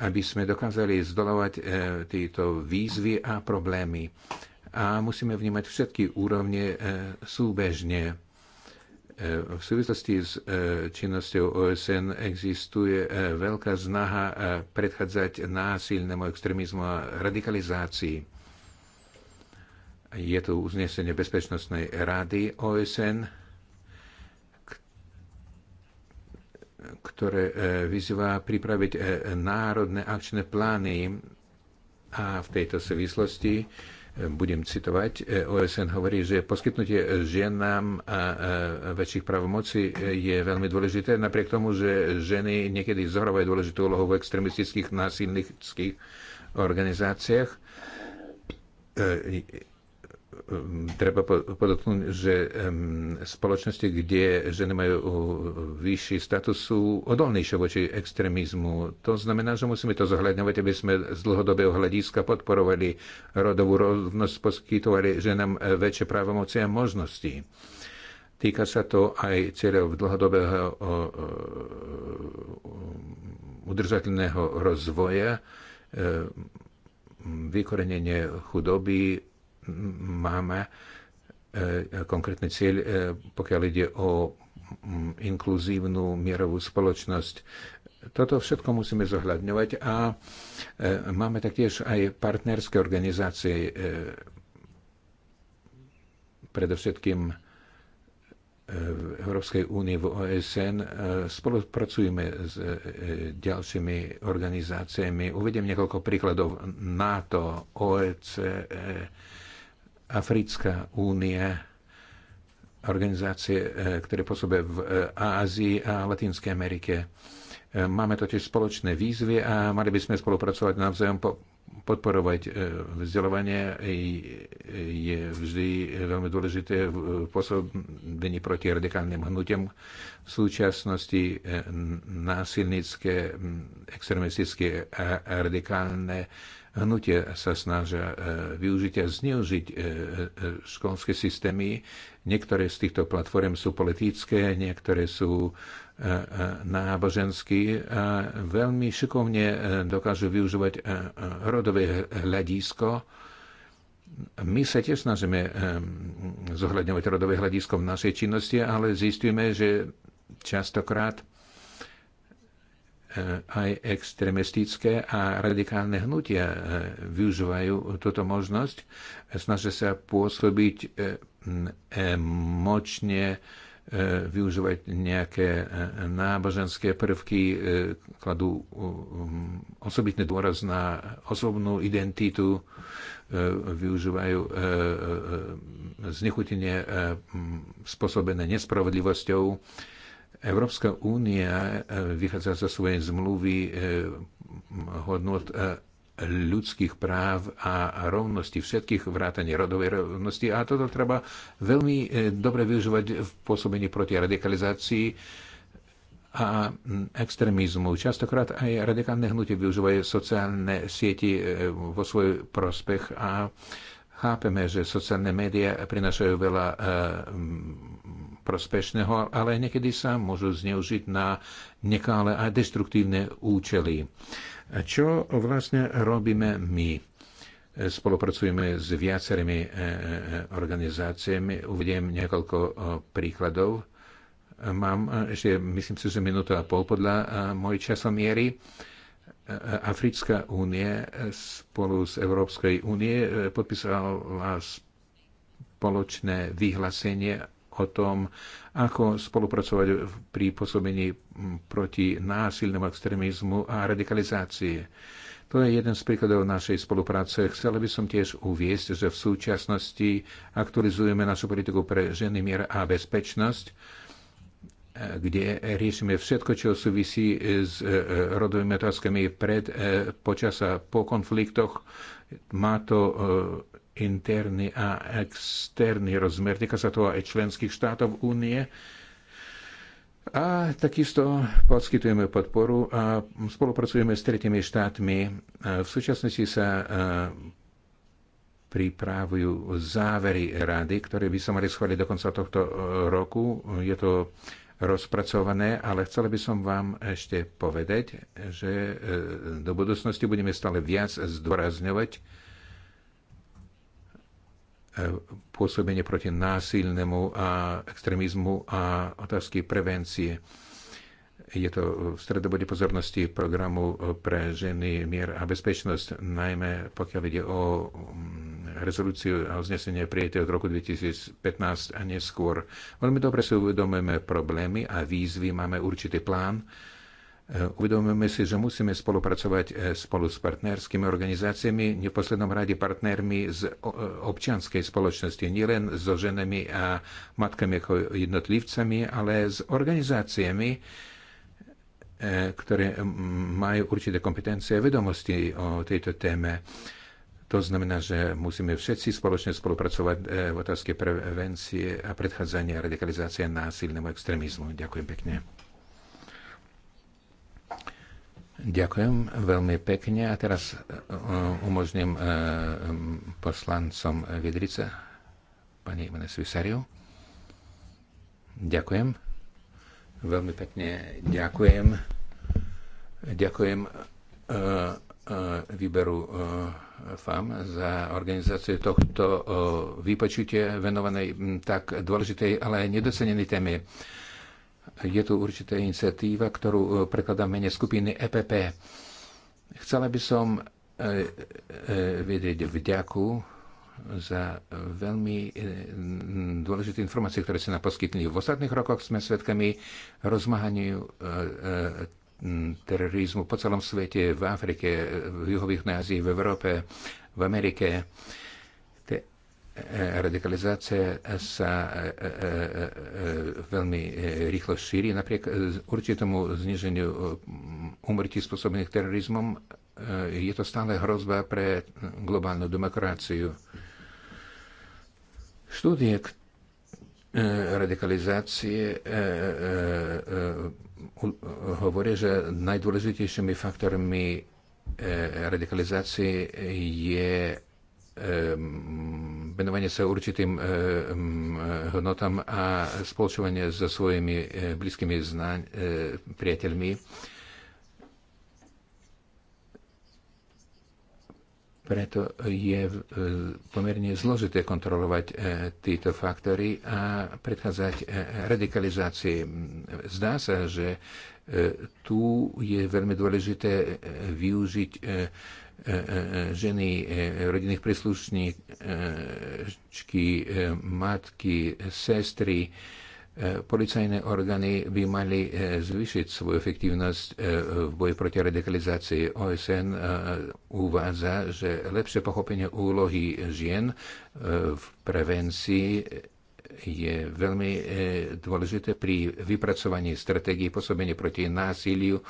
aby sme dokázali zdolovať e, tieto výzvy a problémy. A musíme vnímať všetky úrovne e, súbežne v súvislosti s e, činnosťou OSN existuje e, veľká snaha e, predchádzať násilnému extrémizmu a radikalizácii. Je tu uznesenie Bezpečnostnej rady OSN, ktoré vyzýva pripraviť národné akčné plány a v tejto súvislosti budem citovať, OSN hovorí, že poskytnutie ženám a väčších právomocí je veľmi dôležité, napriek tomu, že ženy niekedy zohrávajú dôležitú úlohu v extremistických násilnických organizáciách. E, Ehm, treba podotknúť, že ehm, spoločnosti, kde ženy majú uh, vyšší status, sú odolnejšie voči extrémizmu. To znamená, že musíme to zohľadňovať, aby sme z dlhodobého hľadiska podporovali rodovú rovnosť, poskytovali ženám eh, väčšie právomoci a možnosti. Týka sa to aj cieľov dlhodobého eh, eh, udržateľného rozvoja, vykorenenie chudoby, máme e, konkrétny cieľ, e, pokiaľ ide o inkluzívnu mierovú spoločnosť. Toto všetko musíme zohľadňovať a e, máme taktiež aj partnerské organizácie, predovšetkým v Európskej únie, v OSN. Spolupracujeme s ďalšími organizáciami. Uvediem niekoľko príkladov. NATO, OEC, Africká únia, organizácie, e, ktoré pôsobia v e, Ázii a Latinskej Amerike. E, máme totiž spoločné výzvy a mali by sme spolupracovať navzájom, po, podporovať vzdelávanie je vždy veľmi dôležité v pôsobení proti radikálnym hnutiam. V súčasnosti násilnícke, extremistické a radikálne hnutie sa snažia e, využiť a zneužiť e, e, školské systémy. Niektoré z týchto platform sú politické, niektoré sú náboženské. a veľmi šikovne dokážu využívať rodové hľadisko. My sa tiež snažíme zohľadňovať rodové hľadisko v našej činnosti, ale zistíme, že častokrát E, aj extremistické a radikálne hnutia e, využívajú túto možnosť, snažia sa pôsobiť e, močne využívať nejaké náboženské prvky, kladú osobitný dôraz na osobnú identitu, využívajú znechutenie spôsobené nespravodlivosťou, Európska únia e, vychádza zo svojej zmluvy e, hodnot e, ľudských práv a rovnosti, všetkých vrátane rodovej rovnosti. A toto treba veľmi dobre využívať v pôsobení proti radikalizácii a extrémizmu. Častokrát aj radikálne hnutie využívajú sociálne siete vo svoj prospech a chápeme, že sociálne médiá prinášajú veľa prospešného, ale niekedy sa môžu zneužiť na nekále a destruktívne účely. Čo vlastne robíme my? Spolupracujeme s viacerými e, e, organizáciami. Uvediem niekoľko e, príkladov. Mám ešte, myslím si, že minútu a pol podľa mojej časomiery. Africká únie spolu s Európskej únie podpísala spoločné vyhlásenie o tom, ako spolupracovať pri pôsobení proti násilnému extrémizmu a radikalizácii. To je jeden z príkladov našej spolupráce. Chcela by som tiež uviesť, že v súčasnosti aktualizujeme našu politiku pre ženy, mier a bezpečnosť, kde riešime všetko, čo súvisí s e, rodovými otázkami pred, e, počas a po konfliktoch. Má to e, interný a externý rozmer. Týka sa to aj členských štátov únie. A takisto poskytujeme podporu a spolupracujeme s tretimi štátmi. V súčasnosti sa pripravujú závery rady, ktoré by sa mali schváliť do konca tohto e, roku. Je to rozpracované, ale chcel by som vám ešte povedať, že e, do budúcnosti budeme stále viac zdôrazňovať E, pôsobenie proti násilnému a extrémizmu a otázky prevencie. Je to v stredobode pozornosti programu pre ženy, mier a bezpečnosť, najmä pokiaľ ide o mm, rezolúciu a uznesenie prijaté od roku 2015 a neskôr. Veľmi dobre si uvedomujeme problémy a výzvy, máme určitý plán, E, uvedomujeme si, že musíme spolupracovať e, spolu s partnerskými organizáciami, v neposlednom rade partnermi z e, občianskej spoločnosti, nielen so ženami a matkami ako jednotlivcami, ale s organizáciami, ktoré majú určité kompetencie a vedomosti o tejto téme. To znamená, že musíme všetci spoločne spolupracovať v otázke prevencie a predchádzania radikalizácie násilnému extrémizmu. Ďakujem pekne. Ďakujem veľmi pekne a teraz e, e, umožním e, poslancom Vidrica, pani Ivanes Vysariu. Ďakujem. Veľmi pekne ďakujem. Ďakujem výberu FAM za organizáciu tohto výpočutia venovanej tak dôležitej, ale aj nedocenenej téme. Je tu určitá iniciatíva, ktorú e, prekladám mene skupiny EPP. Chcela by som e, e, vedieť vďaku za veľmi dôležité informácie, ktoré sa nám poskytli. V ostatných rokoch sme svedkami rozmahaniu terorizmu po celom svete, v Afrike, v juhových Ázii, v Európe, v Amerike radikalizácia sa e, e, e, veľmi rýchlo šíri. Napriek určitému zniženiu umrtí spôsobených terorizmom je to stále hrozba pre globálnu demokraciu. Štúdie radikalizácie hovoria, že najdôležitejšími faktormi radikalizácie je venovanie sa určitým hodnotám a spoločovanie so svojimi eh, blízkymi znaň, eh, priateľmi. Preto je eh, pomerne zložité kontrolovať tieto faktory a predchádzať radikalizácii. Zdá sa, že tu je veľmi dôležité využiť E, e, ženy, e, rodinných príslušníčky, matky, sestry, policajné orgány by mali zvýšiť svoju efektívnosť v boji proti radikalizácii. OSN uvádza, že lepšie pochopenie úlohy žien v prevencii je veľmi dôležité pri vypracovaní stratégií pôsobenia proti násiliu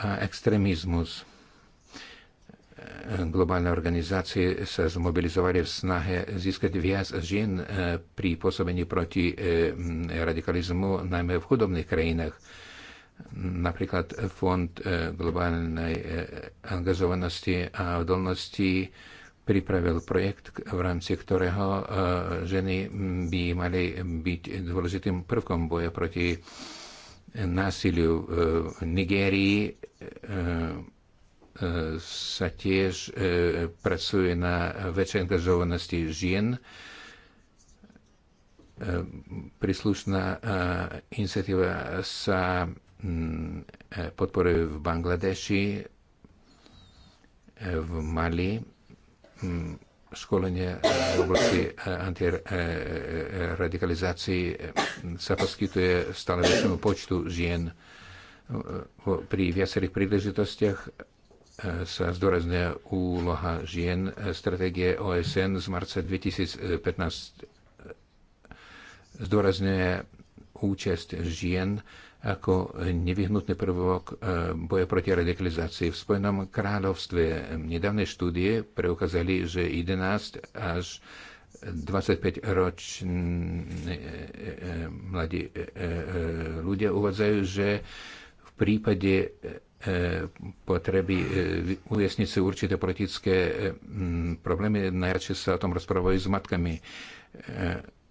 a extrémizmus globálne organizácie sa zmobilizovali v snahe získať viac žien e, pri pôsobení proti e, radikalizmu, najmä v chudobných krajinách. Napríklad Fond e, globálnej angažovanosti a odolnosti pripravil projekt, v rámci ktorého ženy by mali byť dôležitým prvkom boja proti násiliu v Nigérii sa tiež e, pracuje na väčšej angažovanosti žien. E, príslušná e, iniciatíva sa mm, podporuje v Bangladeši, v Mali, školenie v oblasti antiradikalizácii sa poskytuje stále väčšiemu počtu žien pri viacerých príležitostiach sa zdôrazňuje úloha žien. E, stratégie OSN z marca 2015 zdôrazňuje účasť žien ako nevyhnutný prvok e, boja proti radikalizácii. V Spojenom kráľovstve nedávne štúdie preukázali, že 11 až 25-roční e, mladí ľudia uvádzajú, že v prípade potreby e, ujasniť si určité politické e, problémy. Najradšej sa o tom rozprávajú s matkami. E,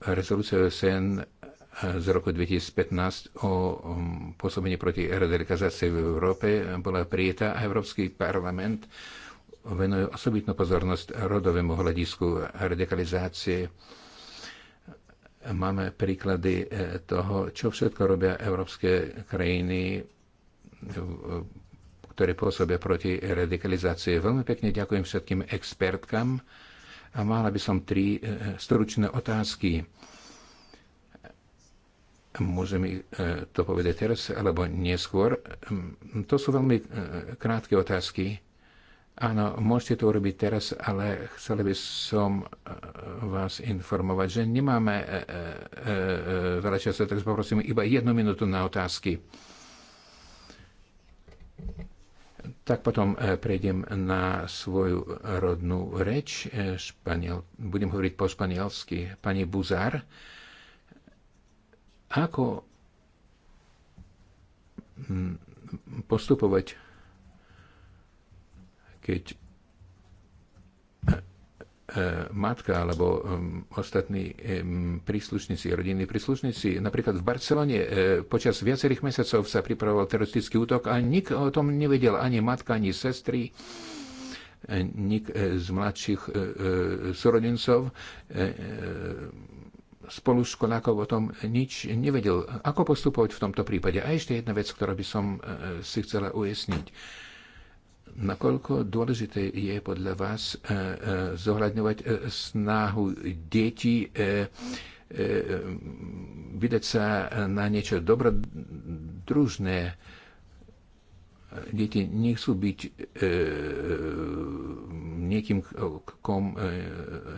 rezolúcia OSN z roku 2015 o pôsobení proti radikalizácii v Európe bola prijetá a Európsky parlament venuje osobitnú pozornosť rodovému hľadisku radikalizácie. Máme príklady toho, čo všetko robia európske krajiny ktoré pôsobia proti radikalizácii. Veľmi pekne ďakujem všetkým expertkám a mala by som tri e, stručné otázky. Môžem e, to povedať teraz alebo neskôr. Mm, to sú veľmi e, krátke otázky. Áno, môžete to urobiť teraz, ale chceli by som vás informovať, že nemáme veľa času, tak poprosím iba jednu minútu na otázky. Tak potom e, prejdem na svoju rodnú reč. E, španiel, budem hovoriť po španielsky. Pani Buzar, ako postupovať, keď E, matka alebo ostatní príslušníci, rodinní príslušníci. Napríklad v Barcelone e, počas viacerých mesiacov sa pripravoval teroristický útok a nik o tom nevedel ani matka, ani sestry e, nik z mladších súrodencov spolu školákov o tom nič nevedel. Ako postupovať v tomto prípade? A ešte jedna vec, ktorú by som si chcela ujasniť Nakoľko dôležité je podľa vás e, e, zohľadňovať e, snahu detí vydať sa na niečo dobrodružné. Deti nechcú byť niekým, kom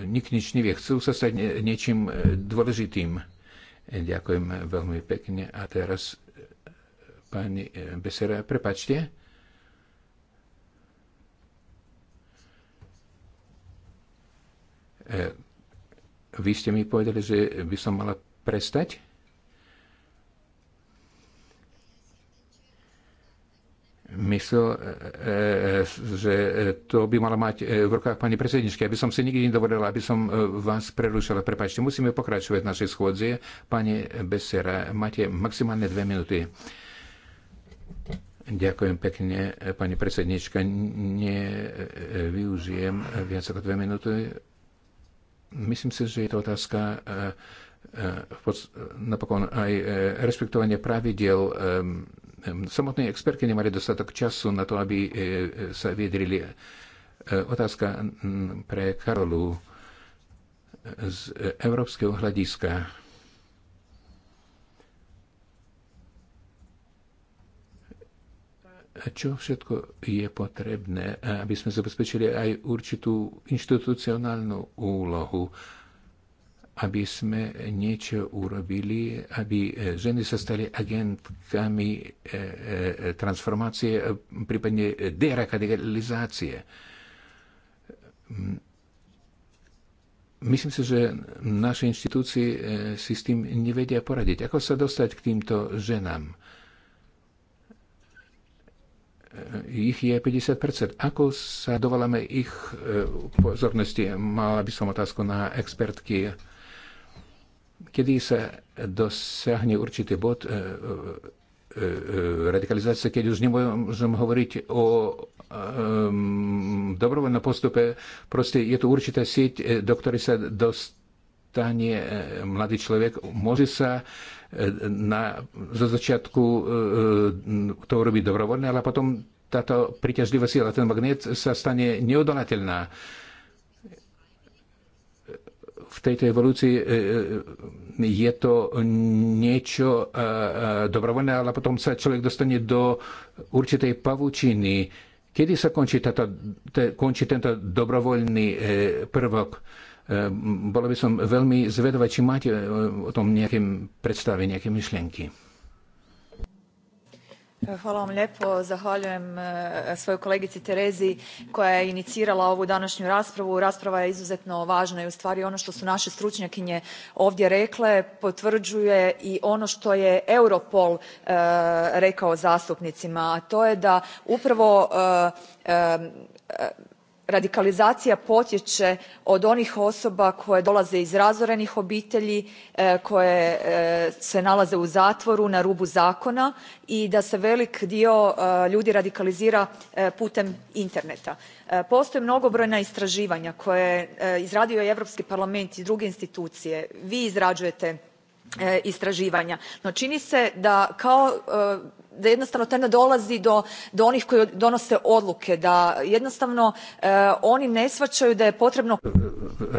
nik nič nevie. Chcú sa stať niečím dôležitým. Ďakujem veľmi pekne. A teraz, pani Besera, prepačte. E, vy ste mi povedali, že by som mala prestať? myslel, e, e, že to by mala mať v rukách pani predsedničky. Aby som si nikdy nedovolila, aby som vás prerušila. Prepačte, musíme pokračovať v našej schôdzi. Pani Besera, máte maximálne dve minúty. Ďakujem pekne, pani predsednička. Nevyužijem viac ako dve minúty Myslím si, že je to otázka eh, eh, napokon aj eh, respektovanie pravidel. Ehm, ehm, Samotní experti nemali dostatok času na to, aby sa vyjadrili. Otázka hm, pre Karolu z európskeho hľadiska čo všetko je potrebné, aby sme zabezpečili aj určitú inštitucionálnu úlohu, aby sme niečo urobili, aby ženy sa stali agentkami e, e, transformácie, prípadne deradikalizácie. Myslím si, že naše inštitúcie e, si s tým nevedia poradiť. Ako sa dostať k týmto ženám? ich je 50%. Ako sa dovoláme ich e, pozornosti? Mala by som otázku na expertky. Kedy sa dosiahne určitý bod e, e, radikalizácie, keď už nemôžem hovoriť o dobrovoľnom postupe. Proste je to určitá sieť, do ktorej sa dostane mladý človek. Môže sa na, zo začiatku e, e, to urobiť dobrovoľne, ale potom táto príťažlivá sila, ten magnet sa stane neodolateľná. V tejto evolúcii e, je to niečo dobrovoľné, ale potom sa človek dostane do určitej pavučiny. Kedy sa končí, tato, te, končí tento dobrovoľný prvok? Ehm, Bolo by som veľmi zvedovať, či máte eh, o tom nejaké predstavy, nejaké myšlienky. Ehm, hvala vam lijepo. Zahvaljujem eh, svojoj kolegici Terezi koja je inicirala ovu današnju raspravu. Rasprava je izuzetno važna i ustvari ono što su naše stručnjakinje ovdje rekle potvrđuje i ono što je Europol e, rekao zastupnicima, a to je da upravo e, e, radikalizacija potječe od onih osoba koje dolaze iz razorenih obitelji e, koje e, se nalaze u zatvoru na rubu zakona i da se velik dio e, ljudi radikalizira putem interneta. postoje mnogobrojna istraživanja koje je izradio i europski parlament i druge institucije vi izrađujete istraživanja no čini se da kao da jednostavno taj ne dolazi do, do onih koji donose odluke, da jednostavno e, oni ne svačaju da je potrebno... E,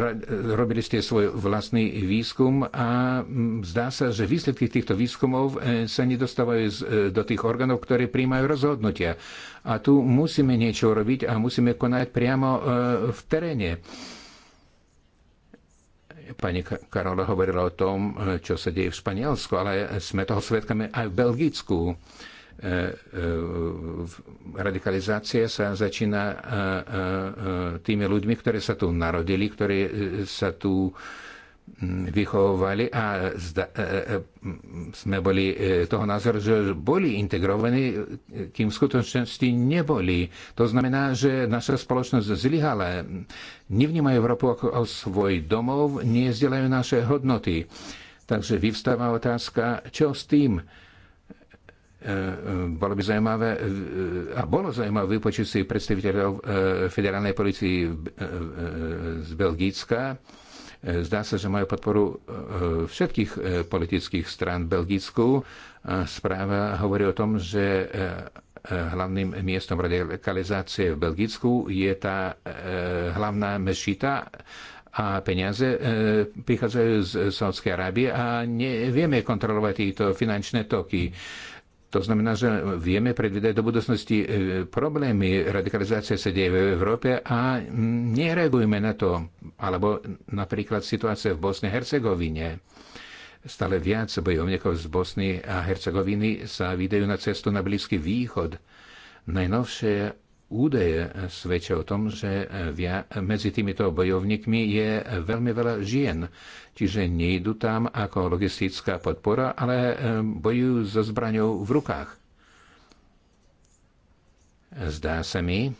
e, robili ste svoj vlastni, výskum a zdá sa, že výsledky týchto výskumov e, sa nedostávajú do tých orgánov, ktoré príjmajú rozhodnutia. A tu musíme niečo robiť a musíme konať priamo v teréne. Pani Karola hovorila o tom, eh, čo sa deje v Španielsku, ale sme toho svedkami aj v Belgicku. Eh, eh, radikalizácia sa začína tými ľuďmi, ktorí sa tu narodili, ktorí sa tu vychovovali a zda, e, e, sme boli e, toho názoru, že boli integrovaní, e, kým v skutočnosti neboli. To znamená, že naša spoločnosť zlyhala. Nevnímajú Európu ako o svoj domov, nezdelajú naše hodnoty. Takže vyvstáva otázka, čo s tým? E, e, bolo by zaujímavé a bolo zaujímavé vypočuť si predstaviteľov federálnej policii z Belgicka, Zdá sa, že majú podporu e, všetkých e, politických strán Belgicku. Správa hovorí o tom, že e, hlavným miestom radikalizácie v Belgicku je tá hlavná mešita a peniaze prichádzajú z Saudskej Arábie a nevieme kontrolovať tieto finančné toky. To znamená, že vieme predvídať do budúcnosti e, problémy. Radikalizácia sa deje v Európe a nereagujeme na to. Alebo napríklad situácia v Bosne a Hercegovine. Stále viac bojovníkov z Bosny a Hercegoviny sa vydajú na cestu na Blízky východ. Najnovšie údaje svedčia o tom, že via medzi týmito bojovníkmi je veľmi veľa žien. Čiže nejdu tam ako logistická podpora, ale eh, bojujú so zbraňou v rukách. Zdá sa mi,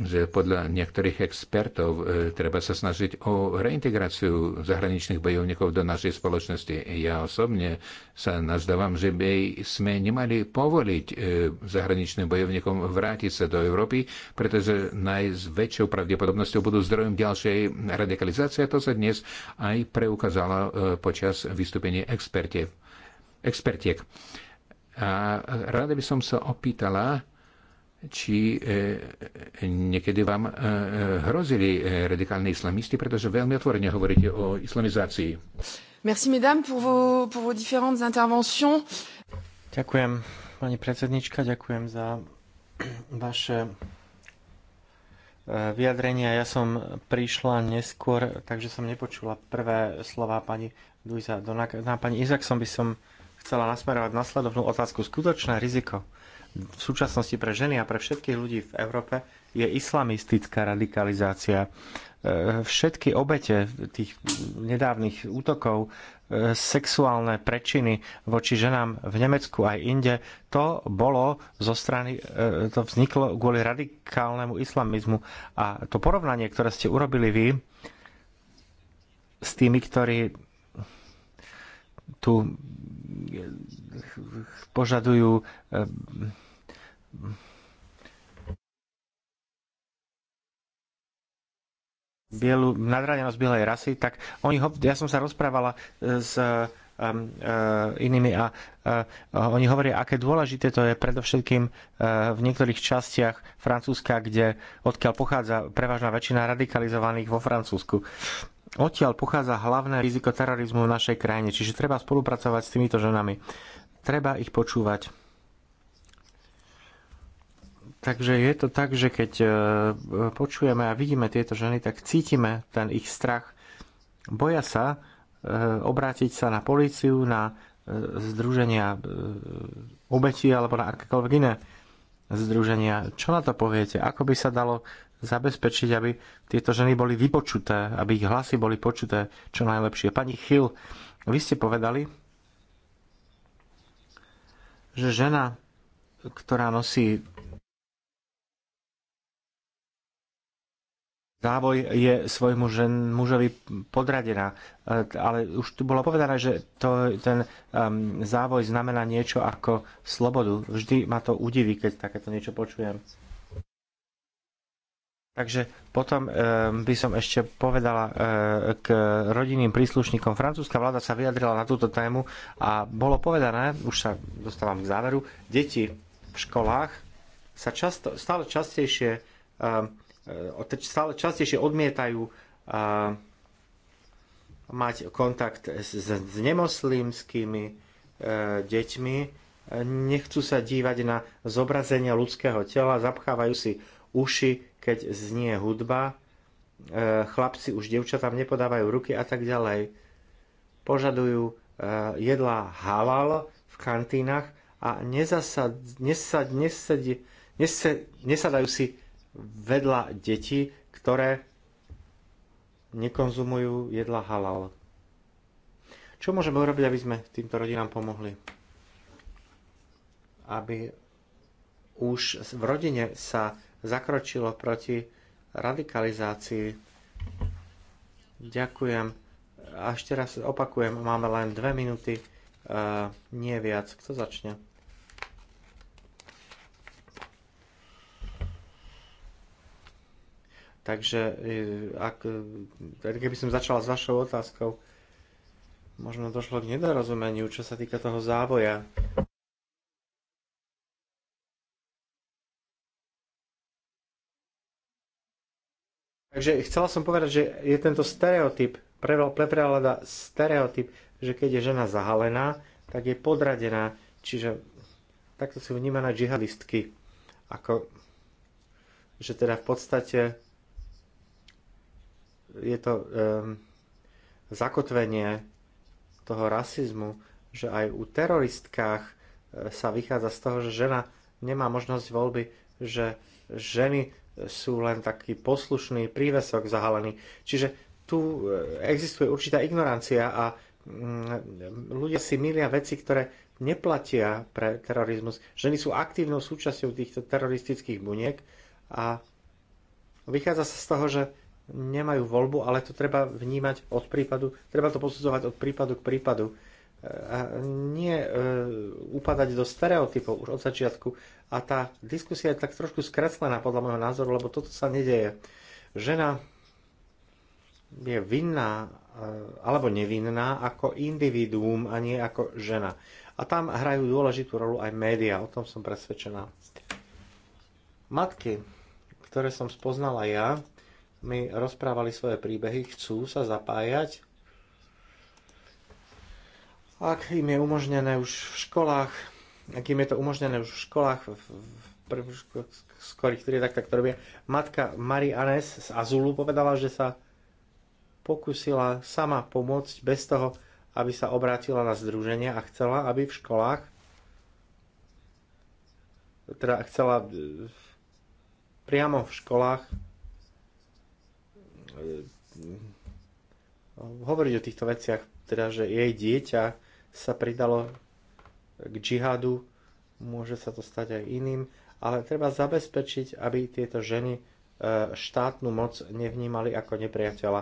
že podľa niektorých expertov e, treba sa snažiť o reintegráciu zahraničných bojovníkov do našej spoločnosti. Ja osobne sa nazdávam, že by sme nemali povoliť e, zahraničným bojovníkom vrátiť sa do Európy, pretože najväčšou pravdepodobnosťou budú zdrojom ďalšej radikalizácie. To sa dnes aj preukázalo e, počas vystúpenia expertiek. A rada by som sa opýtala, či e, e, niekedy vám e, hrozili radikálni islamisti, pretože veľmi otvorene hovoríte o islamizácii. Merci, mesdames, pour vos, pour vos différentes interventions. Ďakujem, pani predsednička, ďakujem za (clears throat) vaše vyjadrenia. Ja som prišla neskôr, takže som nepočula prvé slova pani Duisa Donak. Na pani Izak som by som chcela nasmerovať nasledovnú otázku. Skutočné riziko v súčasnosti pre ženy a pre všetkých ľudí v Európe je islamistická radikalizácia. E, všetky obete tých nedávnych útokov, e, sexuálne prečiny voči ženám v Nemecku aj inde, to bolo zo strany, e, to vzniklo kvôli radikálnemu islamizmu. A to porovnanie, ktoré ste urobili vy s tými, ktorí tu požadujú eh, bielu, nadradenosť bielej rasy, tak oni, ja som sa rozprávala eh, s um, uh, inými a uh, oni hovoria, aké dôležité to je predovšetkým uh, v niektorých častiach Francúzska, kde odkiaľ pochádza prevažná väčšina radikalizovaných vo Francúzsku. Odtiaľ pochádza hlavné riziko terorizmu v našej krajine, čiže treba spolupracovať s týmito ženami. Uh, Treba ich počúvať. Takže je to tak, že keď e, počujeme a vidíme tieto ženy, tak cítime ten ich strach. Boja sa e, obrátiť sa na políciu, na e, združenia obetí alebo na akékoľvek iné združenia. Čo na to poviete? Ako by sa dalo zabezpečiť, aby tieto ženy boli vypočuté, aby ich hlasy boli počuté čo najlepšie? Pani Chil, vy ste povedali, že žena, ktorá nosí závoj, je svojmu žen, mužovi podradená. E, ale už tu bolo povedané, že to, ten um, závoj znamená niečo ako slobodu. Vždy ma to udiví, keď takéto niečo počujem. Takže potom eh, by som ešte povedala eh, k rodinným príslušníkom. Francúzska vláda sa vyjadrila na túto tému a bolo povedané, už sa dostávam k záveru, deti v školách sa často, stále častejšie eh, stále častejšie odmietajú mať kontakt s, s nemoslimskými deťmi, nechcú sa dívať na zobrazenia ľudského tela, zapchávajú si uši, keď znie hudba, e, chlapci už devčatám nepodávajú ruky a tak ďalej. Požadujú e, jedla halal v kantínach a nesad, nesad, nesad, nesad, nesadajú si vedľa detí, ktoré nekonzumujú jedla halal. Čo môžeme urobiť, aby sme týmto rodinám pomohli? Aby už v rodine sa zakročilo proti radikalizácii. Ďakujem. A ešte raz opakujem, máme len dve minúty, uh, nie viac. Kto začne? Takže e, ak, e, keby som začala s vašou otázkou, možno došlo k nedorozumeniu, čo sa týka toho závoja. Takže chcela som povedať, že je tento stereotyp, prevláda stereotyp, že keď je žena zahalená, tak je podradená. Čiže takto sú vnímané džihadistky. Ako, že teda v podstate je to um, zakotvenie toho rasizmu, že aj u teroristkách e, sa vychádza z toho, že žena nemá možnosť voľby, že ženy sú len taký poslušný prívesok zahalený. Čiže tu e, existuje určitá ignorancia a mm, ľudia si milia veci, ktoré neplatia pre terorizmus. Ženy sú aktívnou súčasťou týchto teroristických buniek a vychádza sa z toho, že nemajú voľbu, ale to treba vnímať od prípadu, treba to posudzovať od prípadu k prípadu nie e, upadať do stereotypov už od začiatku. A tá diskusia je tak trošku skreslená podľa môjho názoru, lebo toto sa nedeje. Žena je vinná e, alebo nevinná ako individuum a nie ako žena. A tam hrajú dôležitú rolu aj médiá, o tom som presvedčená. Matky, ktoré som spoznala ja, mi rozprávali svoje príbehy, chcú sa zapájať ak im je umožnené už v školách, ak im je to umožnené už v školách, v, v, prvých skorých triedách, tak to robia. Matka Marie Anes z Azulu povedala, že sa pokusila sama pomôcť bez toho, aby sa obrátila na združenie a chcela, aby v školách teda chcela e, priamo v školách e, hovoriť o týchto veciach, teda že jej dieťa sa pridalo k džihadu, môže sa to stať aj iným, ale treba zabezpečiť, aby tieto ženy e, štátnu moc nevnímali ako nepriateľa.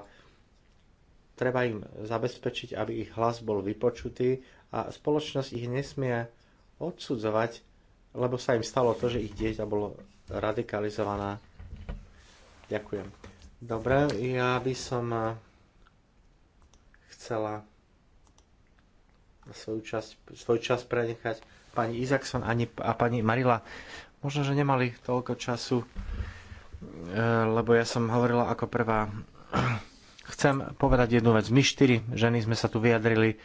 Treba im zabezpečiť, aby ich hlas bol vypočutý a spoločnosť ich nesmie odsudzovať, lebo sa im stalo to, že ich dieťa bolo radikalizovaná. Ďakujem. Dobre, ja by som e, chcela svoju, časť, svoj čas prenechať pani Izakson ani, a pani Marila. Možno, že nemali toľko času, e, lebo ja som hovorila ako prvá. (clears throat) Chcem povedať jednu vec. My štyri ženy sme sa tu vyjadrili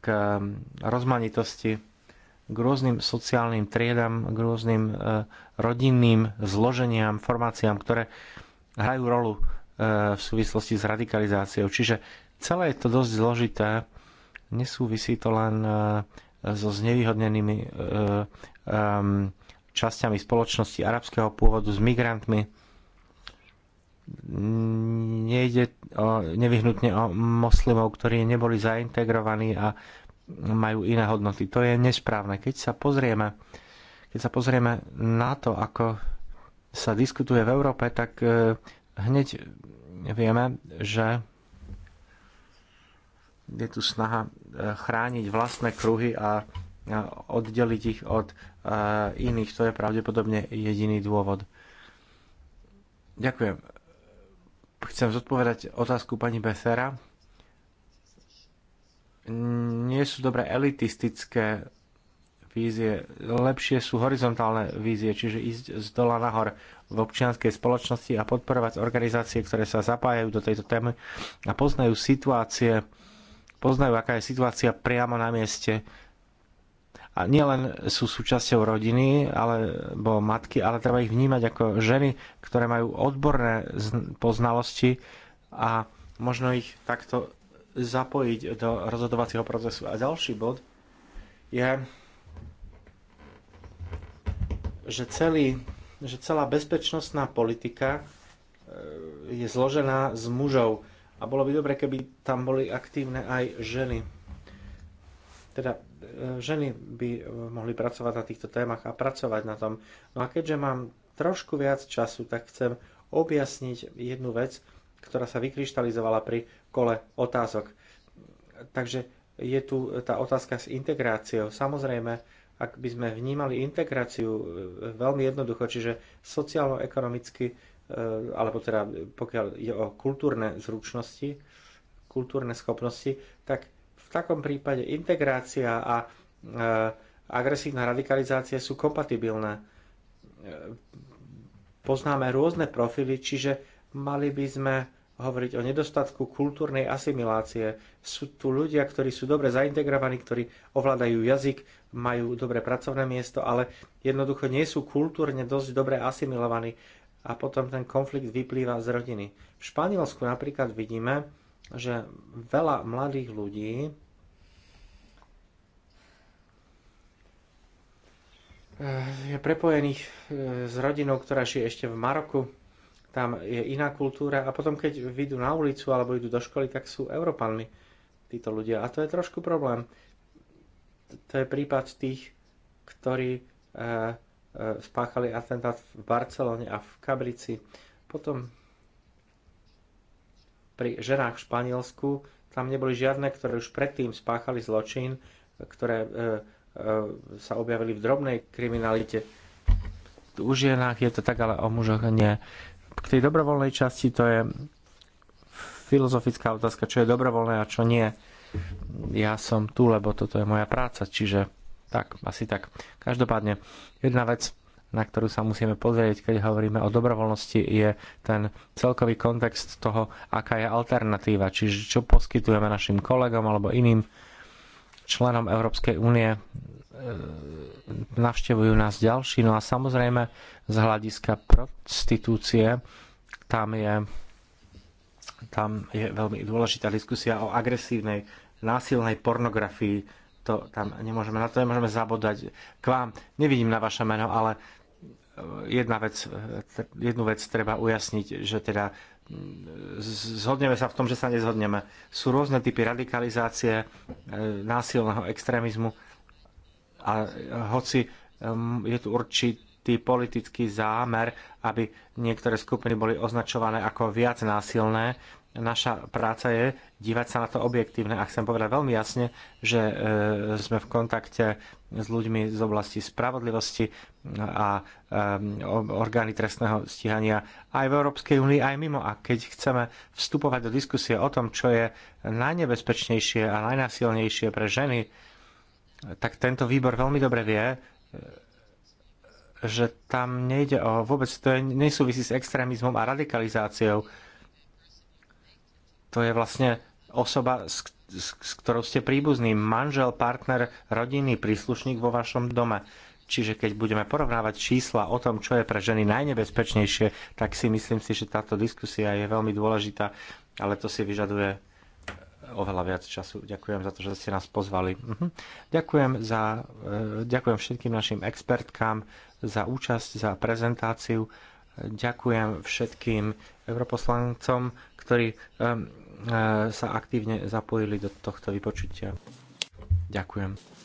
k rozmanitosti, k rôznym sociálnym triedam, k rôznym e, rodinným zloženiam, formáciám, ktoré hrajú rolu e, v súvislosti s radikalizáciou. Čiže celé je to dosť zložité Nesúvisí to len e, so znevýhodnenými e, e, časťami spoločnosti arabského pôvodu, s migrantmi. Nejde o, nevyhnutne o moslimov, ktorí neboli zaintegrovaní a majú iné hodnoty. To je nesprávne. Keď sa pozrieme, keď sa pozrieme na to, ako sa diskutuje v Európe, tak hneď vieme, že je tu snaha e, chrániť vlastné kruhy a e, oddeliť ich od e, iných. To je pravdepodobne jediný dôvod. Ďakujem. Chcem zodpovedať otázku pani Becera. Nie sú dobré elitistické vízie, lepšie sú horizontálne vízie, čiže ísť z dola nahor v občianskej spoločnosti a podporovať organizácie, ktoré sa zapájajú do tejto témy a poznajú situácie, poznajú, aká je situácia priamo na mieste. A nielen sú súčasťou rodiny alebo matky, ale treba ich vnímať ako ženy, ktoré majú odborné poznalosti a možno ich takto zapojiť do rozhodovacieho procesu. A ďalší bod je, že, celý, že celá bezpečnostná politika e, je zložená z mužov a bolo by dobre, keby tam boli aktívne aj ženy. Teda e, ženy by e, mohli pracovať na týchto témach a pracovať na tom. No a keďže mám trošku viac času, tak chcem objasniť jednu vec, ktorá sa vykryštalizovala pri kole otázok. Takže je tu tá otázka s integráciou. Samozrejme, ak by sme vnímali integráciu e, veľmi jednoducho, čiže sociálno-ekonomicky E, alebo teda pokiaľ je o kultúrne zručnosti, kultúrne schopnosti, tak v takom prípade integrácia a e, agresívna radikalizácia sú kompatibilné. E, poznáme rôzne profily, čiže mali by sme hovoriť o nedostatku kultúrnej asimilácie. Sú tu ľudia, ktorí sú dobre zaintegrovaní, ktorí ovládajú jazyk, majú dobré pracovné miesto, ale jednoducho nie sú kultúrne dosť dobre asimilovaní a potom ten konflikt vyplýva z rodiny. V Španielsku napríklad vidíme, že veľa mladých ľudí je prepojených e, s rodinou, ktorá žije ešte v Maroku. Tam je iná kultúra a potom keď vyjdú na ulicu alebo idú do školy, tak sú Európanmi títo ľudia. A to je trošku problém. To je prípad tých, ktorí e, E, spáchali atentát v Barcelone a v Kabrici. Potom pri ženách v Španielsku tam neboli žiadne, ktoré už predtým spáchali zločin, ktoré e, e, sa objavili v drobnej kriminalite. U ženách je to tak, ale o mužoch nie. K tej dobrovoľnej časti to je filozofická otázka, čo je dobrovoľné a čo nie. Ja som tu, lebo toto je moja práca, čiže tak, asi tak. Každopádne, jedna vec, na ktorú sa musíme pozrieť, keď hovoríme o dobrovoľnosti, je ten celkový kontext toho, aká je alternatíva, čiže čo poskytujeme našim kolegom alebo iným členom Európskej únie. E, navštevujú nás ďalší, no a samozrejme z hľadiska prostitúcie tam je, tam je veľmi dôležitá diskusia o agresívnej násilnej pornografii to tam nemôžeme, na to nemôžeme zabodať. K vám nevidím na vaše meno, ale e, jedna vec, e, jednu vec treba ujasniť, že teda zhodneme sa v tom, že sa nezhodneme. Sú rôzne typy radikalizácie, e, násilného extrémizmu a hoci je tu určitý politický zámer, aby niektoré skupiny boli označované ako viac násilné, naša práca je dívať sa na to objektívne. A chcem povedať veľmi jasne, že e, sme v kontakte s ľuďmi z oblasti spravodlivosti a e, orgány trestného stíhania aj v Európskej únii, aj mimo. A keď chceme vstupovať do diskusie o tom, čo je najnebezpečnejšie a najnásilnejšie pre ženy, tak tento výbor veľmi dobre vie, e, že tam nejde o vôbec, to je, nesúvisí s extrémizmom a radikalizáciou to je vlastne osoba, s, s, s ktorou ste príbuzný, manžel, partner, rodinný príslušník vo vašom dome. Čiže keď budeme porovnávať čísla o tom, čo je pre ženy najnebezpečnejšie, tak si myslím si, že táto diskusia je veľmi dôležitá, ale to si vyžaduje oveľa viac času. Ďakujem za to, že ste nás pozvali. Mhm. Ďakujem, za, e, ďakujem všetkým našim expertkám za účasť, za prezentáciu. Ďakujem všetkým europoslancom, ktorí e, E, sa aktívne zapojili do tohto vypočutia. Ďakujem.